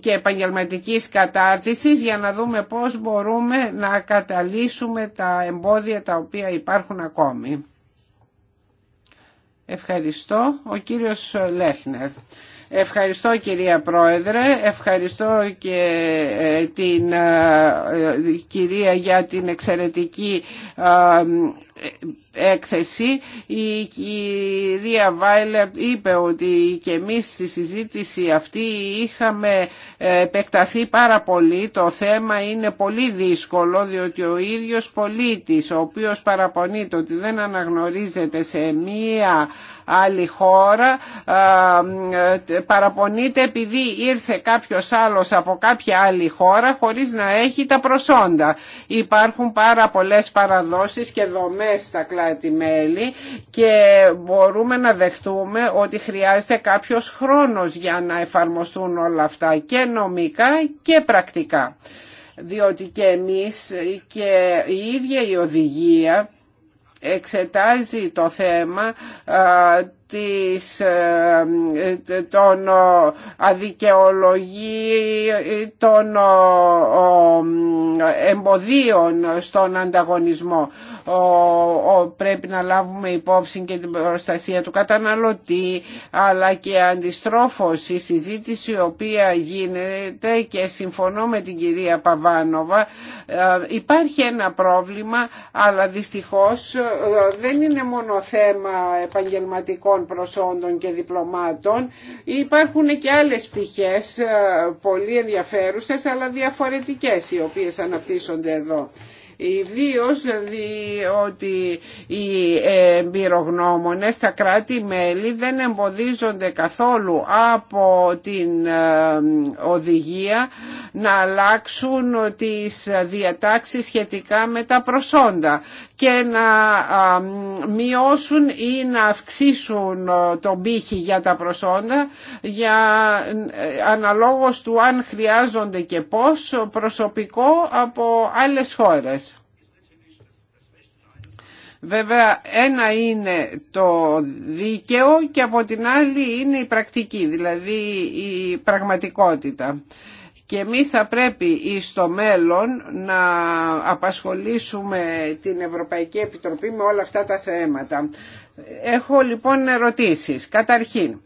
και επαγγελματικής κατάρτισης για να δούμε πώς μπορούμε να καταλύσουμε τα εμπόδια τα οποία υπάρχουν ακόμη. Ευχαριστώ. Ο κύριος Λέχνερ. Ευχαριστώ κυρία Πρόεδρε, ευχαριστώ και ε, την ε, ε, κυρία για την εξαιρετική έκθεση. Η κυρία Βάιλερ είπε ότι και εμείς στη συζήτηση αυτή είχαμε επεκταθεί πάρα πολύ. Το θέμα είναι πολύ δύσκολο διότι ο ίδιος πολίτης ο οποίος παραπονείται ότι δεν αναγνωρίζεται σε μία άλλη χώρα παραπονείται επειδή ήρθε κάποιος άλλος από κάποια άλλη χώρα χωρίς να έχει τα προσόντα. Υπάρχουν πάρα πολλές παραδόσεις και δομές στα κλάτη μελη και μπορούμε να δεχτούμε ότι χρειάζεται κάποιος χρόνος για να εφαρμοστούν όλα αυτά και νομικά και πρακτικά διότι και εμείς και η ίδια η οδηγία εξετάζει το θέμα της, ε, των αδικαιολογή των εμποδίων στον ανταγωνισμό ο πρέπει να λάβουμε υπόψη και την προστασία του καταναλωτή αλλά και αντιστρόφως η συζήτηση η οποία γίνεται και συμφωνώ με την κυρία Παβάνοβα ε, υπάρχει ένα πρόβλημα αλλά δυστυχώς ε, δεν είναι μόνο θέμα επαγγελματικών προσόντων και διπλωμάτων υπάρχουν και άλλες πτυχές ε, πολύ ενδιαφέρουσες αλλά διαφορετικές οι οποίες αναπτύσσονται εδώ. Ιδίω διότι δηλαδή οι εμπειρογνώμονε τα κράτη-μέλη δεν εμποδίζονται καθόλου από την ε, οδηγία να αλλάξουν τις διατάξεις σχετικά με τα προσόντα και να μειώσουν ή να αυξήσουν τον πύχη για τα προσόντα για ε, αναλόγως του αν χρειάζονται και πώς προσωπικό από άλλες χώρες. Βέβαια ένα είναι το δίκαιο και από την άλλη είναι η πρακτική, δηλαδή η πραγματικότητα και εμείς θα πρέπει στο μέλλον να απασχολήσουμε την Ευρωπαϊκή Επιτροπή με όλα αυτά τα θέματα. Έχω λοιπόν ερωτήσεις. Καταρχήν,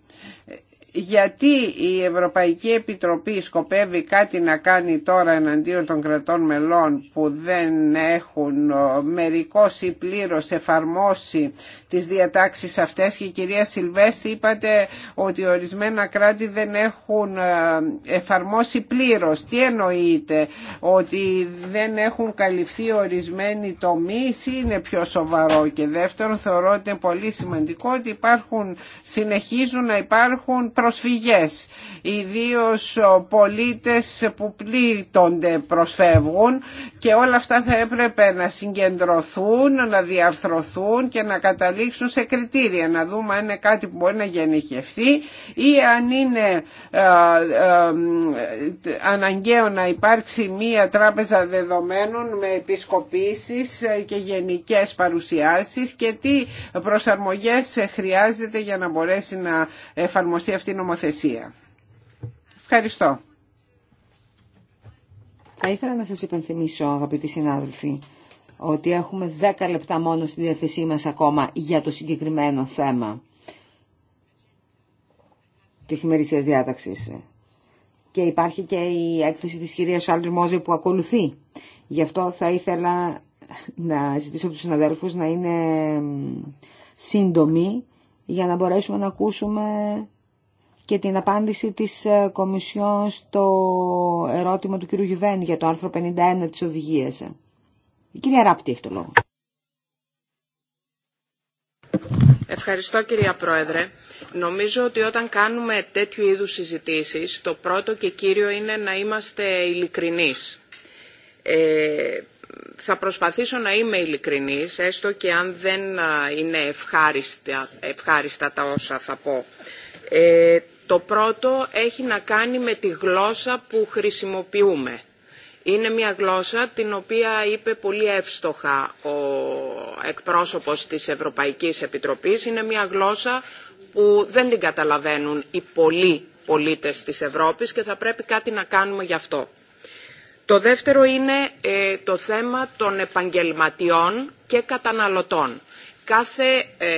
γιατί η Ευρωπαϊκή Επιτροπή σκοπεύει κάτι να κάνει τώρα εναντίον των κρατών μελών που δεν έχουν μερικώς ή πλήρως εφαρμόσει τις διατάξεις αυτές και η κυρία Σιλβέστη είπατε ότι ορισμένα κράτη δεν έχουν ε, εφαρμόσει πλήρως. Τι εννοείτε ότι δεν έχουν καλυφθεί ορισμένοι τομείς ή είναι πιο σοβαρό και δεύτερον θεωρώ ότι είναι πολύ σημαντικό ότι συνεχίζουν να υπάρχουν προσφυγές. Ιδίως πολίτες που πλήττονται προσφεύγουν και όλα αυτά θα έπρεπε να συγκεντρωθούν, να διαρθρωθούν και να καταλήξουν σε κριτήρια. Να δούμε αν είναι κάτι που μπορεί να γενικευθεί ή αν είναι ε, ε, αναγκαίο να υπάρξει μία τράπεζα δεδομένων με επισκοπήσεις και γενικές παρουσιάσεις και τι προσαρμογές χρειάζεται για να μπορέσει να εφαρμοστεί αυτή στην νομοθεσία. Ευχαριστώ. Θα ήθελα να σας υπενθυμίσω αγαπητοί συνάδελφοι ότι έχουμε 10 λεπτά μόνο στη διαθεσή μας ακόμα για το συγκεκριμένο θέμα της ημερησίας διάταξης. Και υπάρχει και η έκθεση της κυρίας Σάλτρ Μόζε που ακολουθεί. Γι' αυτό θα ήθελα να ζητήσω από τους συναδέλφους να είναι σύντομοι για να μπορέσουμε να ακούσουμε και την απάντηση της ε, Κομισιόν στο ερώτημα του κ. Γιουβέν για το άρθρο 51 της οδηγίας. Η κυρία Ράπτη έχει το λόγο. Ευχαριστώ κυρία Πρόεδρε. Νομίζω ότι όταν κάνουμε τέτοιου είδους συζητήσεις, το πρώτο και κύριο είναι να είμαστε ειλικρινείς. Ε, θα προσπαθήσω να είμαι ειλικρινής, έστω και αν δεν ε, είναι ευχάριστα, τα όσα θα πω. Ε, το πρώτο έχει να κάνει με τη γλώσσα που χρησιμοποιούμε. Είναι μια γλώσσα την οποία είπε πολύ εύστοχα ο εκπρόσωπος της Ευρωπαϊκής Επιτροπής. Είναι μια γλώσσα που δεν την καταλαβαίνουν οι πολλοί πολίτες της Ευρώπης και θα πρέπει κάτι να κάνουμε γι' αυτό. Το δεύτερο είναι ε, το θέμα των επαγγελματιών και καταναλωτών. Κάθε ε,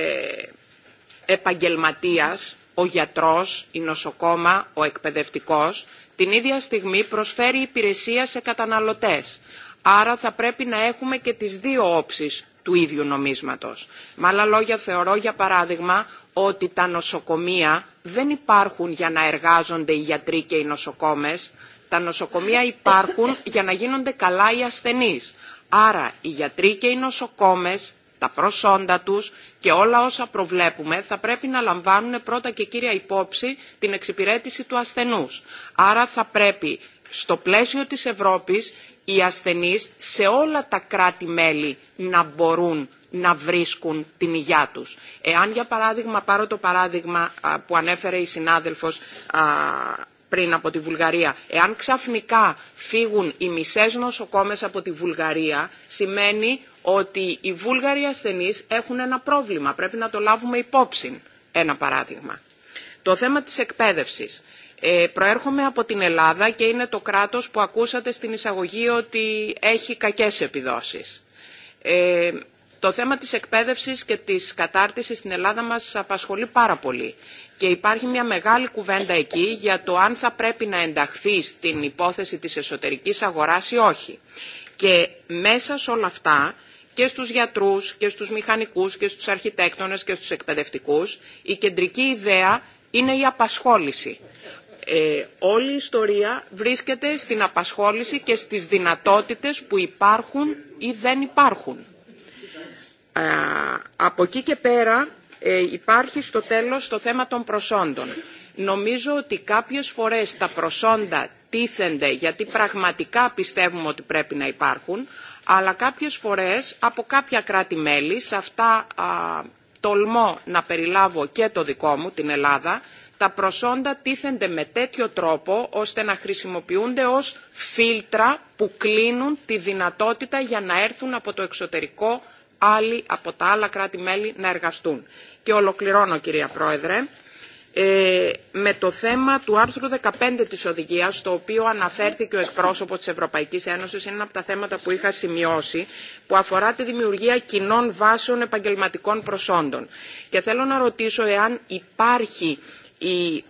επαγγελματίας ο γιατρός, η νοσοκόμα, ο εκπαιδευτικός, την ίδια στιγμή προσφέρει υπηρεσία σε καταναλωτές. Άρα θα πρέπει να έχουμε και τις δύο όψεις του ίδιου νομίσματος. Με άλλα λόγια θεωρώ για παράδειγμα ότι τα νοσοκομεία δεν υπάρχουν για να εργάζονται οι γιατροί και οι νοσοκόμες. Τα νοσοκομεία υπάρχουν για να γίνονται καλά οι ασθενείς. Άρα οι γιατροί και οι νοσοκόμες τα προσόντα τους και όλα όσα προβλέπουμε θα πρέπει να λαμβάνουν πρώτα και κύρια υπόψη την εξυπηρέτηση του ασθενούς. Άρα θα πρέπει στο πλαίσιο της Ευρώπης οι ασθενείς σε όλα τα κράτη-μέλη να μπορούν να βρίσκουν την υγειά τους. Εάν για παράδειγμα πάρω το παράδειγμα που ανέφερε η συνάδελφος πριν από τη Βουλγαρία. Εάν ξαφνικά φύγουν οι μισές νοσοκόμες από τη Βουλγαρία, σημαίνει ότι οι Βούλγαροι ασθενείς έχουν ένα πρόβλημα. Πρέπει να το λάβουμε υπόψη. Ένα παράδειγμα. Το θέμα της εκπαίδευσης. Ε, προέρχομαι από την Ελλάδα και είναι το κράτος που ακούσατε στην εισαγωγή ότι έχει κακές επιδόσεις. Ε, το θέμα της εκπαίδευσης και της κατάρτισης στην Ελλάδα μας απασχολεί πάρα πολύ. Και υπάρχει μια μεγάλη κουβέντα εκεί για το αν θα πρέπει να ενταχθεί στην υπόθεση της εσωτερικής αγοράς ή όχι. Και μέσα σε όλα αυτά και στους γιατρούς και στους μηχανικούς και στους αρχιτέκτονες και στους εκπαιδευτικούς, η κεντρική ιδέα είναι η απασχόληση. Ε, όλη η ιστορία βρίσκεται στην απασχόληση και στις δυνατότητες που υπάρχουν ή δεν υπάρχουν. Ε, από εκεί και πέρα ε, υπάρχει στο τέλος το θέμα των προσόντων. Νομίζω ότι κάποιες φορές τα προσόντα τίθενται γιατί πραγματικά πιστεύουμε ότι πρέπει να υπάρχουν, αλλά κάποιες φορές από κάποια κράτη-μέλη, σε αυτά α, τολμώ να περιλάβω και το δικό μου, την Ελλάδα, τα προσόντα τίθενται με τέτοιο τρόπο ώστε να χρησιμοποιούνται ως φίλτρα που κλείνουν τη δυνατότητα για να έρθουν από το εξωτερικό άλλοι από τα άλλα κράτη-μέλη να εργαστούν. Και ολοκληρώνω κυρία Πρόεδρε ε, με το θέμα του άρθρου 15 της οδηγίας, το οποίο αναφέρθηκε ο εκπρόσωπος της Ευρωπαϊκής Ένωσης, είναι ένα από τα θέματα που είχα σημειώσει, που αφορά τη δημιουργία κοινών βάσεων επαγγελματικών προσόντων. Και θέλω να ρωτήσω εάν υπάρχει η,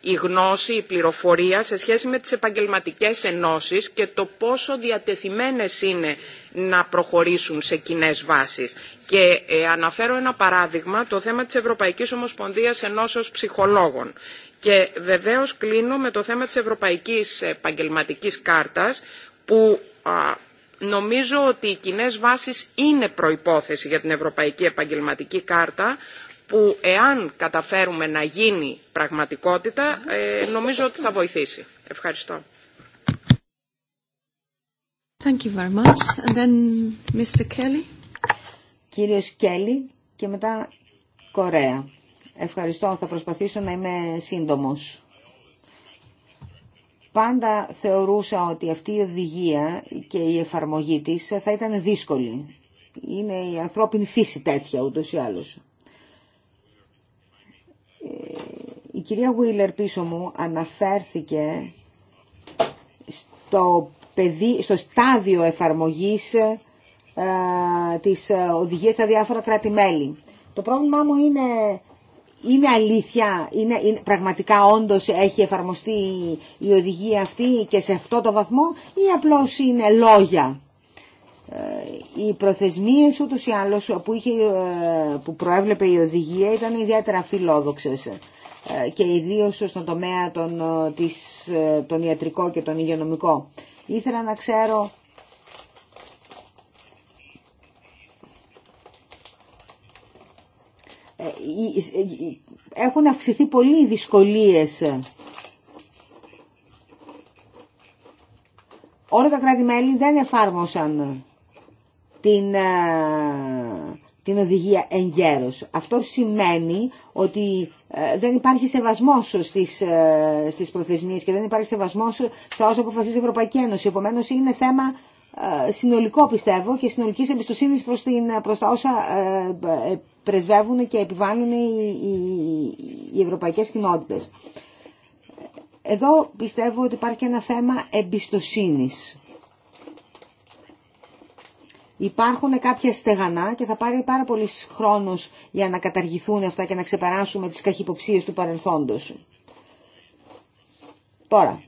η γνώση, η πληροφορία σε σχέση με τις επαγγελματικές ενώσεις και το πόσο διατεθειμένες είναι να προχωρήσουν σε κοινέ βάσεις. Και ε, αναφέρω ένα παράδειγμα, το θέμα της Ευρωπαϊκής Ομοσπονδίας Ενώσεως Ψυχολόγων. Και βεβαίως κλείνω με το θέμα της Ευρωπαϊκής Επαγγελματική Κάρτας, που νομίζω ότι οι κοινέ βάσεις είναι προϋπόθεση για την Ευρωπαϊκή Επαγγελματική Κάρτα, που εάν καταφέρουμε να γίνει πραγματικότητα, ε, νομίζω ότι θα βοηθήσει. Ευχαριστώ. Thank you Κύριος Κέλλη και μετά Κορέα. Ευχαριστώ, θα προσπαθήσω να είμαι σύντομος. Πάντα θεωρούσα ότι αυτή η οδηγία και η εφαρμογή της θα ήταν δύσκολη. Είναι η ανθρώπινη φύση τέτοια ούτως ή άλλως. Ε, η κυρία Γουίλερ πίσω μου αναφέρθηκε στο στο στάδιο εφαρμογής ε, της οδηγίας στα διάφορα κράτη-μέλη. Το πρόβλημά μου είναι, είναι αλήθεια, είναι, πραγματικά όντως έχει εφαρμοστεί η οδηγία αυτή και σε αυτό το βαθμό ή απλώς είναι λόγια. Ε, οι προθεσμίες ούτως ή άλλως που, είχε, ε, που προέβλεπε η οδηγία ήταν ιδιαίτερα φιλόδοξες ε, και ιδίως στον τομέα των, της, ιατρικό και των υγειονομικών. Ήθελα να ξέρω ε, έχουν αυξηθεί πολύ οι δυσκολίες. Όλα τα κράτη-μέλη δεν εφάρμοσαν την, ε, την οδηγία εγκαίρως. Αυτό σημαίνει ότι ε, δεν υπάρχει σεβασμός στις, ε, στις προθεσμίες και δεν υπάρχει σεβασμός στα όσα αποφασίζει η Ευρωπαϊκή Ένωση. Επομένω, είναι θέμα ε, συνολικό πιστεύω και συνολικής εμπιστοσύνης προς, προς τα όσα πρεσβεύουν και επιβάλλουν οι, οι, οι ευρωπαϊκές κοινότητες. Εδώ πιστεύω ότι υπάρχει ένα θέμα εμπιστοσύνης. Υπάρχουν κάποια στεγανά και θα πάρει πάρα πολύ χρόνο για να καταργηθούν αυτά και να ξεπεράσουμε τις καχυποψίε του παρελθόντος. Τώρα,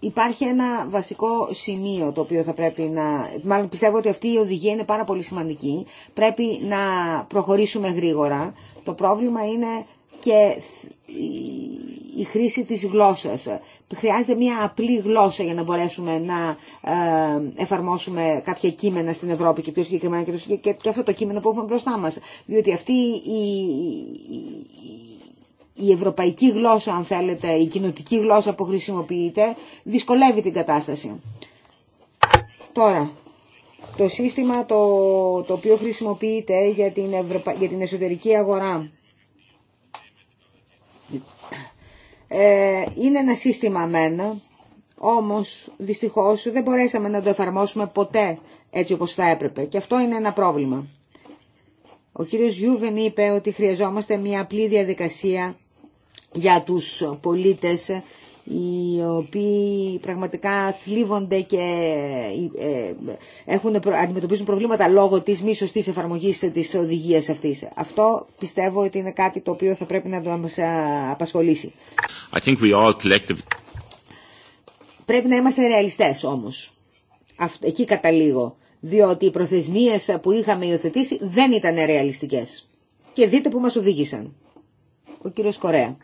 Υπάρχει ένα βασικό σημείο το οποίο θα πρέπει να... Μάλλον πιστεύω ότι αυτή η οδηγία είναι πάρα πολύ σημαντική. Πρέπει να προχωρήσουμε γρήγορα. Το πρόβλημα είναι και η χρήση της γλώσσας. Χρειάζεται μια απλή γλώσσα για να μπορέσουμε να ε, εφαρμόσουμε κάποια κείμενα στην Ευρώπη και πιο συγκεκριμένα και αυτό το κείμενο που έχουμε μπροστά μας. Διότι αυτή η, η ευρωπαϊκή γλώσσα, αν θέλετε, η κοινοτική γλώσσα που χρησιμοποιείται, δυσκολεύει την κατάσταση. Τώρα, το σύστημα το, το οποίο χρησιμοποιείται για την, για την εσωτερική αγορά Ε, είναι ένα σύστημα μένα. όμως δυστυχώς δεν μπορέσαμε να το εφαρμόσουμε ποτέ έτσι όπως θα έπρεπε και αυτό είναι ένα πρόβλημα. Ο κύριος Γιούβεν είπε ότι χρειαζόμαστε μια απλή διαδικασία για τους πολίτες οι οποίοι πραγματικά θλίβονται και ε, ε, έχουν, αντιμετωπίζουν προβλήματα λόγω της μη σωστή εφαρμογής της οδηγίας αυτής. Αυτό πιστεύω ότι είναι κάτι το οποίο θα πρέπει να μας απασχολήσει. I think we all collective... Πρέπει να είμαστε ρεαλιστές όμως. Εκεί καταλήγω. Διότι οι προθεσμίες που είχαμε υιοθετήσει δεν ήταν ρεαλιστικές. Και δείτε που μας οδήγησαν ο κύριος Κορέα.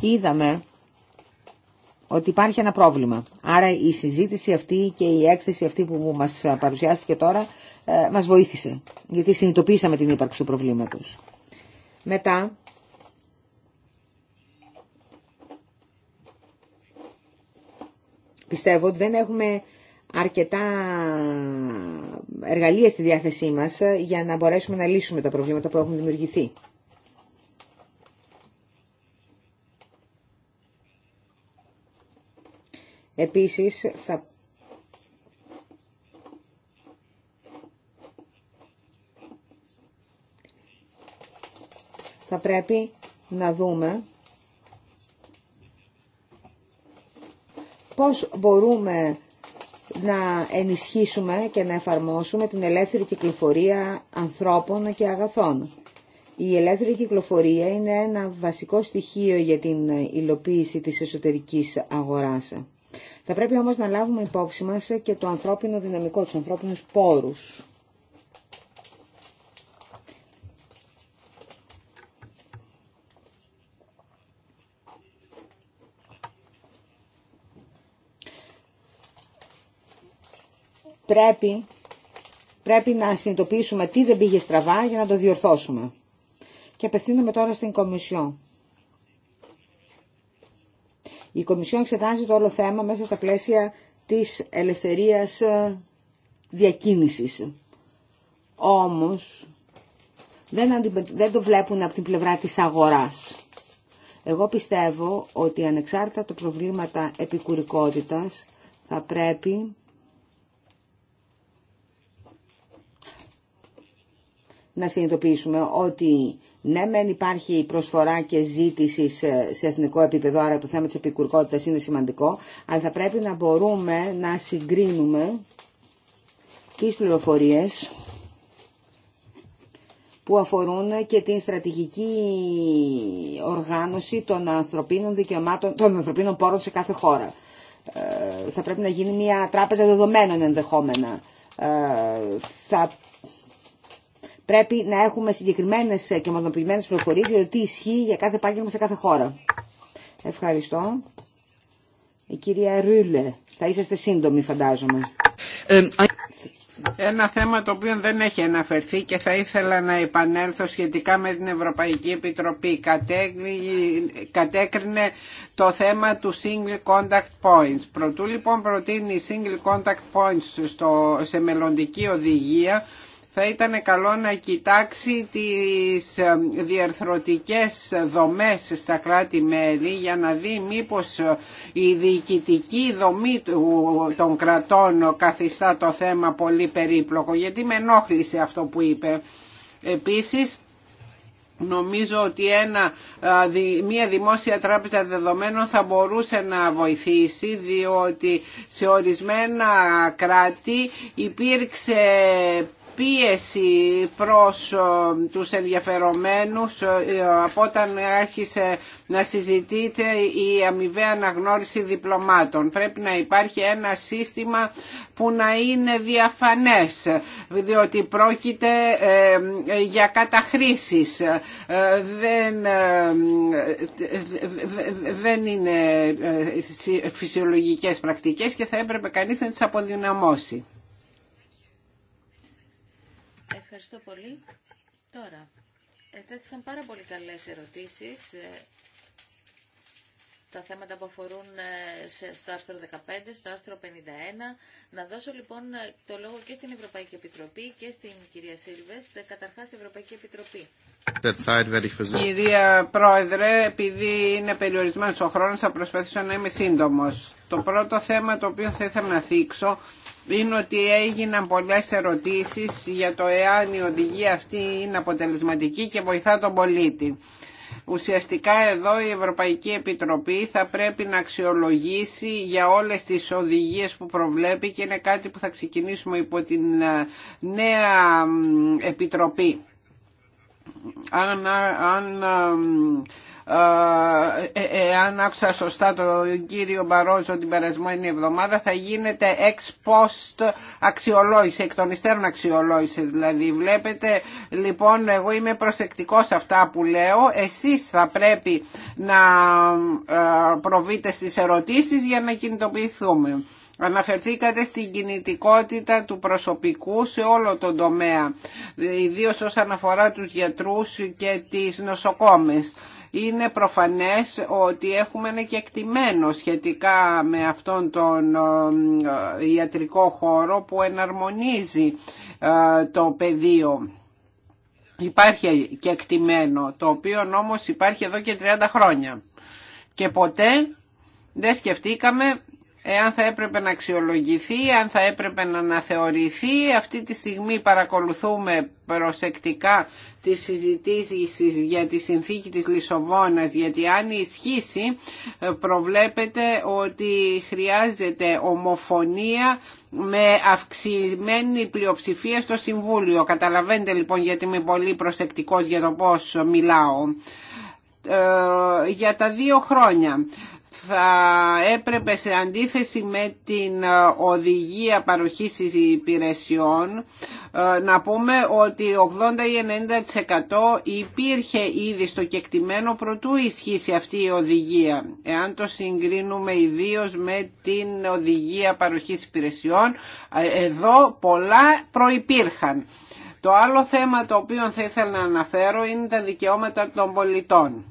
Είδαμε ότι υπάρχει ένα πρόβλημα. Άρα η συζήτηση αυτή και η έκθεση αυτή που μας παρουσιάστηκε τώρα ε, μας βοήθησε, γιατί συνειδητοποίησαμε την ύπαρξη του προβλήματος. Μετά, Πιστεύω ότι δεν έχουμε αρκετά εργαλεία στη διάθεσή μας ε, για να μπορέσουμε να λύσουμε τα προβλήματα που έχουν δημιουργηθεί. Επίσης, θα θα πρέπει να δούμε πώς μπορούμε να ενισχύσουμε και να εφαρμόσουμε την ελεύθερη κυκλοφορία ανθρώπων και αγαθών. Η ελεύθερη κυκλοφορία είναι ένα βασικό στοιχείο για την υλοποίηση της εσωτερικής αγοράς. Θα πρέπει όμως να λάβουμε υπόψη μας και το ανθρώπινο δυναμικό, τους ανθρώπινους πόρους. πρέπει, πρέπει να συνειδητοποιήσουμε τι δεν πήγε στραβά για να το διορθώσουμε. Και απευθύνομαι τώρα στην Κομισιό. Η Κομισιό εξετάζει το όλο θέμα μέσα στα πλαίσια της ελευθερίας ε, διακίνησης. Όμως δεν το βλέπουν από την πλευρά της αγοράς. Εγώ πιστεύω ότι ανεξάρτητα από προβλήματα επικουρικότητας θα πρέπει να συνειδητοποιήσουμε ότι ναι μεν υπάρχει προσφορά και ζήτηση σε εθνικό επίπεδο, άρα το θέμα της επικουρκότητας είναι σημαντικό, αλλά θα πρέπει να μπορούμε να συγκρίνουμε τις πληροφορίες που αφορούν και την στρατηγική οργάνωση των ανθρωπίνων, δικαιωμάτων, των ανθρωπίνων πόρων σε κάθε χώρα. Ε, θα πρέπει να γίνει μια τράπεζα δεδομένων ενδεχόμενα. Ε, θα Πρέπει να έχουμε συγκεκριμένες και μονοποιημένε πληροφορίε για το τι ισχύει για κάθε επάγγελμα σε κάθε χώρα. Ευχαριστώ. Η κυρία Ρούλε, θα είσαστε σύντομοι φαντάζομαι. ένα θέμα το οποίο δεν έχει αναφερθεί και θα ήθελα να επανέλθω σχετικά με την Ευρωπαϊκή Επιτροπή. Κατέκρινε το θέμα του Single Contact Points. Προτού λοιπόν προτείνει Single Contact Points στο, σε μελλοντική οδηγία, θα ήταν καλό να κοιτάξει τις ε, διαρθρωτικές δομές στα κράτη-μέλη για να δει μήπως ε, η διοικητική δομή των κρατών καθιστά το θέμα πολύ περίπλοκο γιατί με ενόχλησε αυτό που είπε. Επίσης Νομίζω ότι ένα, ε, μια δημόσια τράπεζα δεδομένων θα μπορούσε να βοηθήσει διότι σε ορισμένα κράτη υπήρξε πίεση προς ε, τους ενδιαφερομένους ε, από όταν άρχισε να συζητείται η αμοιβαία αναγνώριση διπλωμάτων. Πρέπει να υπάρχει ένα σύστημα που να είναι διαφανές, διότι πρόκειται ε, για καταχρήσεις. Δεν, δεν είναι φυσιολογικές πρακτικές και θα έπρεπε κανείς να τις αποδυναμώσει. Ευχαριστώ πολύ. Τώρα, ετέθησαν πάρα πολύ καλές ερωτήσεις. Ε, τα θέματα που αφορούν ε, στο άρθρο 15, στο άρθρο 51. Να δώσω λοιπόν ε, το λόγο και στην Ευρωπαϊκή Επιτροπή και στην κυρία Σίλβες. Καταρχάς, Ευρωπαϊκή Επιτροπή. Κυρία Πρόεδρε, επειδή είναι περιορισμένος ο χρόνος, θα προσπαθήσω να είμαι σύντομος. Το πρώτο θέμα το οποίο θα ήθελα να θίξω είναι ότι έγιναν πολλές ερωτήσεις για το εάν η οδηγία αυτή είναι αποτελεσματική και βοηθά τον πολίτη. Ουσιαστικά εδώ η Ευρωπαϊκή Επιτροπή θα πρέπει να αξιολογήσει για όλες τις οδηγίες που προβλέπει και είναι κάτι που θα ξεκινήσουμε υπό την ε, νέα Επιτροπή. Αν, αν ε, ε, άκουσα σωστά τον κύριο Μπαρόζο την περασμένη εβδομάδα θα γίνεται ex post αξιολόγηση, εκ των υστέρων αξιολόγηση δηλαδή. Βλέπετε λοιπόν εγώ είμαι προσεκτικός σε αυτά που λέω, εσείς θα πρέπει να ε, προβείτε στις ερωτήσεις για να κινητοποιηθούμε. Αναφερθήκατε στην κινητικότητα του προσωπικού σε όλο τον τομέα, ιδίως όσον αφορά τους γιατρούς και τις νοσοκόμες είναι προφανές ότι έχουμε ένα κεκτημένο σχετικά με αυτόν τον ε, ε, ιατρικό χώρο που εναρμονίζει ε, το πεδίο. Υπάρχει και το οποίο όμως υπάρχει εδώ και 30 χρόνια. Και ποτέ δεν σκεφτήκαμε εάν θα έπρεπε να αξιολογηθεί, αν θα έπρεπε να αναθεωρηθεί. Αυτή τη στιγμή παρακολουθούμε προσεκτικά τη συζητήσεις για τη συνθήκη της Λισοβόνας, γιατί αν ισχύσει ε, προβλέπεται ότι χρειάζεται ομοφωνία με αυξημένη πλειοψηφία στο Συμβούλιο. Καταλαβαίνετε λοιπόν γιατί είμαι πολύ προσεκτικός για το πώς μιλάω. Ε, για τα δύο χρόνια θα έπρεπε σε αντίθεση με την ε, οδηγία παροχής υπηρεσιών ε, να πούμε ότι 80 ή 90% υπήρχε ήδη στο κεκτημένο προτού ισχύσει αυτή η οδηγία. Εάν το συγκρίνουμε ιδίως με την οδηγία παροχής υπηρεσιών, ε, εδώ πολλά προϋπήρχαν. Το άλλο θέμα το οποίο θα ήθελα να αναφέρω είναι τα δικαιώματα των πολιτών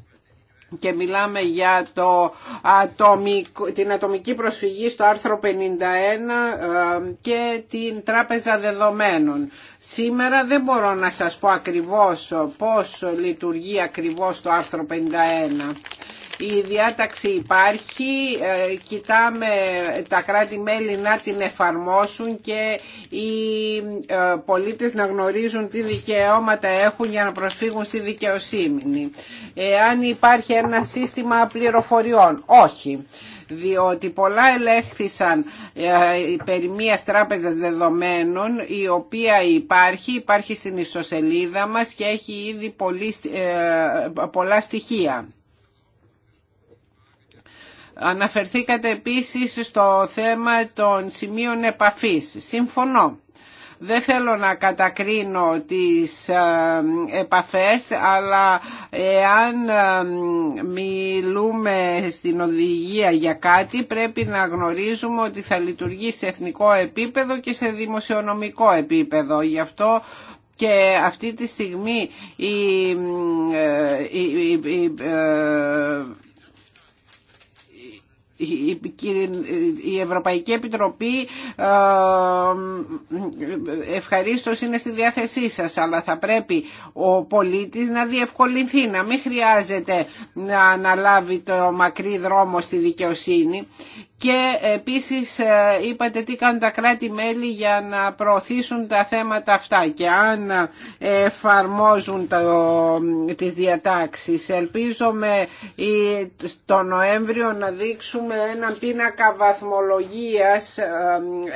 και μιλάμε για το ατομικό, την ατομική προσφυγή στο άρθρο 51 ε, και την τράπεζα δεδομένων. Σήμερα δεν μπορώ να σας πω ακριβώς πώς λειτουργεί ακριβώς το άρθρο 51 η διάταξη υπάρχει, ε, κοιτάμε τα κράτη-μέλη να την εφαρμόσουν και οι ε, πολίτες να γνωρίζουν τι δικαιώματα έχουν για να προσφύγουν στη δικαιοσύνη. Εάν υπάρχει ένα σύστημα πληροφοριών, όχι διότι πολλά ελέγχθησαν ε, περί μίας τράπεζας δεδομένων η οποία υπάρχει, υπάρχει στην ιστοσελίδα μας και έχει ήδη πολλά στοιχεία. Αναφερθήκατε επίσης στο θέμα των σημείων επαφής. Συμφωνώ. Δεν θέλω να κατακρίνω τις ε, επαφές, αλλά εάν ε, μιλούμε στην οδηγία για κάτι, πρέπει να γνωρίζουμε ότι θα λειτουργεί σε εθνικό επίπεδο και σε δημοσιονομικό επίπεδο. Γι' αυτό και αυτή τη στιγμή η ε, η Ευρωπαϊκή Επιτροπή ε, ευχαρίστως είναι στη διάθεσή σας αλλά θα πρέπει ο πολίτης να διευκολυνθεί να μην χρειάζεται να αναλάβει το μακρύ δρόμο στη δικαιοσύνη και επίσης ε, είπατε τι κάνουν τα κράτη-μέλη για να προωθήσουν τα θέματα αυτά και αν εφαρμόζουν το, τις διατάξεις. Ελπίζομαι το Νοέμβριο να δείξουμε έναν πίνακα βαθμολογίας, ε,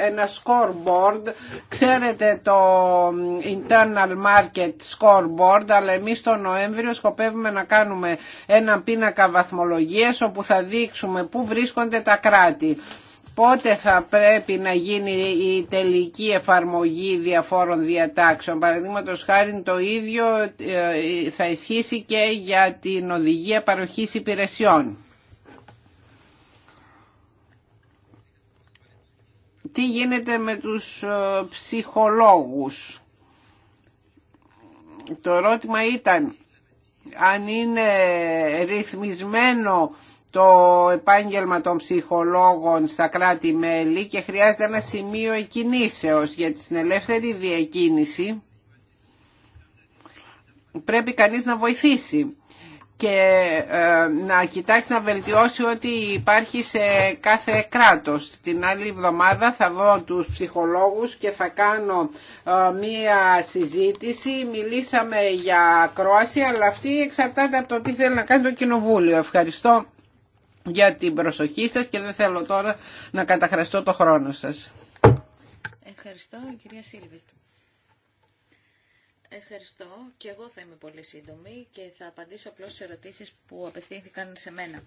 ένα scoreboard. Ξέρετε το internal market scoreboard, αλλά εμείς το Νοέμβριο σκοπεύουμε να κάνουμε έναν πίνακα βαθμολογίας όπου θα δείξουμε πού βρίσκονται τα κράτη πότε θα πρέπει να γίνει η τελική εφαρμογή διαφόρων διατάξεων. Παραδείγματο χάρη το ίδιο ε, θα ισχύσει και για την οδηγία παροχής υπηρεσιών. Τι γίνεται με τους ε, ψυχολόγους. Το ερώτημα ήταν αν είναι ρυθμισμένο το επάγγελμα των ψυχολόγων στα κράτη-μέλη και χρειάζεται ένα σημείο εκκινήσεως για την ελεύθερη διακίνηση. Πρέπει κανείς να βοηθήσει και ε, να κοιτάξει να βελτιώσει ότι υπάρχει σε κάθε κράτος. Την άλλη εβδομάδα θα δω τους ψυχολόγους και θα κάνω ε, μία συζήτηση. Μιλήσαμε για ακρόαση, αλλά αυτή εξαρτάται από το τι θέλει να κάνει το Κοινοβούλιο. Ευχαριστώ για την προσοχή σας και δεν θέλω τώρα να καταχρεστώ το χρόνο σας. Ευχαριστώ, κυρία Σίλβιτ. Ευχαριστώ και εγώ θα είμαι πολύ σύντομη και θα απαντήσω απλώς σε ερωτήσεις που απευθύνθηκαν σε μένα.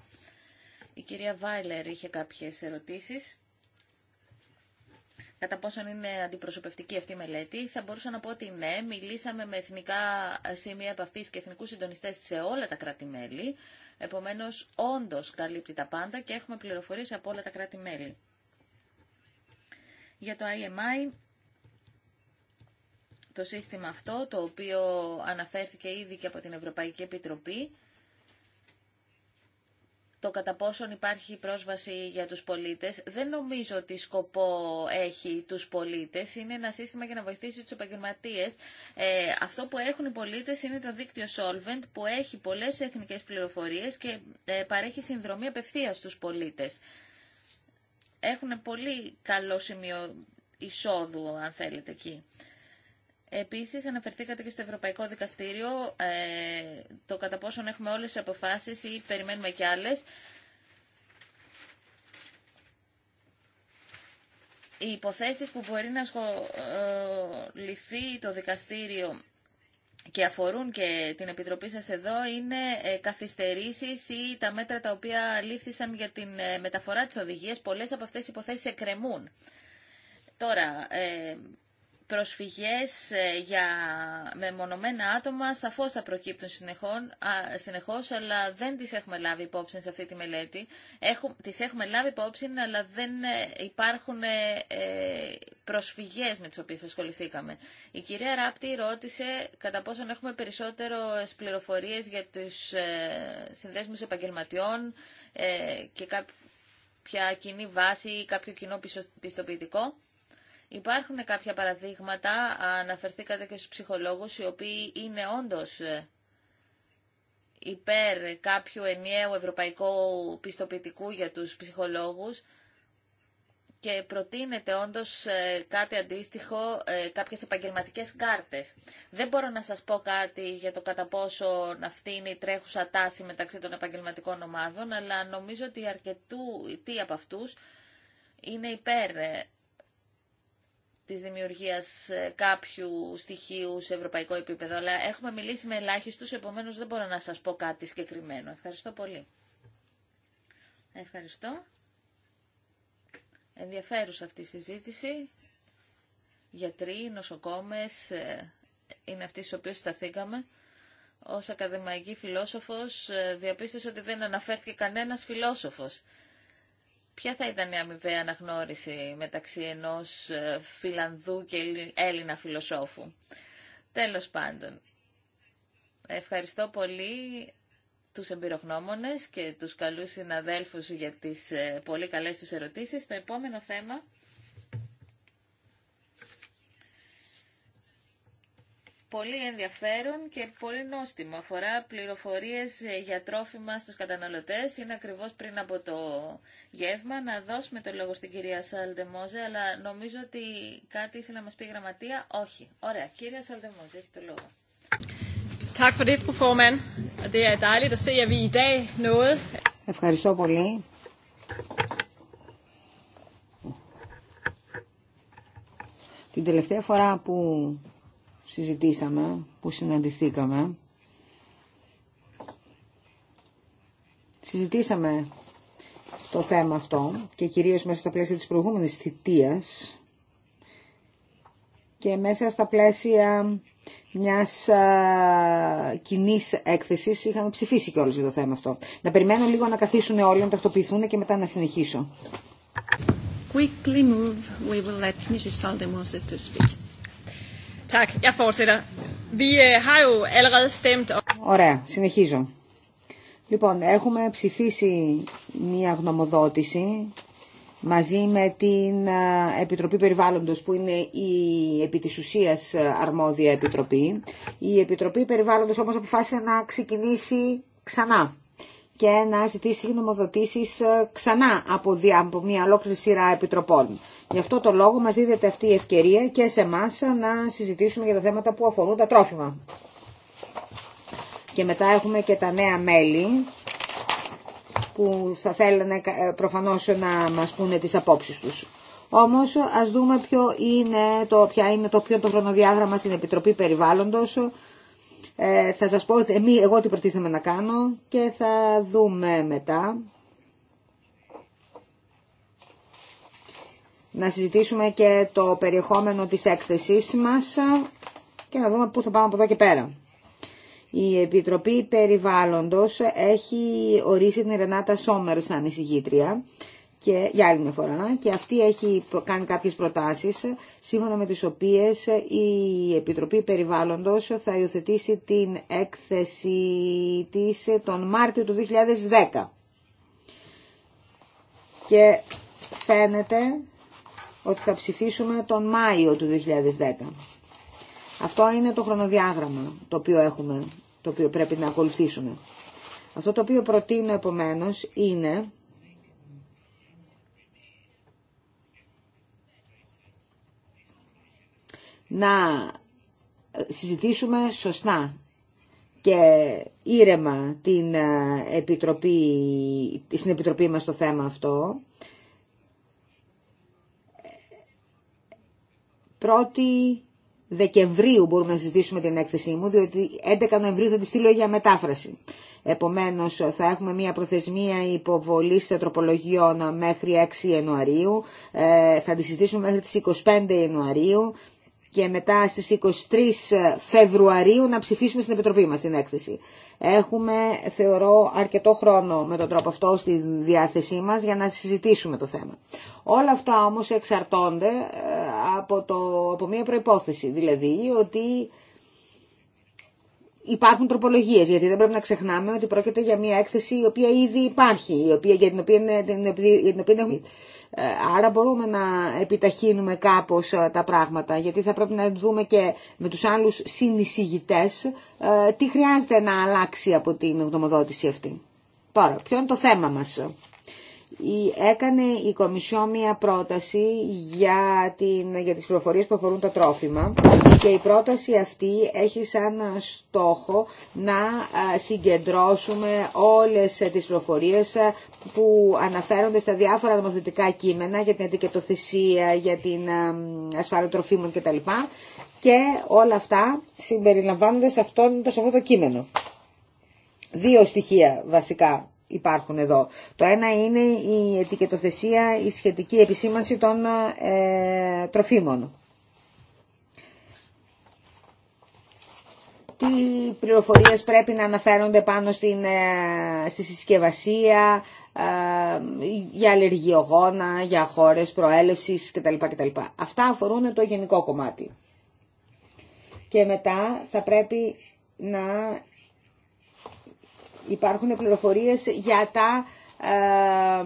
Η κυρία Βάιλερ είχε κάποιες ερωτήσεις. Κατά πόσον είναι αντιπροσωπευτική αυτή η μελέτη, θα μπορούσα να πω ότι ναι, μιλήσαμε με εθνικά σημεία επαφή και εθνικού συντονιστέ σε όλα τα κράτη-μέλη. Επομένω, όντω καλύπτει τα πάντα και έχουμε πληροφορίες από όλα τα κράτη-μέλη. Για το IMI, το σύστημα αυτό, το οποίο αναφέρθηκε ήδη και από την Ευρωπαϊκή Επιτροπή, το κατά πόσον υπάρχει πρόσβαση για τους πολίτες. Δεν νομίζω ότι σκοπό έχει τους πολίτες. Είναι ένα σύστημα για να βοηθήσει τους επαγγελματίες. Ε, αυτό που έχουν οι πολίτες είναι το δίκτυο Solvent που έχει πολλές εθνικές πληροφορίες και ε, παρέχει συνδρομή απευθείας στους πολίτες. Έχουν πολύ καλό σημείο εισόδου, αν θέλετε, εκεί. Επίσης αναφερθήκατε και στο Ευρωπαϊκό Δικαστήριο, ε, το κατά πόσον έχουμε όλες τι αποφάσεις ή περιμένουμε και άλλες. Οι υποθέσεις που μπορεί να ασχοληθεί το δικαστήριο και αφορούν και την Επιτροπή σας εδώ είναι ε, καθυστερήσεις ή τα μέτρα τα οποία λήφθησαν για την ε, μεταφορά της οδηγίας. Πολλές από αυτές οι υποθέσεις εκκρεμούν. Τώρα, προσφυγές ε, για μεμονωμένα άτομα σαφώς θα προκύπτουν συνεχών, συνεχώς, αλλά δεν τις έχουμε λάβει υπόψη σε αυτή τη μελέτη. Έχουμε, τις έχουμε λάβει υπόψη, αλλά δεν ε, υπάρχουν ε, προσφυγές με τις οποίες ασχοληθήκαμε. Η κυρία Ράπτη ρώτησε κατά πόσον έχουμε περισσότερο πληροφορίες για τους συνδέσμους επαγγελματιών και κάποια κοινή βάση ή κάποιο κοινό πιστοποιητικό. Υπάρχουν κάποια παραδείγματα, αναφερθήκατε και στους ψυχολόγους, οι οποίοι είναι όντως ε, υπέρ κάποιου ενιαίου ευρωπαϊκού πιστοποιητικού για τους ψυχολόγους και προτείνεται όντως ε, κάτι αντίστοιχο, ε, κάποιες επαγγελματικές κάρτες. Δεν μπορώ να σας πω κάτι για το κατά πόσο αυτή είναι η τρέχουσα τάση μεταξύ των επαγγελματικών ομάδων, αλλά νομίζω ότι αρκετού τι από αυτούς είναι υπέρ Τη δημιουργία ε, κάποιου στοιχείου σε ευρωπαϊκό επίπεδο, αλλά έχουμε μιλήσει με ελάχιστου. επομένως δεν μπορώ να σας πω κάτι συγκεκριμένο. Ευχαριστώ πολύ. Ευχαριστώ. Ενδιαφέρουσα αυτή η συζήτηση. Γιατροί, νοσοκόμες, ε, είναι αυτοί στους οποίους σταθήκαμε. Ως ακαδημαϊκή φιλόσοφος ε, διαπίστωσα ότι δεν αναφέρθηκε κανένας φιλόσοφος. Ποια θα ήταν η αμοιβαία αναγνώριση μεταξύ ενός ε, Φιλανδού και Έλληνα φιλοσόφου. Τέλος πάντων, ευχαριστώ πολύ τους εμπειρογνώμονες και τους καλούς συναδέλφους για τις ε, πολύ καλές τους ερωτήσεις. Το επόμενο θέμα πολύ ενδιαφέρον και πολύ νόστιμο. Αφορά πληροφορίες ε, για τρόφιμα στους καταναλωτές. Είναι ακριβώς πριν από το γεύμα. Να δώσουμε το λόγο στην κυρία Σαλδεμόζε, αλλά νομίζω ότι κάτι ήθελε να μας πει η γραμματεία. Όχι. Ωραία. Κυρία Σαλδεμόζε, έχει το λόγο. Ευχαριστώ πολύ. Την τελευταία φορά που συζητήσαμε, που συναντηθήκαμε. Συζητήσαμε το θέμα αυτό και κυρίως μέσα στα πλαίσια της προηγούμενης θητείας και μέσα στα πλαίσια μιας α, κοινή έκθεσης είχαμε ψηφίσει κιόλας για το θέμα αυτό. Να περιμένω λίγο να καθίσουν όλοι, να τακτοποιηθούν και μετά να συνεχίσω. Quickly move. We will let Mrs. to speak. Øh, Ωραία, συνεχίζω. Λοιπόν, έχουμε ψηφίσει μία γνωμοδότηση μαζί με την Επιτροπή Περιβάλλοντος που είναι η επί της ουσίας αρμόδια επιτροπή. Η Επιτροπή Περιβάλλοντος όμως αποφάσισε να ξεκινήσει ξανά και να ζητήσει γνωμοδοτήσει ε, ξανά από, από μια ολόκληρη σειρά επιτροπών. Γι' αυτό το λόγο μας δίδεται αυτή η ευκαιρία και σε εμά να συζητήσουμε για τα θέματα που αφορούν τα τρόφιμα. Και μετά έχουμε και τα νέα μέλη που θα θέλανε ε, προφανώς να μας πούνε τις απόψεις τους. Όμως ας δούμε ποιο είναι το, ποια είναι το, πιο το χρονοδιάγραμμα στην Επιτροπή Περιβάλλοντος ε, θα σας πω ότι εμείς εγώ τι προτίθεμαι να κάνω και θα δούμε μετά. Να συζητήσουμε και το περιεχόμενο της έκθεσής μας και να δούμε πού θα πάμε από εδώ και πέρα. Η Επιτροπή Περιβάλλοντος έχει ορίσει την Ρενάτα Σόμερ σαν εισηγήτρια και για άλλη μια φορά και αυτή έχει κάνει κάποιες προτάσεις σύμφωνα με τις οποίες η Επιτροπή Περιβάλλοντος θα υιοθετήσει την έκθεση της τον Μάρτιο του 2010. Και φαίνεται ότι θα ψηφίσουμε τον Μάιο του 2010. Αυτό είναι το χρονοδιάγραμμα το οποίο έχουμε, το οποίο πρέπει να ακολουθήσουμε. Αυτό το οποίο προτείνω επομένως είναι να συζητήσουμε σωστά και ήρεμα την ε, επιτροπή, στην Επιτροπή μας το θέμα αυτό. Πρώτη Δεκεμβρίου μπορούμε να συζητήσουμε την έκθεσή μου, διότι 11 Νοεμβρίου θα τη στείλω για μετάφραση. Επομένως θα έχουμε μια προθεσμία υποβολής τροπολογιών μέχρι 6 Ιανουαρίου, ε, θα τη συζητήσουμε μέχρι τις 25 Ιανουαρίου και μετά στις 23 Φεβρουαρίου να ψηφίσουμε στην Επιτροπή μας την έκθεση. Έχουμε, θεωρώ, αρκετό χρόνο με τον τρόπο αυτό στη διάθεσή μας για να συζητήσουμε το θέμα. Όλα αυτά όμως εξαρτώνται ε, από, το, από μια προϋπόθεση, δηλαδή ότι υπάρχουν τροπολογίες, γιατί δεν πρέπει να ξεχνάμε ότι πρόκειται για μια έκθεση η οποία ήδη υπάρχει, η οποία, για την οποία, την ε, άρα μπορούμε να επιταχύνουμε κάπως ε, τα πράγματα, γιατί θα πρέπει να δούμε και με τους άλλους συνεισηγητές ε, τι χρειάζεται να αλλάξει από την γνωμοδότηση αυτή. Τώρα, ποιο είναι το θέμα μας έκανε η Κομισιόμια μια πρόταση για, την, για τις πληροφορίες που αφορούν τα τρόφιμα και η πρόταση αυτή έχει σαν στόχο να συγκεντρώσουμε όλες τις πληροφορίες που αναφέρονται στα διάφορα νομοθετικά κείμενα για την ετικετοθεσία, για την ασφάλεια τροφίμων κτλ. Και όλα αυτά συμπεριλαμβάνονται σε αυτό, σε αυτό το κείμενο. Δύο στοιχεία βασικά υπάρχουν εδώ. Το ένα είναι η ετικετοθεσία, η σχετική επισήμανση των ε, τροφίμων. Τι πληροφορίες πρέπει να αναφέρονται πάνω στην, ε, στη συσκευασία, ε, για αλλεργιογόνα, για χώρες προέλευσης κτλ. κτλ. Αυτά αφορούν το γενικό κομμάτι. Και μετά θα πρέπει να Υπάρχουν πληροφορίες για τα ε,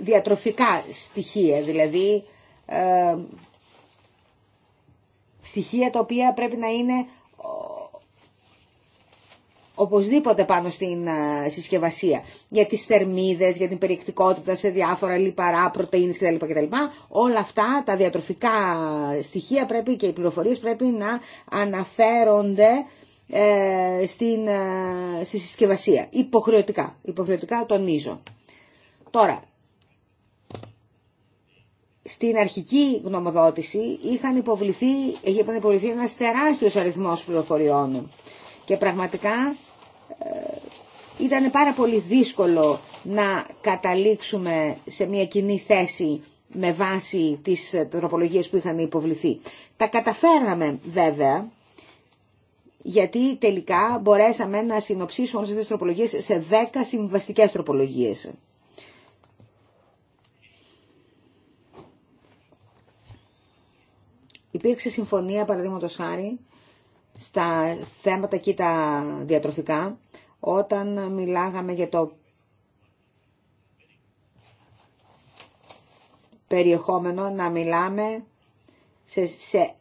διατροφικά στοιχεία, δηλαδή ε, στοιχεία τα οποία πρέπει να είναι οπωσδήποτε πάνω στην ε, συσκευασία. Για τις θερμίδες, για την περιεκτικότητα σε διάφορα λιπαρά, πρωτεΐνες κτλ. Όλα αυτά τα διατροφικά στοιχεία πρέπει και οι πληροφορίες πρέπει να αναφέρονται ε, στην, ε, στη συσκευασία. Υποχρεωτικά. Υποχρεωτικά τονίζω. Τώρα, στην αρχική γνωμοδότηση είχαν υποβληθεί, είχαν υποβληθεί ένας τεράστιος αριθμός πληροφοριών και πραγματικά ε, ήταν πάρα πολύ δύσκολο να καταλήξουμε σε μια κοινή θέση με βάση τις τροπολογίες που είχαν υποβληθεί. Τα καταφέραμε βέβαια γιατί τελικά μπορέσαμε να συνοψίσουμε όλες αυτές τις τροπολογίες σε 10 συμβαστικές τροπολογίες. Υπήρξε συμφωνία, παραδείγματο χάρη, στα θέματα και τα διατροφικά, όταν μιλάγαμε για το περιεχόμενο να μιλάμε σε, σε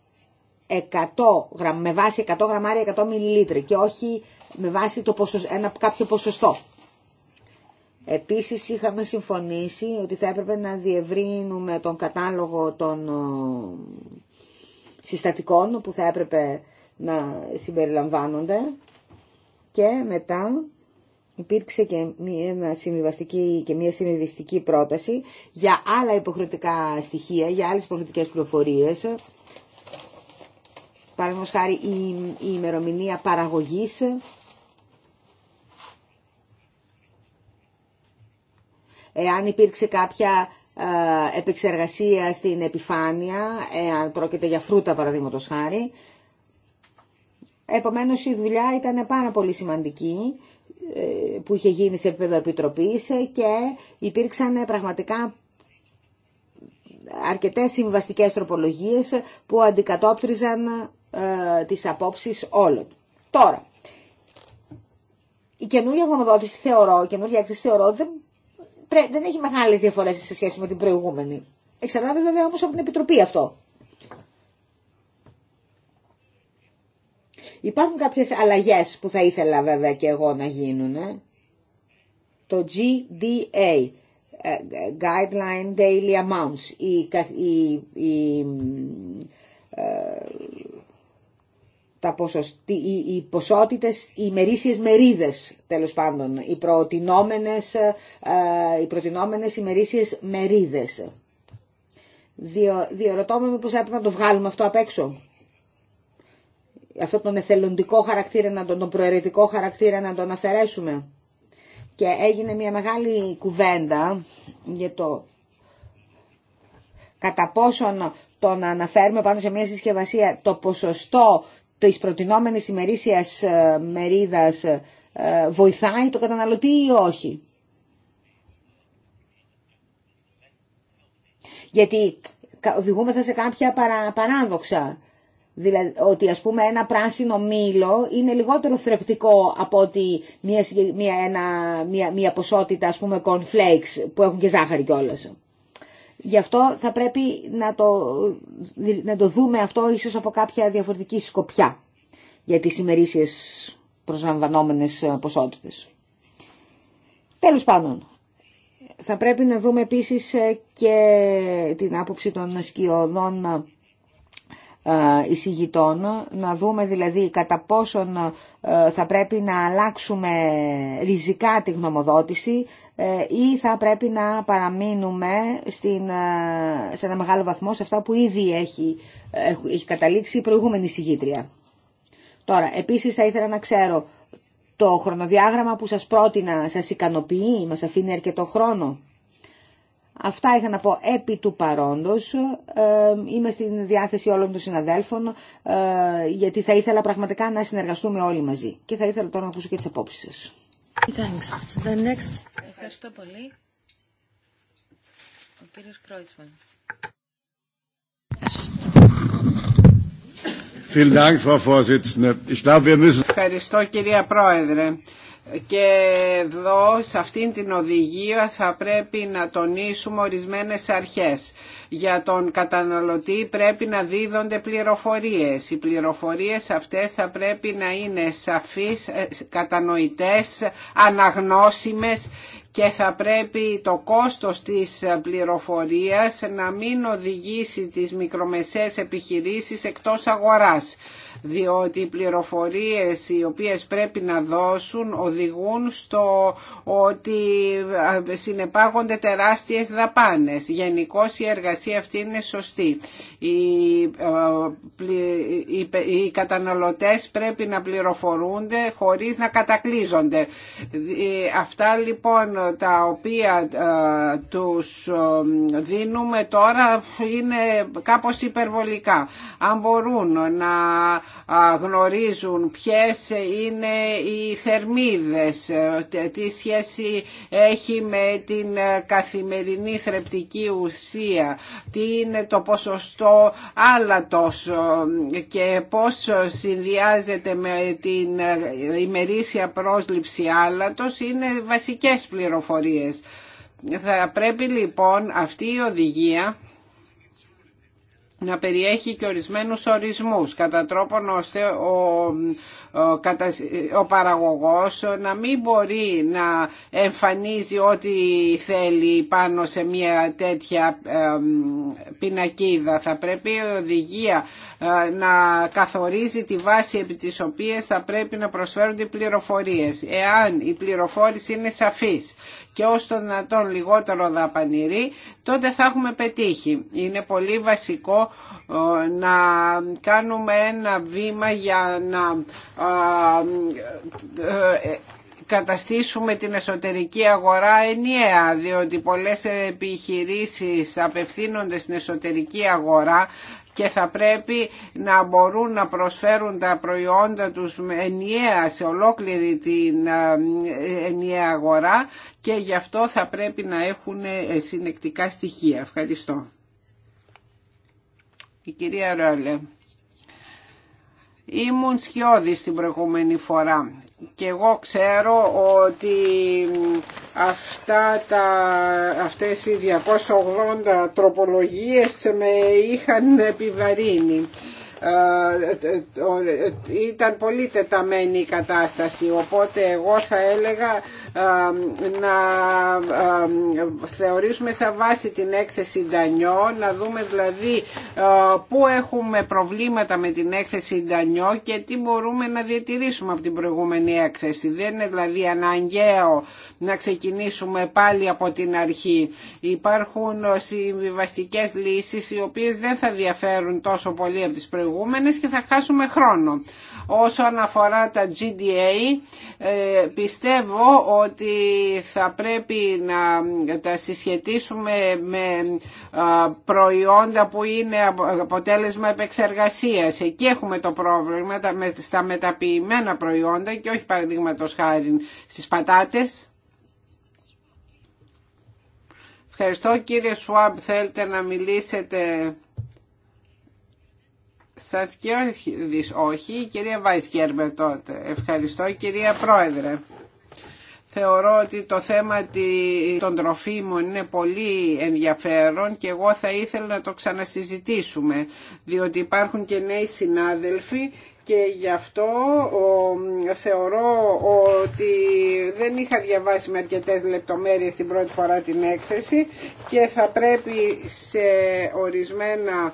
100, με βάση 100 γραμμάρια 100 μιλιλίτρια και όχι με βάση το ένα, κάποιο ποσοστό. Επίσης είχαμε συμφωνήσει ότι θα έπρεπε να διευρύνουμε τον κατάλογο των ε, συστατικών που θα έπρεπε να συμπεριλαμβάνονται και μετά υπήρξε και μια συμβιβαστική, και μια συμβιβαστική πρόταση για άλλα υποχρεωτικά στοιχεία, για άλλες υποχρεωτικές πληροφορίες παραδείγματος χάρη η, η ημερομηνία παραγωγής, εάν υπήρξε κάποια ε, επεξεργασία στην επιφάνεια, εάν πρόκειται για φρούτα παραδείγματο χάρη. Επομένως η δουλειά ήταν πάρα πολύ σημαντική ε, που είχε γίνει σε επίπεδο επιτροπής και υπήρξαν πραγματικά αρκετές συμβαστικές τροπολογίες που αντικατόπτριζαν ε, τις απόψεις όλων. Τώρα, η καινούργια γνωμοδότηση θεωρώ, η καινούργια έκθεση θεωρώ δεν, έχει μεγάλες διαφορές σε σχέση με την προηγούμενη. Εξαρτάται βέβαια όμως από την Επιτροπή αυτό. Υπάρχουν κάποιες αλλαγές που θα ήθελα βέβαια και εγώ να γίνουν. Ε. Το GDA, ε, Guideline Daily Amounts, η, η, η, ε, τα οι, οι ποσότητες, οι ημερήσιες μερίδες, τέλος πάντων, οι προτινόμενες, ε, οι προτινόμενες ημερήσιες μερίδες. Διο... Διορωτώ με πως έπρεπε να το βγάλουμε αυτό απ' έξω. Αυτό τον εθελοντικό χαρακτήρα, να τον, τον προαιρετικό χαρακτήρα να τον αφαιρέσουμε. Και έγινε μια μεγάλη κουβέντα για το κατά πόσον το να αναφέρουμε πάνω σε μια συσκευασία το ποσοστό της προτινόμενης ημερήσιας ε, μερίδας ε, βοηθάει το καταναλωτή ή όχι. Γιατί οδηγούμεθα σε κάποια παράδοξα. Δηλαδή ότι ας πούμε ένα πράσινο μήλο είναι λιγότερο θρεπτικό από ότι μια, μια, ένα, μια, μια ποσότητα ας πούμε cornflakes που έχουν και ζάχαρη κιόλας. Γι' αυτό θα πρέπει να το, να το δούμε αυτό ίσως από κάποια διαφορετική σκοπιά για τις ημερήσιες προσλαμβανόμενες ε, ποσότητες. Τέλος πάντων, θα πρέπει να δούμε επίσης ε, και την άποψη των σκιωδών ε, εισηγητών, να δούμε δηλαδή κατά πόσον ε, θα πρέπει να αλλάξουμε ριζικά τη γνωμοδότηση ε, ή θα πρέπει να παραμείνουμε στην, σε ένα μεγάλο βαθμό σε αυτά που ήδη έχει, έχει καταλήξει η προηγούμενη εισηγήτρια. Τώρα, επίσης θα ήθελα να ξέρω, το χρονοδιάγραμμα που σας πρότεινα σας ικανοποιεί, μας αφήνει αρκετό χρόνο. Αυτά είχα να πω επί του παρόντος. Ε, είμαι στην διάθεση όλων των συναδέλφων ε, γιατί θα ήθελα πραγματικά να συνεργαστούμε όλοι μαζί. Και θα ήθελα τώρα να ακούσω και τις απόψεις σας. Ευχαριστώ πολύ. Ευχαριστώ κυρία Πρόεδρε και εδώ σε αυτήν την οδηγία θα πρέπει να τονίσουμε ορισμένες αρχές. Για τον καταναλωτή πρέπει να δίδονται πληροφορίες. Οι πληροφορίες αυτές θα πρέπει να είναι σαφείς, ε, κατανοητές, αναγνώσιμες και θα πρέπει το κόστος της πληροφορίας να μην οδηγήσει τις μικρομεσαίες επιχειρήσεις εκτός αγοράς διότι οι πληροφορίες οι οποίες πρέπει να δώσουν οδηγούν στο ότι συνεπάγονται τεράστιες δαπάνες. Γενικώ η εργασία αυτή είναι σωστή. Οι ε, καταναλωτές πρέπει να πληροφορούνται χωρίς να κατακλείζονται. Ε, αυτά λοιπόν τα οποία ε, τους δίνουμε τώρα είναι κάπως υπερβολικά. Αν μπορούν να γνωρίζουν ποιες είναι οι θερμίδες, τι σχέση έχει με την ε, καθημερινή θρεπτική ουσία, τι είναι το ποσοστό άλατος ε, και πώς συνδυάζεται με την ε, ημερήσια πρόσληψη άλατος είναι βασικές πληροφορίες. Θα πρέπει λοιπόν αυτή η οδηγία να περιέχει και ορισμένους ορισμούς κατά τρόπον ώστε ο ο παραγωγός να μην μπορεί να εμφανίζει ό,τι θέλει πάνω σε μια τέτοια πινακίδα. Θα πρέπει η οδηγία ε, να καθορίζει τη βάση επί της οποίας θα πρέπει να προσφέρονται οι πληροφορίες. Εάν η πληροφόρηση είναι σαφής και ως το δυνατόν λιγότερο δαπανηρή, τότε θα έχουμε πετύχει. Είναι πολύ βασικό ε, να κάνουμε ένα βήμα για να ε, ε, καταστήσουμε την εσωτερική αγορά ενιαία, διότι πολλές επιχειρήσεις απευθύνονται στην εσωτερική αγορά και θα πρέπει να μπορούν να προσφέρουν τα προϊόντα τους ενιαία σε ολόκληρη την ενιαία αγορά και γι' αυτό θα πρέπει να έχουν συνεκτικά στοιχεία. Ευχαριστώ. Η κυρία Ρόλε. Ήμουν σκιώδης την προηγούμενη φορά και εγώ ξέρω ότι αυτά τα, αυτές οι 280 τροπολογίες με είχαν επιβαρύνει. Ε, ε, ε, ήταν πολύ τεταμένη η κατάσταση οπότε εγώ θα έλεγα να θεωρήσουμε σε βάση την έκθεση Ντανιό, να δούμε δηλαδή ε, πού έχουμε προβλήματα με την έκθεση Ντανιό και τι μπορούμε να διατηρήσουμε από την προηγούμενη έκθεση. Δεν είναι δηλαδή αναγκαίο να ξεκινήσουμε πάλι από την αρχή. Υπάρχουν ε, συμβιβαστικές λύσεις οι οποίες δεν θα διαφέρουν τόσο πολύ από τις προηγούμενες και θα χάσουμε χρόνο. Όσον αφορά τα GDA, ε, πιστεύω ότι θα πρέπει να τα συσχετίσουμε με προϊόντα που είναι αποτέλεσμα επεξεργασίας. Εκεί έχουμε το πρόβλημα στα μεταποιημένα προϊόντα και όχι παραδείγματο χάρη στις πατάτες. Ευχαριστώ κύριε Σουάμπ, θέλετε να μιλήσετε σας και όχι, η κυρία Κέρμερ τότε. Ευχαριστώ κυρία Πρόεδρε. Θεωρώ ότι το θέμα των τροφίμων είναι πολύ ενδιαφέρον και εγώ θα ήθελα να το ξανασυζητήσουμε, διότι υπάρχουν και νέοι συνάδελφοι και γι' αυτό θεωρώ ότι δεν είχα διαβάσει με αρκετές λεπτομέρειες την πρώτη φορά την έκθεση και θα πρέπει σε ορισμένα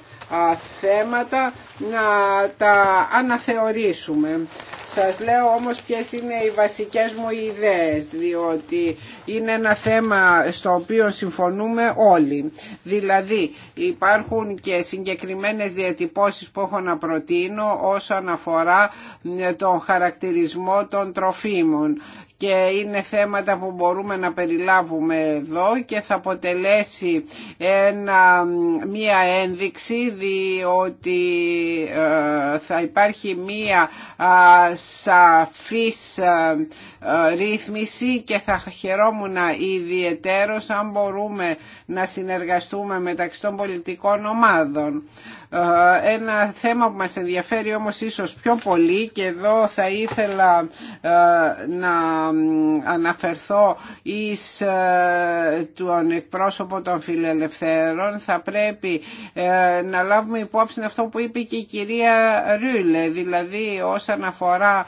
θέματα να τα αναθεωρήσουμε. Σας λέω όμως ποιες είναι οι βασικές μου ιδέες, διότι είναι ένα θέμα στο οποίο συμφωνούμε όλοι. Δηλαδή υπάρχουν και συγκεκριμένες διατυπώσεις που έχω να προτείνω όσον αφορά ε, τον χαρακτηρισμό των τροφίμων και είναι θέματα που μπορούμε να περιλάβουμε εδώ και θα αποτελέσει ένα, μία ένδειξη διότι ε, θα υπάρχει μία σαφής ε, ρύθμιση και θα χαιρόμαστε. Ήμουνα ιδιαιτέρως αν μπορούμε να συνεργαστούμε μεταξύ των πολιτικών ομάδων. Ένα θέμα που μας ενδιαφέρει όμως ίσως πιο πολύ και εδώ θα ήθελα να αναφερθώ εις τον εκπρόσωπο των φιλελευθέρων θα πρέπει ε, να λάβουμε υπόψη αυτό που είπε και η κυρία Ρούλε δηλαδή όσον αφορά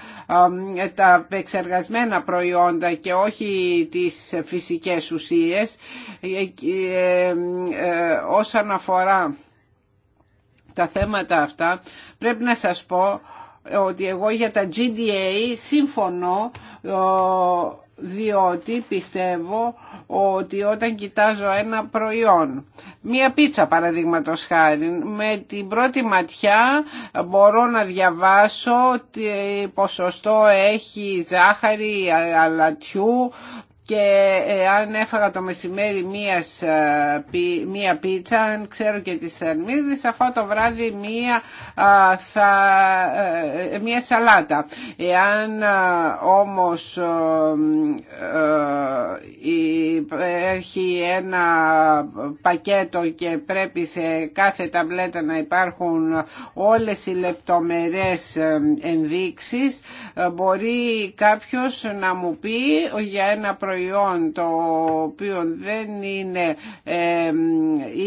τα επεξεργασμένα προϊόντα και όχι τις φυσικές ουσίες ε, ε, όσον αφορά τα θέματα αυτά πρέπει να σας πω ότι εγώ για τα GDA σύμφωνο διότι πιστεύω ότι όταν κοιτάζω ένα προϊόν, μία πίτσα παραδείγματο χάρη, με την πρώτη ματιά μπορώ να διαβάσω τι ποσοστό έχει ζάχαρη, αλατιού, και ε, αν έφαγα το μεσημέρι μίας, ε, μία πίτσα, αν ξέρω και τις θερμίδες, αφού το βράδυ μία, θα, ε, μία σαλάτα. Εάν όμως έρχει ένα πακέτο και πρέπει σε κάθε ταμπλέτα να υπάρχουν όλες οι λεπτομερές ενδείξεις, μπορεί κάποιος να μου πει για ένα προϊόν προϊόν το οποίο δεν είναι ε,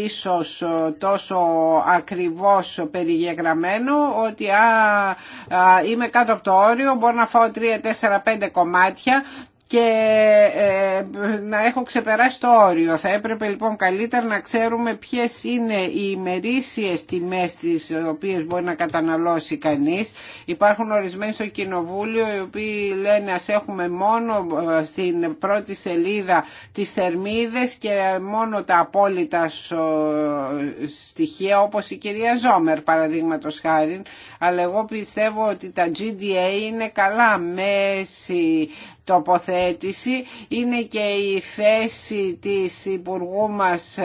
ίσως τόσο ακριβώς περιγεγραμμένο ότι α, α, είμαι κάτω από το όριο, μπορώ να φάω 3, 4, 5 κομμάτια και ε, να έχω ξεπεράσει το όριο. Θα έπρεπε λοιπόν καλύτερα να ξέρουμε ποιες είναι οι ημερήσιες τιμές τις οποίες μπορεί να καταναλώσει κανείς. Υπάρχουν ορισμένοι στο Κοινοβούλιο οι οποίοι λένε ας έχουμε μόνο ε, στην πρώτη σελίδα τις θερμίδες και μόνο τα απόλυτα στοιχεία όπως η κυρία Ζόμερ παραδείγματο χάρη. Αλλά εγώ πιστεύω ότι τα GDA είναι καλά μέση τοποθέτηση είναι και η θέση της Υπουργού μας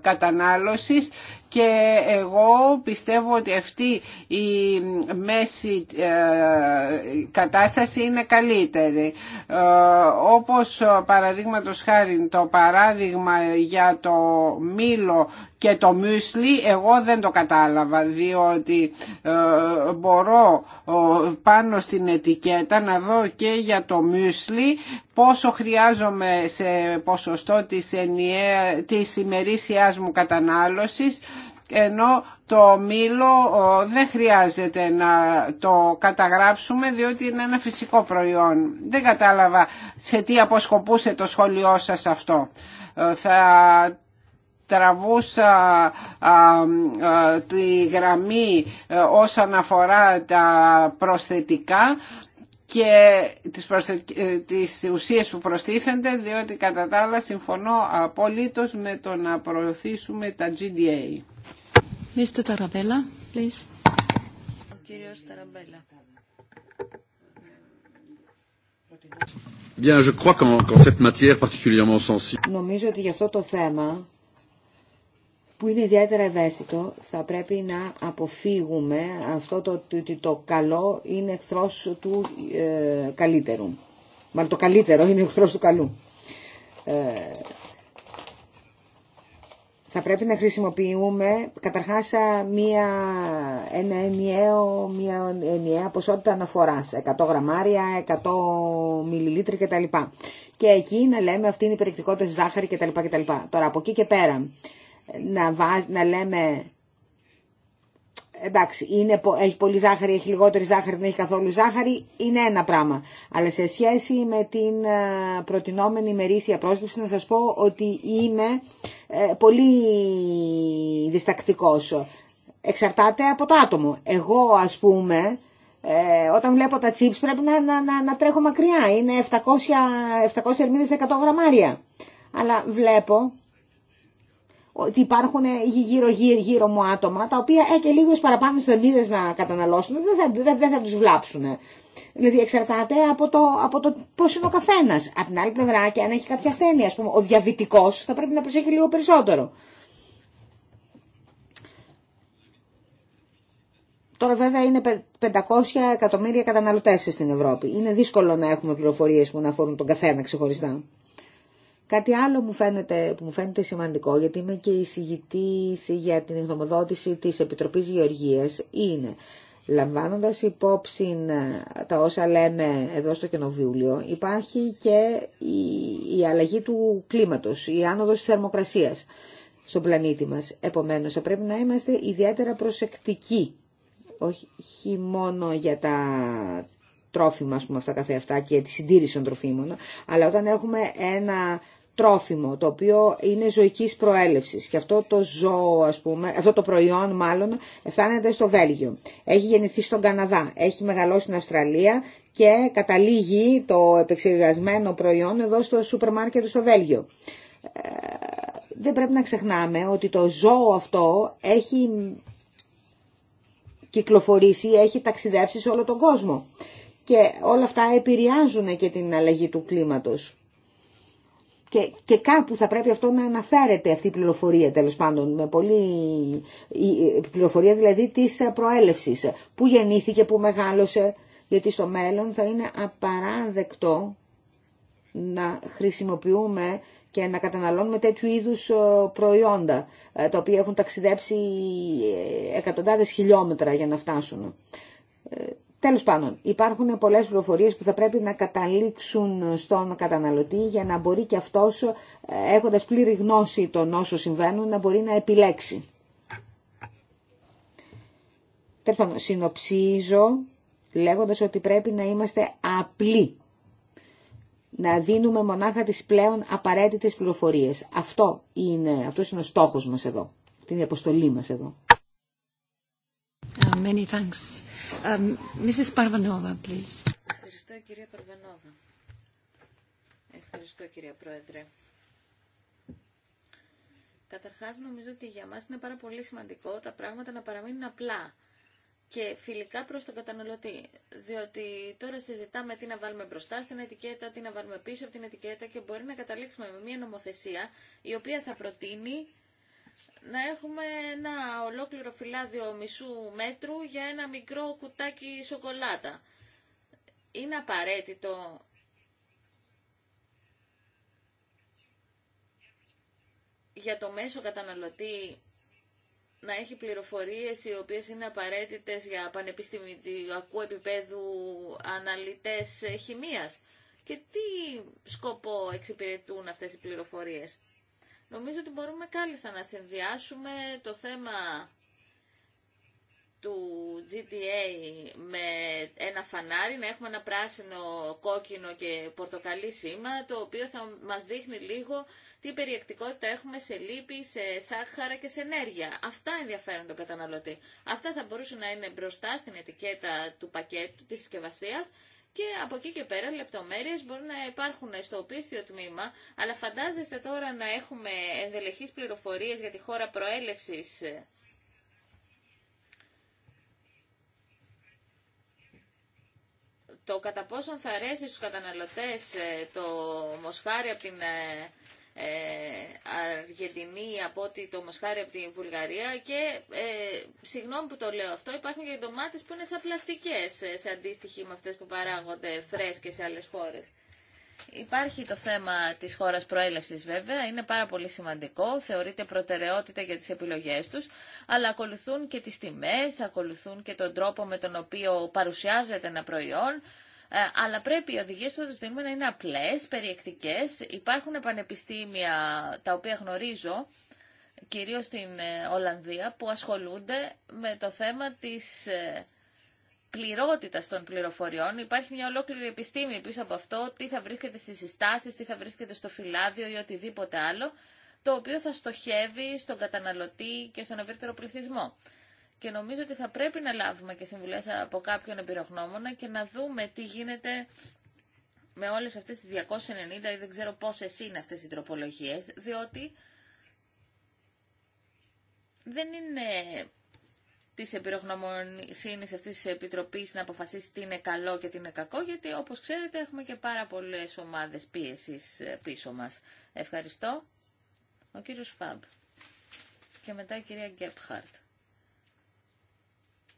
κατανάλωσης και εγώ πιστεύω ότι αυτή η μέση ε, κατάσταση είναι καλύτερη. Ε, όπως ε, παραδείγματο χάρη το παράδειγμα για το μήλο και το μουσλι εγώ δεν το κατάλαβα διότι μπορώ πάνω στην ετικέτα να δω και για το μουσλι πόσο χρειάζομαι σε ποσοστό της, ενιαία, της μου κατανάλωσης ενώ το μήλο δεν χρειάζεται να το καταγράψουμε διότι είναι ένα φυσικό προϊόν. Δεν κατάλαβα σε τι αποσκοπούσε το σχολείο σας αυτό. Ε, θα τραβούσα τη γραμμή ε, όσον αφορά τα προσθετικά και τις, προσε... Ε, τις ουσίες που προστίθενται διότι κατά τα άλλα συμφωνώ απολύτως με το να προωθήσουμε τα GDA. Mr. Ταραμπέλα, please. Ο κύριος Ταραμπέλα. Bien, je crois qu'en cette matière particulièrement sensible. Νομίζω ότι για αυτό το θέμα που είναι ιδιαίτερα ευαίσθητο, θα πρέπει να αποφύγουμε αυτό το ότι το, καλό είναι εχθρό του ε, καλύτερου. Μάλλον το καλύτερο είναι εχθρό του καλού. Ε, θα πρέπει να χρησιμοποιούμε καταρχάς μια, ένα μια ενιαία ποσότητα αναφοράς, 100 γραμμάρια, 100 μιλιλίτρια κτλ. Και εκεί να λέμε αυτή είναι η περιεκτικότητα ζάχαρη κτλ. Τώρα από εκεί και πέρα, να, βάζ, να λέμε εντάξει, είναι, έχει πολύ ζάχαρη, έχει λιγότερη ζάχαρη, δεν έχει καθόλου ζάχαρη, είναι ένα πράγμα. Αλλά σε σχέση με την προτινόμενη μερίσια πρόσληψη, να σας πω ότι είμαι ε, πολύ διστακτικός. Εξαρτάται από το άτομο. Εγώ, ας πούμε, ε, όταν βλέπω τα chips πρέπει να, να, να, τρέχω μακριά. Είναι 700, 700 ερμίδες 100 γραμμάρια. Αλλά βλέπω ότι υπάρχουν γύρω, γύρω, γύρω μου άτομα τα οποία ε, και λίγες παραπάνω σελίδες να καταναλώσουν δεν θα, δεν, θα τους βλάψουν. Δηλαδή εξαρτάται από το, από το πώς είναι ο καθένας. Από την άλλη πλευρά και αν έχει κάποια ασθένεια, Α πούμε, ο διαβητικός θα πρέπει να προσέχει λίγο περισσότερο. Τώρα βέβαια είναι 500 εκατομμύρια καταναλωτές στην Ευρώπη. Είναι δύσκολο να έχουμε πληροφορίες που να αφορούν τον καθένα ξεχωριστά. Κάτι άλλο μου φαίνεται, που μου φαίνεται σημαντικό, γιατί είμαι και εισηγητή για την εκδομοδότηση της Επιτροπής Γεωργίας, είναι λαμβάνοντας υπόψη ε, τα όσα λέμε εδώ στο Κοινοβούλιο, υπάρχει και η, αλλαγή του κλίματος, η άνοδος της θερμοκρασίας στον πλανήτη μας. Επομένως, θα πρέπει να είμαστε ιδιαίτερα προσεκτικοί, όχι μόνο για τα τρόφιμα, ας πούμε, αυτά καθεαυτά και τη συντήρηση των τροφίμων, αλλά όταν έχουμε ένα τρόφιμο, το οποίο είναι ζωικής προέλευσης και αυτό το ζώο, ας πούμε, αυτό το προϊόν μάλλον φτάνεται στο Βέλγιο. Έχει γεννηθεί στον Καναδά, έχει μεγαλώσει στην Αυστραλία και καταλήγει το επεξεργασμένο προϊόν εδώ στο σούπερ μάρκετ στο Βέλγιο. Ε, δεν πρέπει να ξεχνάμε ότι το ζώο αυτό έχει κυκλοφορήσει, έχει ταξιδέψει σε όλο τον κόσμο. Και όλα αυτά επηρεάζουν και την αλλαγή του κλίματος και, κάπου θα πρέπει αυτό να αναφέρεται αυτή η πληροφορία τέλο πάντων, με πολύ, η πληροφορία δηλαδή της προέλευσης, που γεννήθηκε, που μεγάλωσε, γιατί στο μέλλον θα είναι απαράδεκτο να χρησιμοποιούμε και να καταναλώνουμε τέτοιου είδους ε, προϊόντα, ε, τα οποία έχουν ταξιδέψει ε, εκατοντάδες χιλιόμετρα για να φτάσουν. Τέλος πάντων, υπάρχουν πολλές πληροφορίες που θα πρέπει να καταλήξουν στον καταναλωτή για να μπορεί και αυτός, ε, έχοντας πλήρη γνώση των όσων συμβαίνουν, να μπορεί να επιλέξει. Τέλος πάντων, συνοψίζω λέγοντας ότι πρέπει να είμαστε απλοί. Να δίνουμε μονάχα τις πλέον απαραίτητες πληροφορίες. Αυτό είναι, αυτός είναι ο στόχος μας εδώ. την αποστολή μας εδώ. Uh, um, Ευχαριστώ, κυρία Παρβανόβα. Ευχαριστώ, κυρία Πρόεδρε. Καταρχάς, νομίζω ότι για μας είναι πάρα πολύ σημαντικό τα πράγματα να παραμείνουν απλά και φιλικά προς τον καταναλωτή. Διότι τώρα συζητάμε τι να βάλουμε μπροστά στην ετικέτα, τι να βάλουμε πίσω από την ετικέτα και μπορεί να καταλήξουμε με μια νομοθεσία η οποία θα προτείνει να έχουμε ένα ολόκληρο φυλάδιο μισού μέτρου για ένα μικρό κουτάκι σοκολάτα. Είναι απαραίτητο για το μέσο καταναλωτή να έχει πληροφορίες οι οποίες είναι απαραίτητες για πανεπιστημιακού επίπεδου αναλυτές χημίας. Και τι σκοπό εξυπηρετούν αυτές οι πληροφορίες. Νομίζω ότι μπορούμε κάλλιστα να συνδυάσουμε το θέμα του GTA με ένα φανάρι, να έχουμε ένα πράσινο, κόκκινο και πορτοκαλί σήμα, το οποίο θα μας δείχνει λίγο τι περιεκτικότητα έχουμε σε λίπη, σε σάχαρα και σε ενέργεια. Αυτά ενδιαφέρουν τον καταναλωτή. Αυτά θα μπορούσε να είναι μπροστά στην ετικέτα του πακέτου της συσκευασία και από εκεί και πέρα λεπτομέρειες μπορεί να υπάρχουν στο πίστιο τμήμα, αλλά φαντάζεστε τώρα να έχουμε ενδελεχείς πληροφορίες για τη χώρα προέλευσης το κατά πόσον θα αρέσει στους καταναλωτές ε, το μοσχάρι από την ε, ε, Αργεντινή από ότι το μοσχάρι από τη Βουλγαρία και ε, συγγνώμη που το λέω αυτό, υπάρχουν και ντομάτες που είναι σαν πλαστικές ε, σε αντίστοιχη με αυτές που παράγονται φρέσκες σε άλλες χώρες. Υπάρχει το θέμα της χώρας προέλευσης βέβαια, είναι πάρα πολύ σημαντικό, θεωρείται προτεραιότητα για τις επιλογές τους, αλλά ακολουθούν και τις τιμές, ακολουθούν και τον τρόπο με τον οποίο παρουσιάζεται ένα προϊόν, ε, αλλά πρέπει οι οδηγίε που θα του δίνουμε να είναι απλέ, περιεκτικές. Υπάρχουν πανεπιστήμια τα οποία γνωρίζω, κυρίως στην ε, Ολλανδία, που ασχολούνται με το θέμα της ε, πληρότητα των πληροφοριών. Υπάρχει μια ολόκληρη επιστήμη πίσω από αυτό, τι θα βρίσκεται στι συστάσει, τι θα βρίσκεται στο φυλάδιο ή οτιδήποτε άλλο, το οποίο θα στοχεύει στον καταναλωτή και στον ευρύτερο πληθυσμό και νομίζω ότι θα πρέπει να λάβουμε και συμβουλές από κάποιον εμπειρογνώμονα και να δούμε τι γίνεται με όλες αυτές τις 290 ή δεν ξέρω πόσες είναι αυτές οι τροπολογίες, διότι δεν είναι τη εμπειρογνωμοσύνη αυτή τη επιτροπή να αποφασίσει τι είναι καλό και τι είναι κακό, γιατί όπω ξέρετε έχουμε και πάρα πολλέ ομάδε πίεση ε, πίσω μα. Ευχαριστώ. Ο κύριο Φαμπ. Και μετά η κυρία Γκέπχαρτ.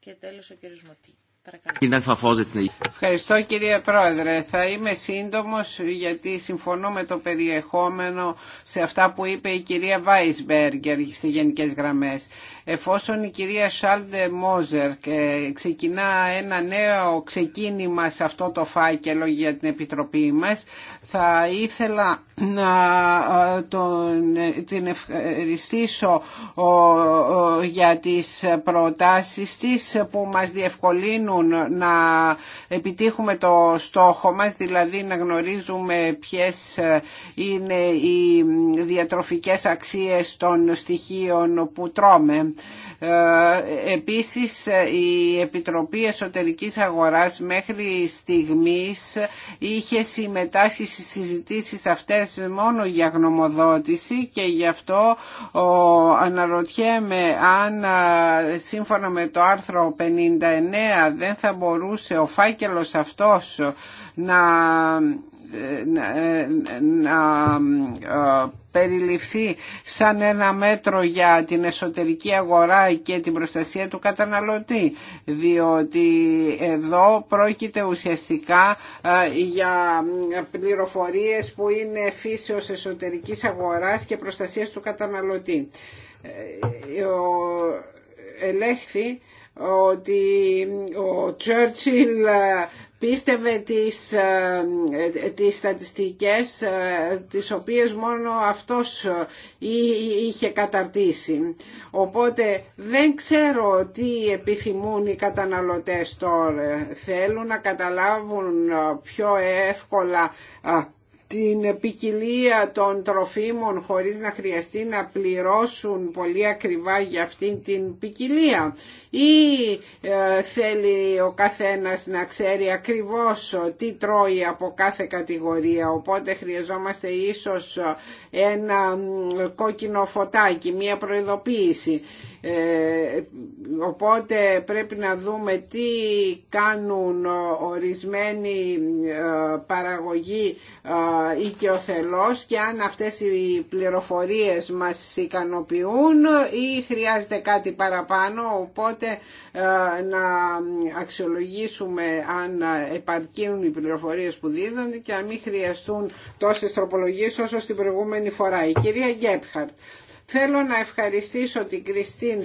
Και τέλο ο κύριο Μωτή. Ευχαριστώ κύριε Πρόεδρε. Θα είμαι σύντομος γιατί συμφωνώ με το περιεχόμενο σε αυτά που είπε η κυρία Βάισμπεργκερ σε γενικές γραμμές εφόσον η κυρία Σάλντε Μόζερ ξεκινά ένα νέο ξεκίνημα σε αυτό το φάκελο για την Επιτροπή μας, θα ήθελα να ε, ε, την ευχαριστήσω για τις προτάσεις της που μας διευκολύνουν να επιτύχουμε το στόχο μας, δηλαδή να γνωρίζουμε ποιες ε, είναι οι διατροφικές αξίες των στοιχείων που τρώμε ε, επίσης η Επιτροπή Εσωτερικής Αγοράς μέχρι στιγμής είχε συμμετάσχει στις συζητήσεις αυτές μόνο για γνωμοδότηση και γι' αυτό αναρωτιέμαι αν σύμφωνα με το άρθρο 59 δεν θα μπορούσε ο φάκελος αυτός να να ε, περιληφθεί σαν ένα μέτρο για την εσωτερική αγορά και την προστασία του καταναλωτή διότι εδώ πρόκειται ουσιαστικά ε, για πληροφορίες που είναι φύσεως εσωτερικής αγοράς και προστασίας του καταναλωτή ε, Ο ελέγχθη ότι ο Τσέρτσιλ ε, πίστευε τις, ε, ε, τις στατιστικές τις οποίες μόνο αυτός είχε καταρτήσει. Οπότε δεν ξέρω τι επιθυμούν οι καταναλωτές τώρα. Θέλουν να καταλάβουν πιο εύκολα την ποικιλία των τροφίμων χωρίς να χρειαστεί να πληρώσουν πολύ ακριβά για αυτήν την ποικιλία ή ε, θέλει ο καθένας να ξέρει ακριβώς τι τρώει από κάθε κατηγορία οπότε χρειαζόμαστε ίσως ένα κόκκινο φωτάκι, μια προειδοποίηση ε, οπότε πρέπει να δούμε τι κάνουν ορισμένοι ε, παραγωγοί ή ε, και αν αυτές οι πληροφορίες μας ικανοποιούν ή χρειάζεται κάτι παραπάνω οπότε να αξιολογήσουμε αν επαρκούν οι πληροφορίες που δίδονται και αν μην χρειαστούν τόσες τροπολογίες όσο στην προηγούμενη φορά. Η κυρία Γκέπχαρτ Θέλω να ευχαριστήσω την Κριστίν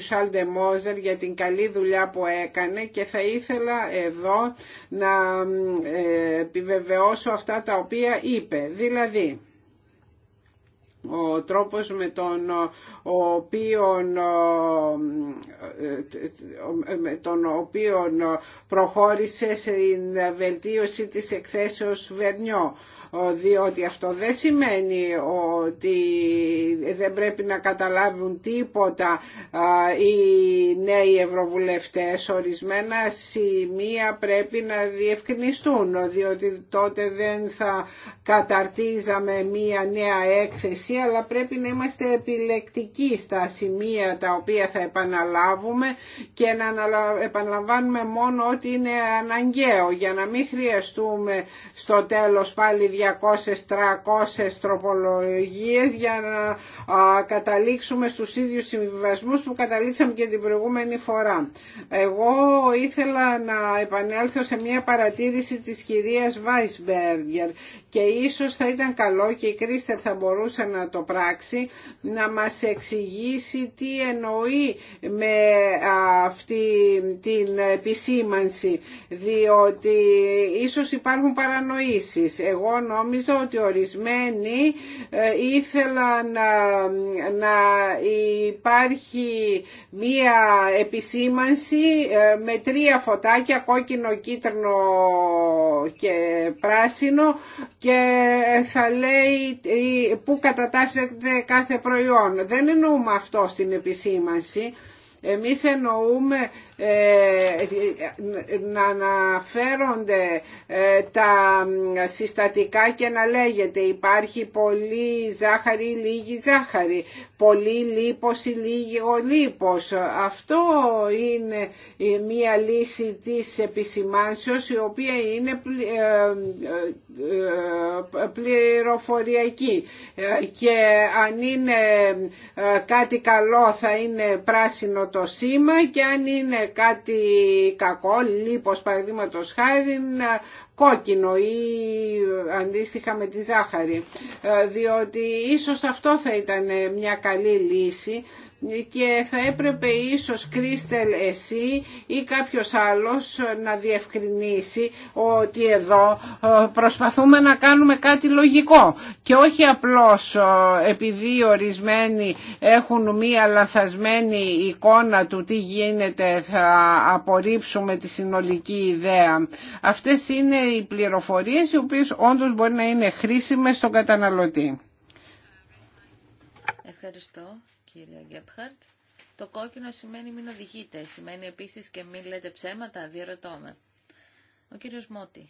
Μόζερ για την καλή δουλειά που έκανε και θα ήθελα εδώ να ε, επιβεβαιώσω αυτά τα οποία είπε. Δηλαδή, ο τρόπος με τον οποίο, ε, ε, με τον οποίον προχώρησε στην βελτίωση της εκθέσεως Βερνιό διότι αυτό δεν σημαίνει ότι δεν πρέπει να καταλάβουν τίποτα οι νέοι ευρωβουλευτές. Ορισμένα σημεία πρέπει να διευκρινιστούν, διότι τότε δεν θα καταρτίζαμε μία νέα έκθεση, αλλά πρέπει να είμαστε επιλεκτικοί στα σημεία τα οποία θα επαναλάβουμε και να επαναλαμβάνουμε μόνο ότι είναι αναγκαίο για να μην χρειαστούμε στο τέλος πάλι 200-300 τροπολογίες για να καταλήξουμε στους ίδιους συμβιβασμούς που καταλήξαμε και την προηγούμενη φορά. Εγώ ήθελα να επανέλθω σε μια παρατήρηση της κυρίας Βάισμπεργκερ και ίσως θα ήταν καλό και η Κρίστερ θα μπορούσε να το πράξει να μας εξηγήσει τι εννοεί με αυτή την επισήμανση διότι ίσως υπάρχουν παρανοήσεις. Εγώ νόμιζα ότι ορισμένοι ε, ήθελαν ε, να, υπάρχει μία επισήμανση ε, με τρία φωτάκια κόκκινο, κίτρινο και πράσινο και θα λέει που κατατάσσεται κάθε προϊόν. Δεν εννοούμε αυτό στην επισήμανση. Εμείς εννοούμε ε, να αναφέρονται ε, τα συστατικά και να λέγεται υπάρχει πολύ ζάχαρη ή λίγη ζάχαρη, πολύ λίπος ή λίγο λίπος. Αυτό είναι ε, μία λύση της επισημάνσεως η οποία είναι πληροφοριακή και αν είναι κάτι καλό θα είναι πράσινο το σήμα και αν είναι κάτι κακό, λίπος παραδείγματος χάρη, κόκκινο ή αντίστοιχα με τη ζάχαρη, ε, διότι ίσως αυτό θα ήταν μια καλή λύση και θα έπρεπε ίσως Κρίστελ εσύ ή κάποιος άλλος να διευκρινίσει ότι εδώ ε, προσπαθούμε να κάνουμε κάτι λογικό και όχι απλώς ε, επειδή ορισμένοι έχουν μία λαθασμένη εικόνα του τι γίνεται θα απορρίψουμε τη συνολική ιδέα. Αυτές είναι οι πληροφορίες οι οποίες όντως μπορεί να είναι χρήσιμες στον καταναλωτή. Ευχαριστώ. Κύριε Γκέπχαρτ. Το κόκκινο σημαίνει μην οδηγείτε. Σημαίνει επίσης και μην λέτε ψέματα. Διερωτώ με. Ο κύριος Μότι.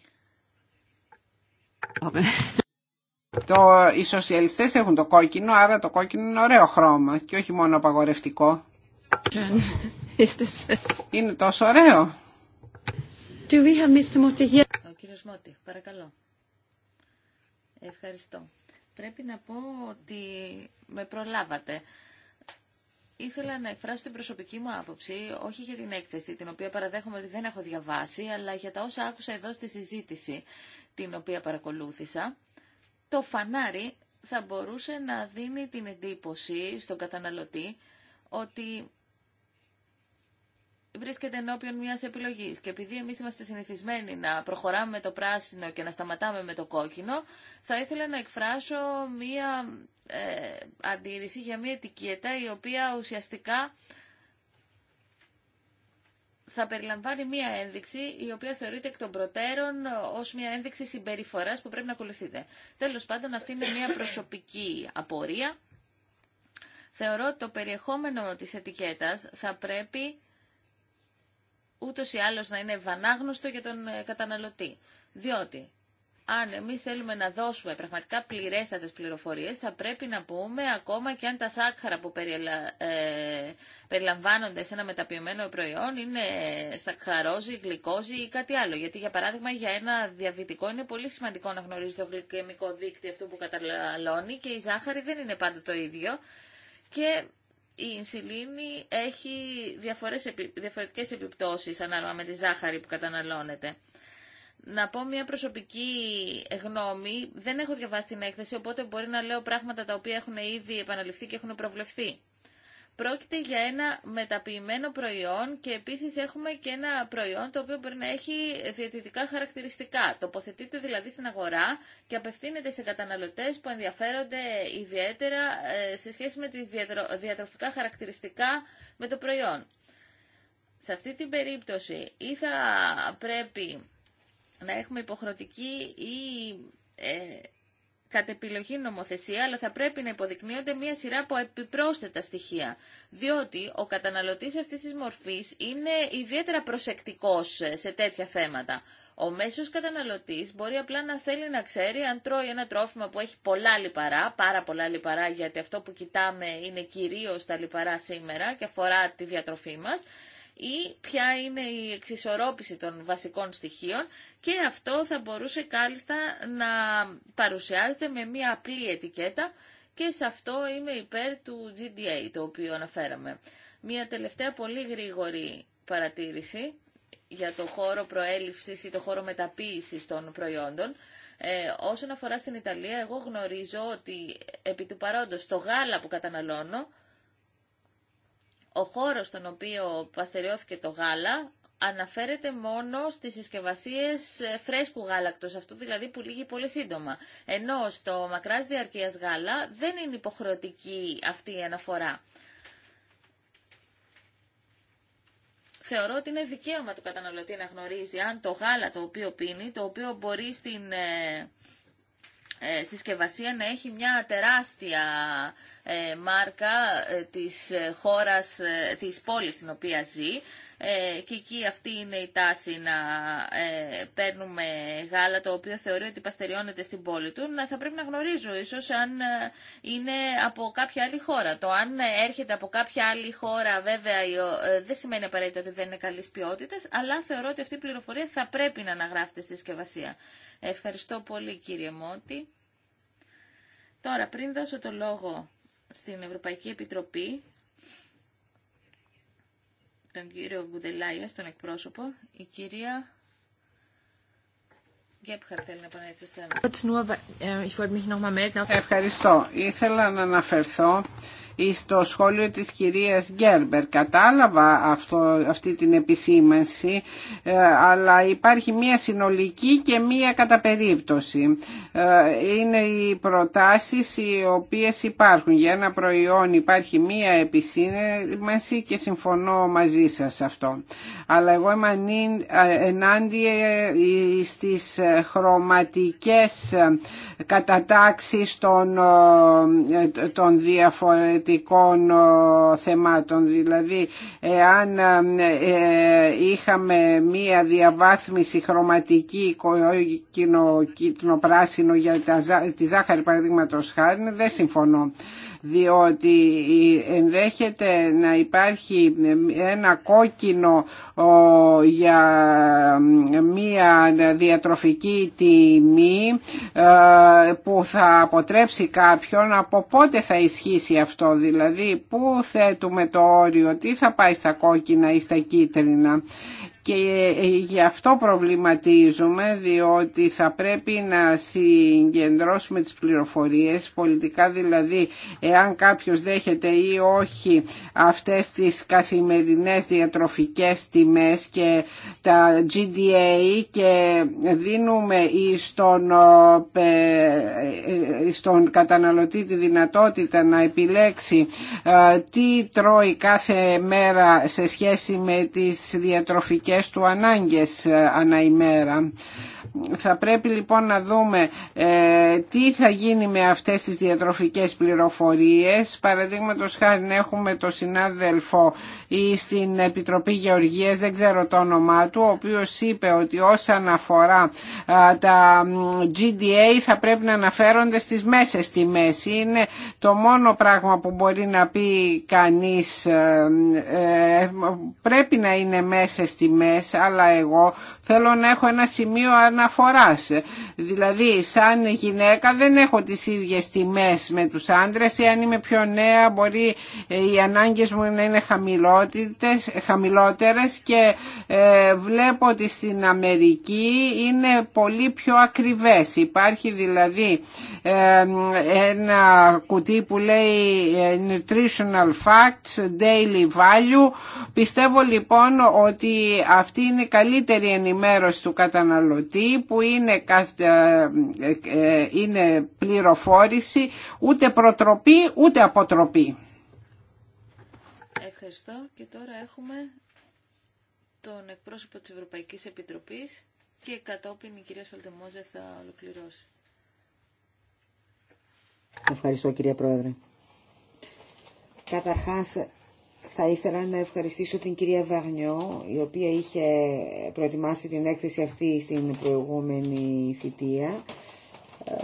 Το, οι σοσιαλιστές έχουν το κόκκινο, άρα το κόκκινο είναι ωραίο χρώμα και όχι μόνο απαγορευτικό. είναι τόσο ωραίο. Do we have Mr. Motti here? Ο κύριος Μότι, παρακαλώ. Ευχαριστώ. Πρέπει να πω ότι με προλάβατε ήθελα να εκφράσω την προσωπική μου άποψη, όχι για την έκθεση, την οποία παραδέχομαι ότι δεν έχω διαβάσει, αλλά για τα όσα άκουσα εδώ στη συζήτηση, την οποία παρακολούθησα. Το φανάρι θα μπορούσε να δίνει την εντύπωση στον καταναλωτή ότι βρίσκεται ενώπιον μιας επιλογής. Και επειδή εμείς είμαστε συνηθισμένοι να προχωράμε με το πράσινο και να σταματάμε με το κόκκινο, θα ήθελα να εκφράσω μια ε, αντίρρηση για μια ετικέτα η οποία ουσιαστικά θα περιλαμβάνει μία ένδειξη η οποία θεωρείται εκ των προτέρων ως μία ένδειξη συμπεριφοράς που πρέπει να ακολουθείτε. Τέλος πάντων αυτή είναι μία προσωπική απορία. Θεωρώ ότι το περιεχόμενο της ετικέτας θα πρέπει ούτως ή άλλως να είναι βανάγνωστο για τον ε, καταναλωτή. Διότι αν εμείς θέλουμε να δώσουμε πραγματικά πληρέστατες πληροφορίες, θα πρέπει να πούμε ακόμα και αν τα σάκχαρα που ε, περιλαμβάνονται σε ένα μεταποιημένο προϊόν είναι σακχαρόζι, γλυκόζι ή κάτι άλλο. Γιατί, για παράδειγμα, για ένα διαβητικό είναι πολύ σημαντικό να γνωρίζει το γλυκαιμικό δίκτυο αυτού που καταναλώνει και η ζάχαρη δεν είναι πάντα το ίδιο. Και η ινσουλίνη έχει διαφορές, διαφορετικές επιπτώσεις ανάλογα με τη ζάχαρη που καταναλώνεται. Να πω μια προσωπική γνώμη, δεν έχω διαβάσει την έκθεση, οπότε μπορεί να λέω πράγματα τα οποία έχουν ήδη επαναληφθεί και έχουν προβλεφθεί. Πρόκειται για ένα μεταποιημένο προϊόν και επίσης έχουμε και ένα προϊόν το οποίο μπορεί να έχει διαιτητικά χαρακτηριστικά. Τοποθετείται δηλαδή στην αγορά και απευθύνεται σε καταναλωτές που ενδιαφέρονται ιδιαίτερα ε, σε σχέση με τις διατροφικά χαρακτηριστικά με το προϊόν. Σε αυτή την περίπτωση ή θα πρέπει να έχουμε υποχρεωτική ή ε, κατ' επιλογή νομοθεσία, αλλά θα πρέπει να υποδεικνύονται μία σειρά από επιπρόσθετα στοιχεία. Διότι ο καταναλωτής αυτή τη μορφής είναι ιδιαίτερα προσεκτικός σε τέτοια θέματα. Ο μέσος καταναλωτής μπορεί απλά να θέλει να ξέρει αν τρώει ένα τρόφιμα που έχει πολλά λιπαρά, πάρα πολλά λιπαρά γιατί αυτό που κοιτάμε είναι κυρίω τα λιπαρά σήμερα και αφορά τη διατροφή μα ή ποια είναι η εξισορρόπηση των βασικών στοιχείων και αυτό θα μπορούσε κάλλιστα να παρουσιάζεται με μία απλή ετικέτα και σε αυτό είμαι υπέρ του GDA το οποίο αναφέραμε. Μία τελευταία πολύ γρήγορη παρατήρηση για το χώρο προέλευσης ή το χώρο μεταποίησης των προϊόντων. Ε, όσον αφορά στην Ιταλία, εγώ γνωρίζω ότι επί του παρόντος το γάλα που καταναλώνω ο χώρος στον οποίο παστεριώθηκε το γάλα αναφέρεται μόνο στις συσκευασίε ε, φρέσκου γάλακτος, αυτό δηλαδή που λύγει πολύ σύντομα. Ενώ στο μακράς διαρκείας γάλα δεν είναι υποχρεωτική αυτή η αναφορά. θεωρώ ότι είναι δικαίωμα του καταναλωτή να γνωρίζει αν το γάλα το οποίο πίνει, το οποίο μπορεί στην ε, ε, συσκευασία να έχει μια τεράστια ε, μάρκα ε, της ε, χώρας, της πόλης στην οποία ζει και εκεί αυτή είναι η τάση να παίρνουμε γάλα το οποίο θεωρεί ότι παστεριώνεται στην πόλη του θα πρέπει να γνωρίζω ίσως αν είναι από κάποια άλλη χώρα το αν έρχεται από κάποια άλλη χώρα βέβαια δεν σημαίνει απαραίτητα ότι δεν είναι καλή ποιότητα, αλλά θεωρώ ότι αυτή η πληροφορία θα πρέπει να αναγράφεται στη συσκευασία Ευχαριστώ πολύ κύριε Μότι Τώρα πριν δώσω το λόγο στην Ευρωπαϊκή Επιτροπή τον κύριο Γκουδελάια, τον εκπρόσωπο, η κυρία äh, Ευχαριστώ. Ήθελα να αναφερθώ στο σχόλιο της κυρίας Γκέρμπερ. Κατάλαβα αυτό, αυτή την επισήμανση, ε, αλλά υπάρχει μία συνολική και μία καταπερίπτωση ε, Είναι οι προτάσεις οι οποίες υπάρχουν. Για ένα προϊόν υπάρχει μία επισήμανση και συμφωνώ μαζί σας αυτό. Αλλά εγώ είμαι ε, ενάντια στις χρωματικές κατατάξεις των, των διαφορετικών θεματων ε, θεμάτων. Δηλαδή, εάν ε, ε, είχαμε μία διαβάθμιση κόκκινο-κίτρινο-πράσινο για τη ζάχαρη παραδείγματος χάρη, δεν συμφωνώ διότι ενδέχεται να υπάρχει ένα κόκκινο για μία διατροφική τιμή που θα αποτρέψει κάποιον από πότε θα ισχύσει αυτό δηλαδή πού θέτουμε το όριο, τι θα πάει στα κόκκινα ή στα κίτρινα και ε, γι' αυτό προβληματίζουμε διότι θα πρέπει να συγκεντρώσουμε τις πληροφορίες πολιτικά δηλαδή εάν κάποιος δέχεται ή όχι αυτές τις καθημερινές διατροφικές τιμές και τα GDA και δίνουμε στον, ε, ε, στον καταναλωτή τη δυνατότητα να επιλέξει τι τρώει κάθε μέρα σε σχέση με τις διατροφικές δικές ανάγκες ε, ανά ημέρα. Θα πρέπει λοιπόν να δούμε ε, τι θα γίνει με αυτές τις διατροφικές πληροφορίες. Παραδείγματο χάρη έχουμε το συνάδελφο ή στην Επιτροπή Γεωργίας, δεν ξέρω το όνομά του, ο οποίος είπε ότι όσον αφορά τα GDA θα πρέπει να αναφέρονται στις μέσες τιμές. Είναι το μόνο πράγμα που μπορεί να πει κανείς ε, ε, πρέπει να είναι μέσες τιμές, αλλά εγώ θέλω να έχω ένα σημείο Δηλαδή σαν γυναίκα δεν έχω τις ίδιες τιμές με τους άντρες. Εάν είμαι πιο νέα μπορεί ε, οι ανάγκες μου να είναι χαμηλότερες και ε, βλέπω ότι στην Αμερική είναι πολύ πιο ακριβές. Υπάρχει δηλαδή ε, ένα κουτί που λέει Nutritional Facts, Daily Value. Πιστεύω λοιπόν ότι αυτή είναι η καλύτερη ενημέρωση του καταναλωτή που είναι, ε, ε, είναι πληροφόρηση ούτε προτροπή ούτε αποτροπή. Ευχαριστώ και τώρα έχουμε τον εκπρόσωπο της Ευρωπαϊκής Επιτροπής και κατόπιν η κυρία Σαλτεμόζε θα ολοκληρώσει. Ευχαριστώ κυρία Πρόεδρε. Καταρχάς θα ήθελα να ευχαριστήσω την κυρία Βαγνιό, η οποία είχε προετοιμάσει την έκθεση αυτή στην προηγούμενη θητεία. Ε,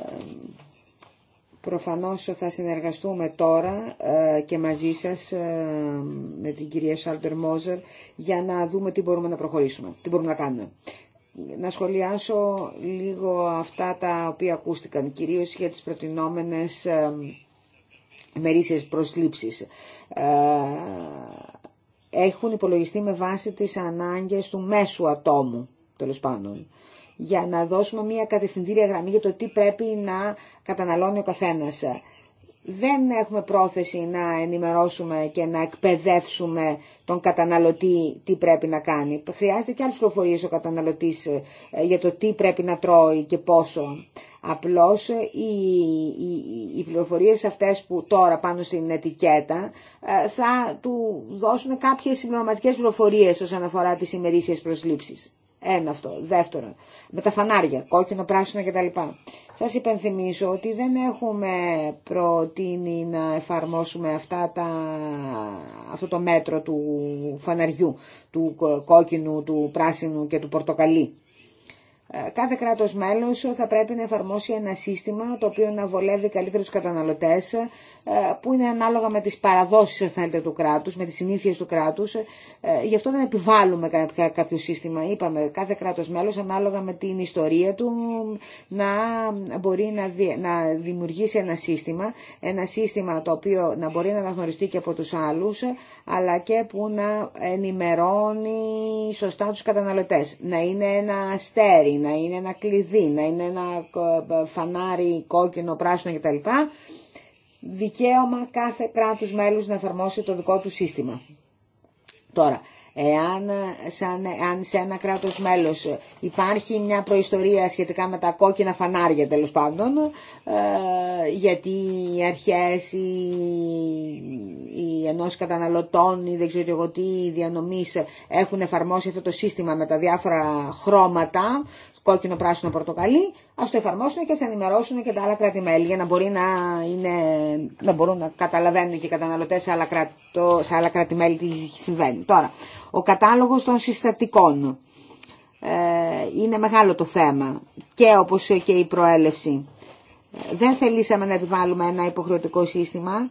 προφανώς θα συνεργαστούμε τώρα ε, και μαζί σας ε, με την κυρία Σάλτερ Μόζερ για να δούμε τι μπορούμε να προχωρήσουμε, τι μπορούμε να κάνουμε. Να σχολιάσω λίγο αυτά τα οποία ακούστηκαν, κυρίως για τις προτινόμενες μερίσιες προσλήψεις. Ε, έχουν υπολογιστεί με βάση τις ανάγκες του μέσου ατόμου, τέλο πάντων, για να δώσουμε μια κατευθυντήρια γραμμή για το τι πρέπει να καταναλώνει ο καθένας δεν έχουμε πρόθεση να ενημερώσουμε και να εκπαιδεύσουμε τον καταναλωτή τι πρέπει να κάνει. Χρειάζεται και άλλες προφορίες ο καταναλωτής ε, για το τι πρέπει να τρώει και πόσο. Απλώς ε, οι, οι, οι πληροφορίες αυτές που τώρα πάνω στην ετικέτα ε, θα του δώσουν κάποιες συμπληρωματικές πληροφορίες όσον αφορά τις ημερήσιες προσλήψεις. Ένα αυτό. Δεύτερον, με τα φανάρια, κόκκινο, πράσινο κτλ. Σας υπενθυμίζω ότι δεν έχουμε προτείνει να εφαρμόσουμε αυτά τα, αυτό το μέτρο του φαναριού, του κόκκινου, του πράσινου και του πορτοκαλί. Ε, κάθε κράτο μέλο θα πρέπει να εφαρμόσει ένα σύστημα το οποίο να βολεύει καλύτερα του καταναλωτές ε, που είναι ανάλογα με τις παραδόσεις του κράτου, με τι συνήθειε του κράτου. Ε, γι' αυτό δεν επιβάλλουμε κάποιο σύστημα. Είπαμε κάθε κράτο μέλο, ανάλογα με την ιστορία του να μπορεί να δημιουργήσει ένα σύστημα, ένα σύστημα το οποίο να μπορεί να αναγνωριστεί και από του άλλου, αλλά και που να ενημερώνει σωστά του καταναλωτέ, Να είναι ένα στέρι, να είναι ένα κλειδί, να είναι ένα ε, ε, φανάρι κόκκινο, πράσινο κτλ. Δικαίωμα κάθε κράτους μέλους να εφαρμόσει το δικό του σύστημα. Τώρα, εάν σαν, αν σε ένα κράτος μέλος υπάρχει μια προϊστορία σχετικά με τα κόκκινα φανάρια τέλος πάντων, ε, γιατί οι αρχές οι, οι καταναλωτών ή δεν ξέρω εγώ τι διανομής έχουν εφαρμόσει αυτό το σύστημα με τα διάφορα χρώματα κόκκινο, πράσινο, πορτοκαλί, α το εφαρμόσουν και α ενημερώσουν και τα άλλα κράτη-μέλη για να, μπορεί να, είναι, να μπορούν να καταλαβαίνουν και οι καταναλωτέ σε άλλα, κρατο, άλλα κράτη-μέλη τι συμβαίνει. Τώρα, ο κατάλογο των συστατικών. Ε, είναι μεγάλο το θέμα και όπως και η προέλευση. Δεν θελήσαμε να επιβάλλουμε ένα υποχρεωτικό σύστημα.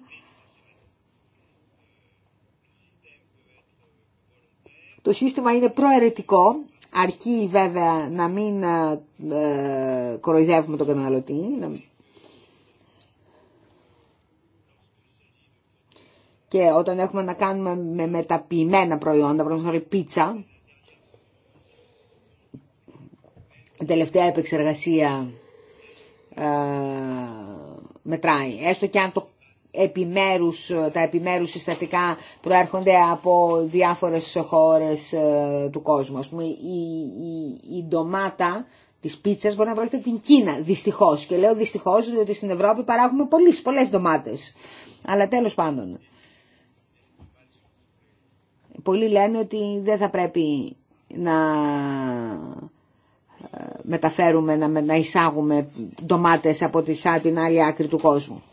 Το σύστημα είναι προαιρετικό αρκεί βέβαια να μην ε, ε, κοροϊδεύουμε τον καταναλωτή. Και όταν έχουμε να κάνουμε με μεταποιημένα προϊόντα, παραδείγματος πίτσα, τελευταία επεξεργασία ε, μετράει. Έστω και αν το επιμέρους, ε, τα επιμέρους συστατικά προέρχονται από διάφορες χώρες ε, του κόσμου. Ας πούμε, η, η, η ντομάτα της πίτσας μπορεί να προέρχεται την Κίνα, δυστυχώς. Και λέω δυστυχώς διότι στην Ευρώπη παράγουμε πολλές, πολλές ντομάτες. Αλλά τέλος πάντων. Πολλοί λένε ότι δεν θα πρέπει να ε, μεταφέρουμε, να, να εισάγουμε ντομάτες από τη, την άλλη άκρη του κόσμου.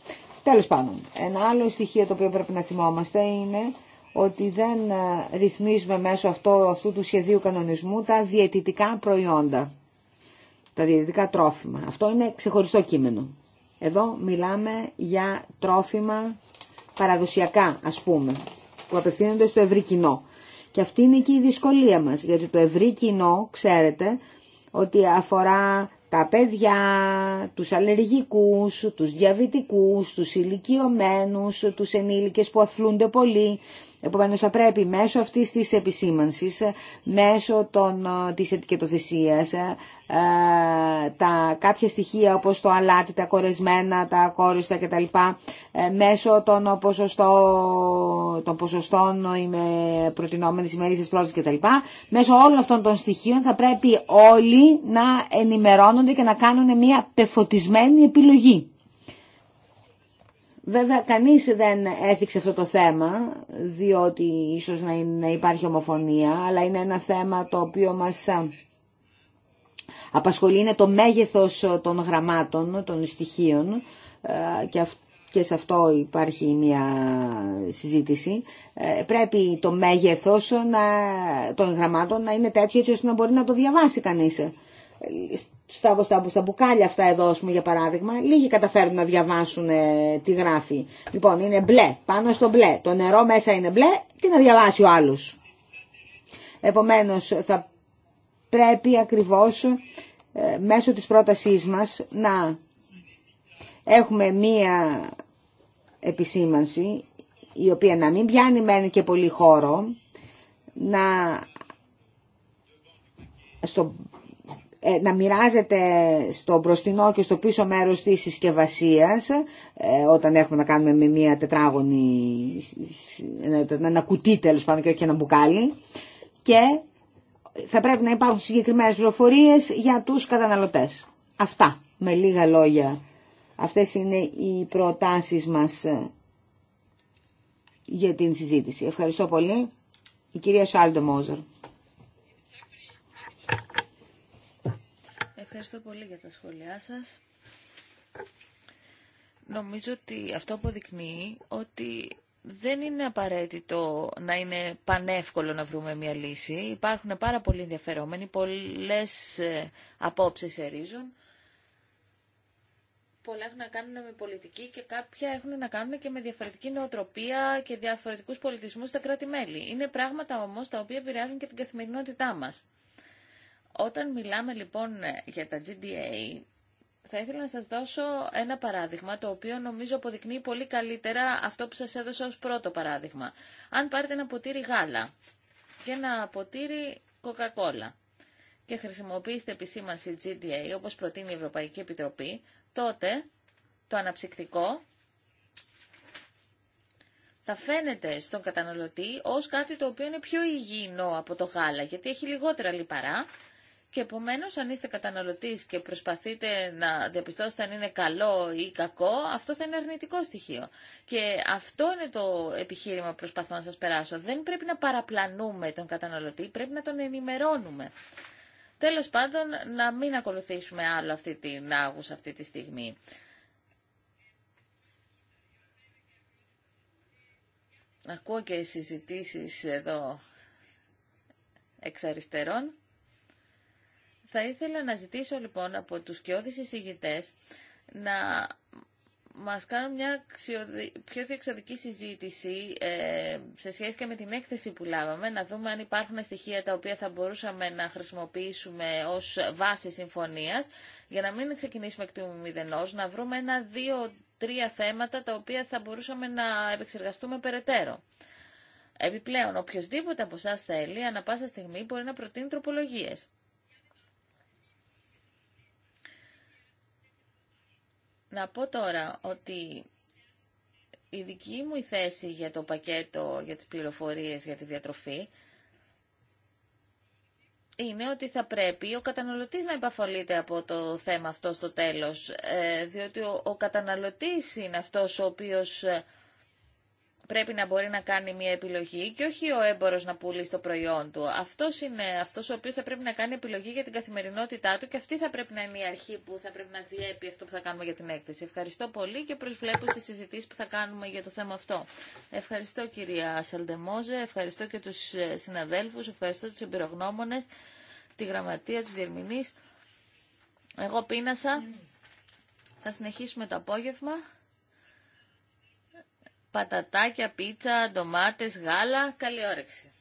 Τέλος πάντων, ένα άλλο στοιχείο το οποίο πρέπει να θυμόμαστε είναι ότι δεν ε, ρυθμίζουμε μέσω αυτό, αυτού του σχεδίου κανονισμού τα διαιτητικά προϊόντα, τα διαιτητικά τρόφιμα. Αυτό είναι ξεχωριστό κείμενο. Εδώ μιλάμε για τρόφιμα παραδοσιακά, ας πούμε, που απευθύνονται στο ευρύ κοινό. Και αυτή είναι και η δυσκολία μας, γιατί το ευρύ κοινό, ξέρετε, ότι αφορά τα παιδιά, τους αλλεργικούς, τους διαβητικούς, τους ηλικιωμένους, τους ενήλικες που αθλούνται πολύ. Επομένως θα πρέπει μέσω αυτής της επισήμανσης, μέσω των, ε, της ετικετοθεσίας, ε, τα κάποια στοιχεία όπως το αλάτι, τα κορεσμένα, τα κόριστα κτλ, ε, μέσω των, ποσοστό, των ποσοστών προτινόμενης ημερήσης πρόοδος κτλ, μέσω όλων αυτών των στοιχείων θα πρέπει όλοι να ενημερώνονται και να κάνουν μια πεφωτισμένη επιλογή. Βέβαια, κανείς δεν έθιξε αυτό το θέμα, διότι ίσως να υπάρχει ομοφωνία, αλλά είναι ένα θέμα το οποίο μας ε, απασχολεί, είναι το μέγεθος ε, των γραμμάτων, των στοιχείων ε, και σε αυτό υπάρχει μια συζήτηση. Πρέπει το μέγεθος των γραμμάτων να είναι τέτοιο έτσι ώστε να μπορεί να το διαβάσει κανείς στα, στα, στα μπουκάλια αυτά εδώ, πούμε, για παράδειγμα, λίγοι καταφέρνουν να διαβάσουν ε, τι γράφει. Λοιπόν, είναι μπλε, πάνω στο μπλε. Το νερό μέσα είναι μπλε, τι να διαβάσει ο άλλος. Επομένως, θα πρέπει ακριβώς ε, μέσω της πρότασής μας να έχουμε μία επισήμανση η οποία να μην πιάνει μένει και πολύ χώρο, να στο ε, να μοιράζεται στο μπροστινό και στο πίσω μέρος της συσκευασία, ε, όταν έχουμε να κάνουμε με μια τετράγωνη, ένα κουτί τέλος πάντων και όχι ένα μπουκάλι και θα πρέπει να υπάρχουν συγκεκριμένες πληροφορίε για τους καταναλωτές. Αυτά με λίγα λόγια. Αυτές είναι οι προτάσεις μας ε, για την συζήτηση. Ευχαριστώ πολύ. Η κυρία Σάλντο Μόζερ. Ευχαριστώ πολύ για τα σχόλιά σας. Νομίζω ότι αυτό αποδεικνύει ότι δεν είναι απαραίτητο να είναι πανεύκολο να βρούμε μια λύση. Υπάρχουν πάρα πολλοί ενδιαφερόμενοι, πολλές ε, απόψεις ερίζουν. Πολλά έχουν να κάνουν με πολιτική και κάποια έχουν να κάνουν και με διαφορετική νοοτροπία και διαφορετικούς πολιτισμούς στα κράτη-μέλη. Είναι πράγματα όμως τα οποία επηρεάζουν και την καθημερινότητά μας. Όταν μιλάμε λοιπόν για τα GDA, θα ήθελα να σας δώσω ένα παράδειγμα, το οποίο νομίζω αποδεικνύει πολύ καλύτερα αυτό που σας έδωσα ως πρώτο παράδειγμα. Αν πάρετε ένα ποτήρι γάλα και ένα ποτήρι κοκακόλα και χρησιμοποιήσετε επισήμανση GDA, όπως προτείνει η Ευρωπαϊκή Επιτροπή, τότε το αναψυκτικό θα φαίνεται στον καταναλωτή ως κάτι το οποίο είναι πιο υγιεινό από το γάλα, γιατί έχει λιγότερα λιπαρά και επομένως αν είστε καταναλωτής και προσπαθείτε να διαπιστώσετε αν είναι καλό ή κακό, αυτό θα είναι αρνητικό στοιχείο. Και αυτό είναι το επιχείρημα που προσπαθώ να σας περάσω. Δεν πρέπει να παραπλανούμε τον καταναλωτή, πρέπει να τον ενημερώνουμε. Τέλος πάντων, να μην ακολουθήσουμε άλλο αυτή την άγουσα αυτή τη στιγμή. Ακούω και συζητήσεις εδώ εξ αριστερών. Θα ήθελα να ζητήσω λοιπόν από τους κοιόδης εισηγητές να μας κάνουν μια πιο διεξοδική συζήτηση ε, σε σχέση και με την έκθεση που λάβαμε, να δούμε αν υπάρχουν στοιχεία τα οποία θα μπορούσαμε να χρησιμοποιήσουμε ως βάση συμφωνίας, για να μην ξεκινήσουμε εκ του μηδενός, να βρούμε ένα-δύο-τρία θέματα τα οποία θα μπορούσαμε να επεξεργαστούμε περαιτέρω. Επιπλέον, οποιοδήποτε από εσά θέλει, ανα πάσα στιγμή μπορεί να προτείνει τροπολογίες. Να πω τώρα ότι η δική μου η θέση για το πακέτο για τις πληροφορίες για τη διατροφή είναι ότι θα πρέπει ο καταναλωτής να επαφολείται από το θέμα αυτό στο τέλος, ε, διότι ο καταναλωτής είναι αυτός ο οποίος ε, πρέπει να μπορεί να κάνει μια επιλογή και όχι ο έμπορος να πουλήσει το προϊόν του. Αυτός είναι αυτός ο οποίος θα πρέπει να κάνει επιλογή για την καθημερινότητά του και αυτή θα πρέπει να είναι η αρχή που θα πρέπει να διέπει αυτό που θα κάνουμε για την έκθεση. Ευχαριστώ πολύ και προσβλέπω στις συζητήσεις που θα κάνουμε για το θέμα αυτό. Ευχαριστώ κυρία Σαλντεμόζε, ευχαριστώ και τους ε, συναδέλφους, ευχαριστώ τους εμπειρογνώμονες, τη γραμματεία, τους διερμηνείς. Εγώ πείνασα. Θα συνεχίσουμε το απόγευμα πατατάκια, πίτσα, ντομάτες, γάλα. Καλή όρεξη.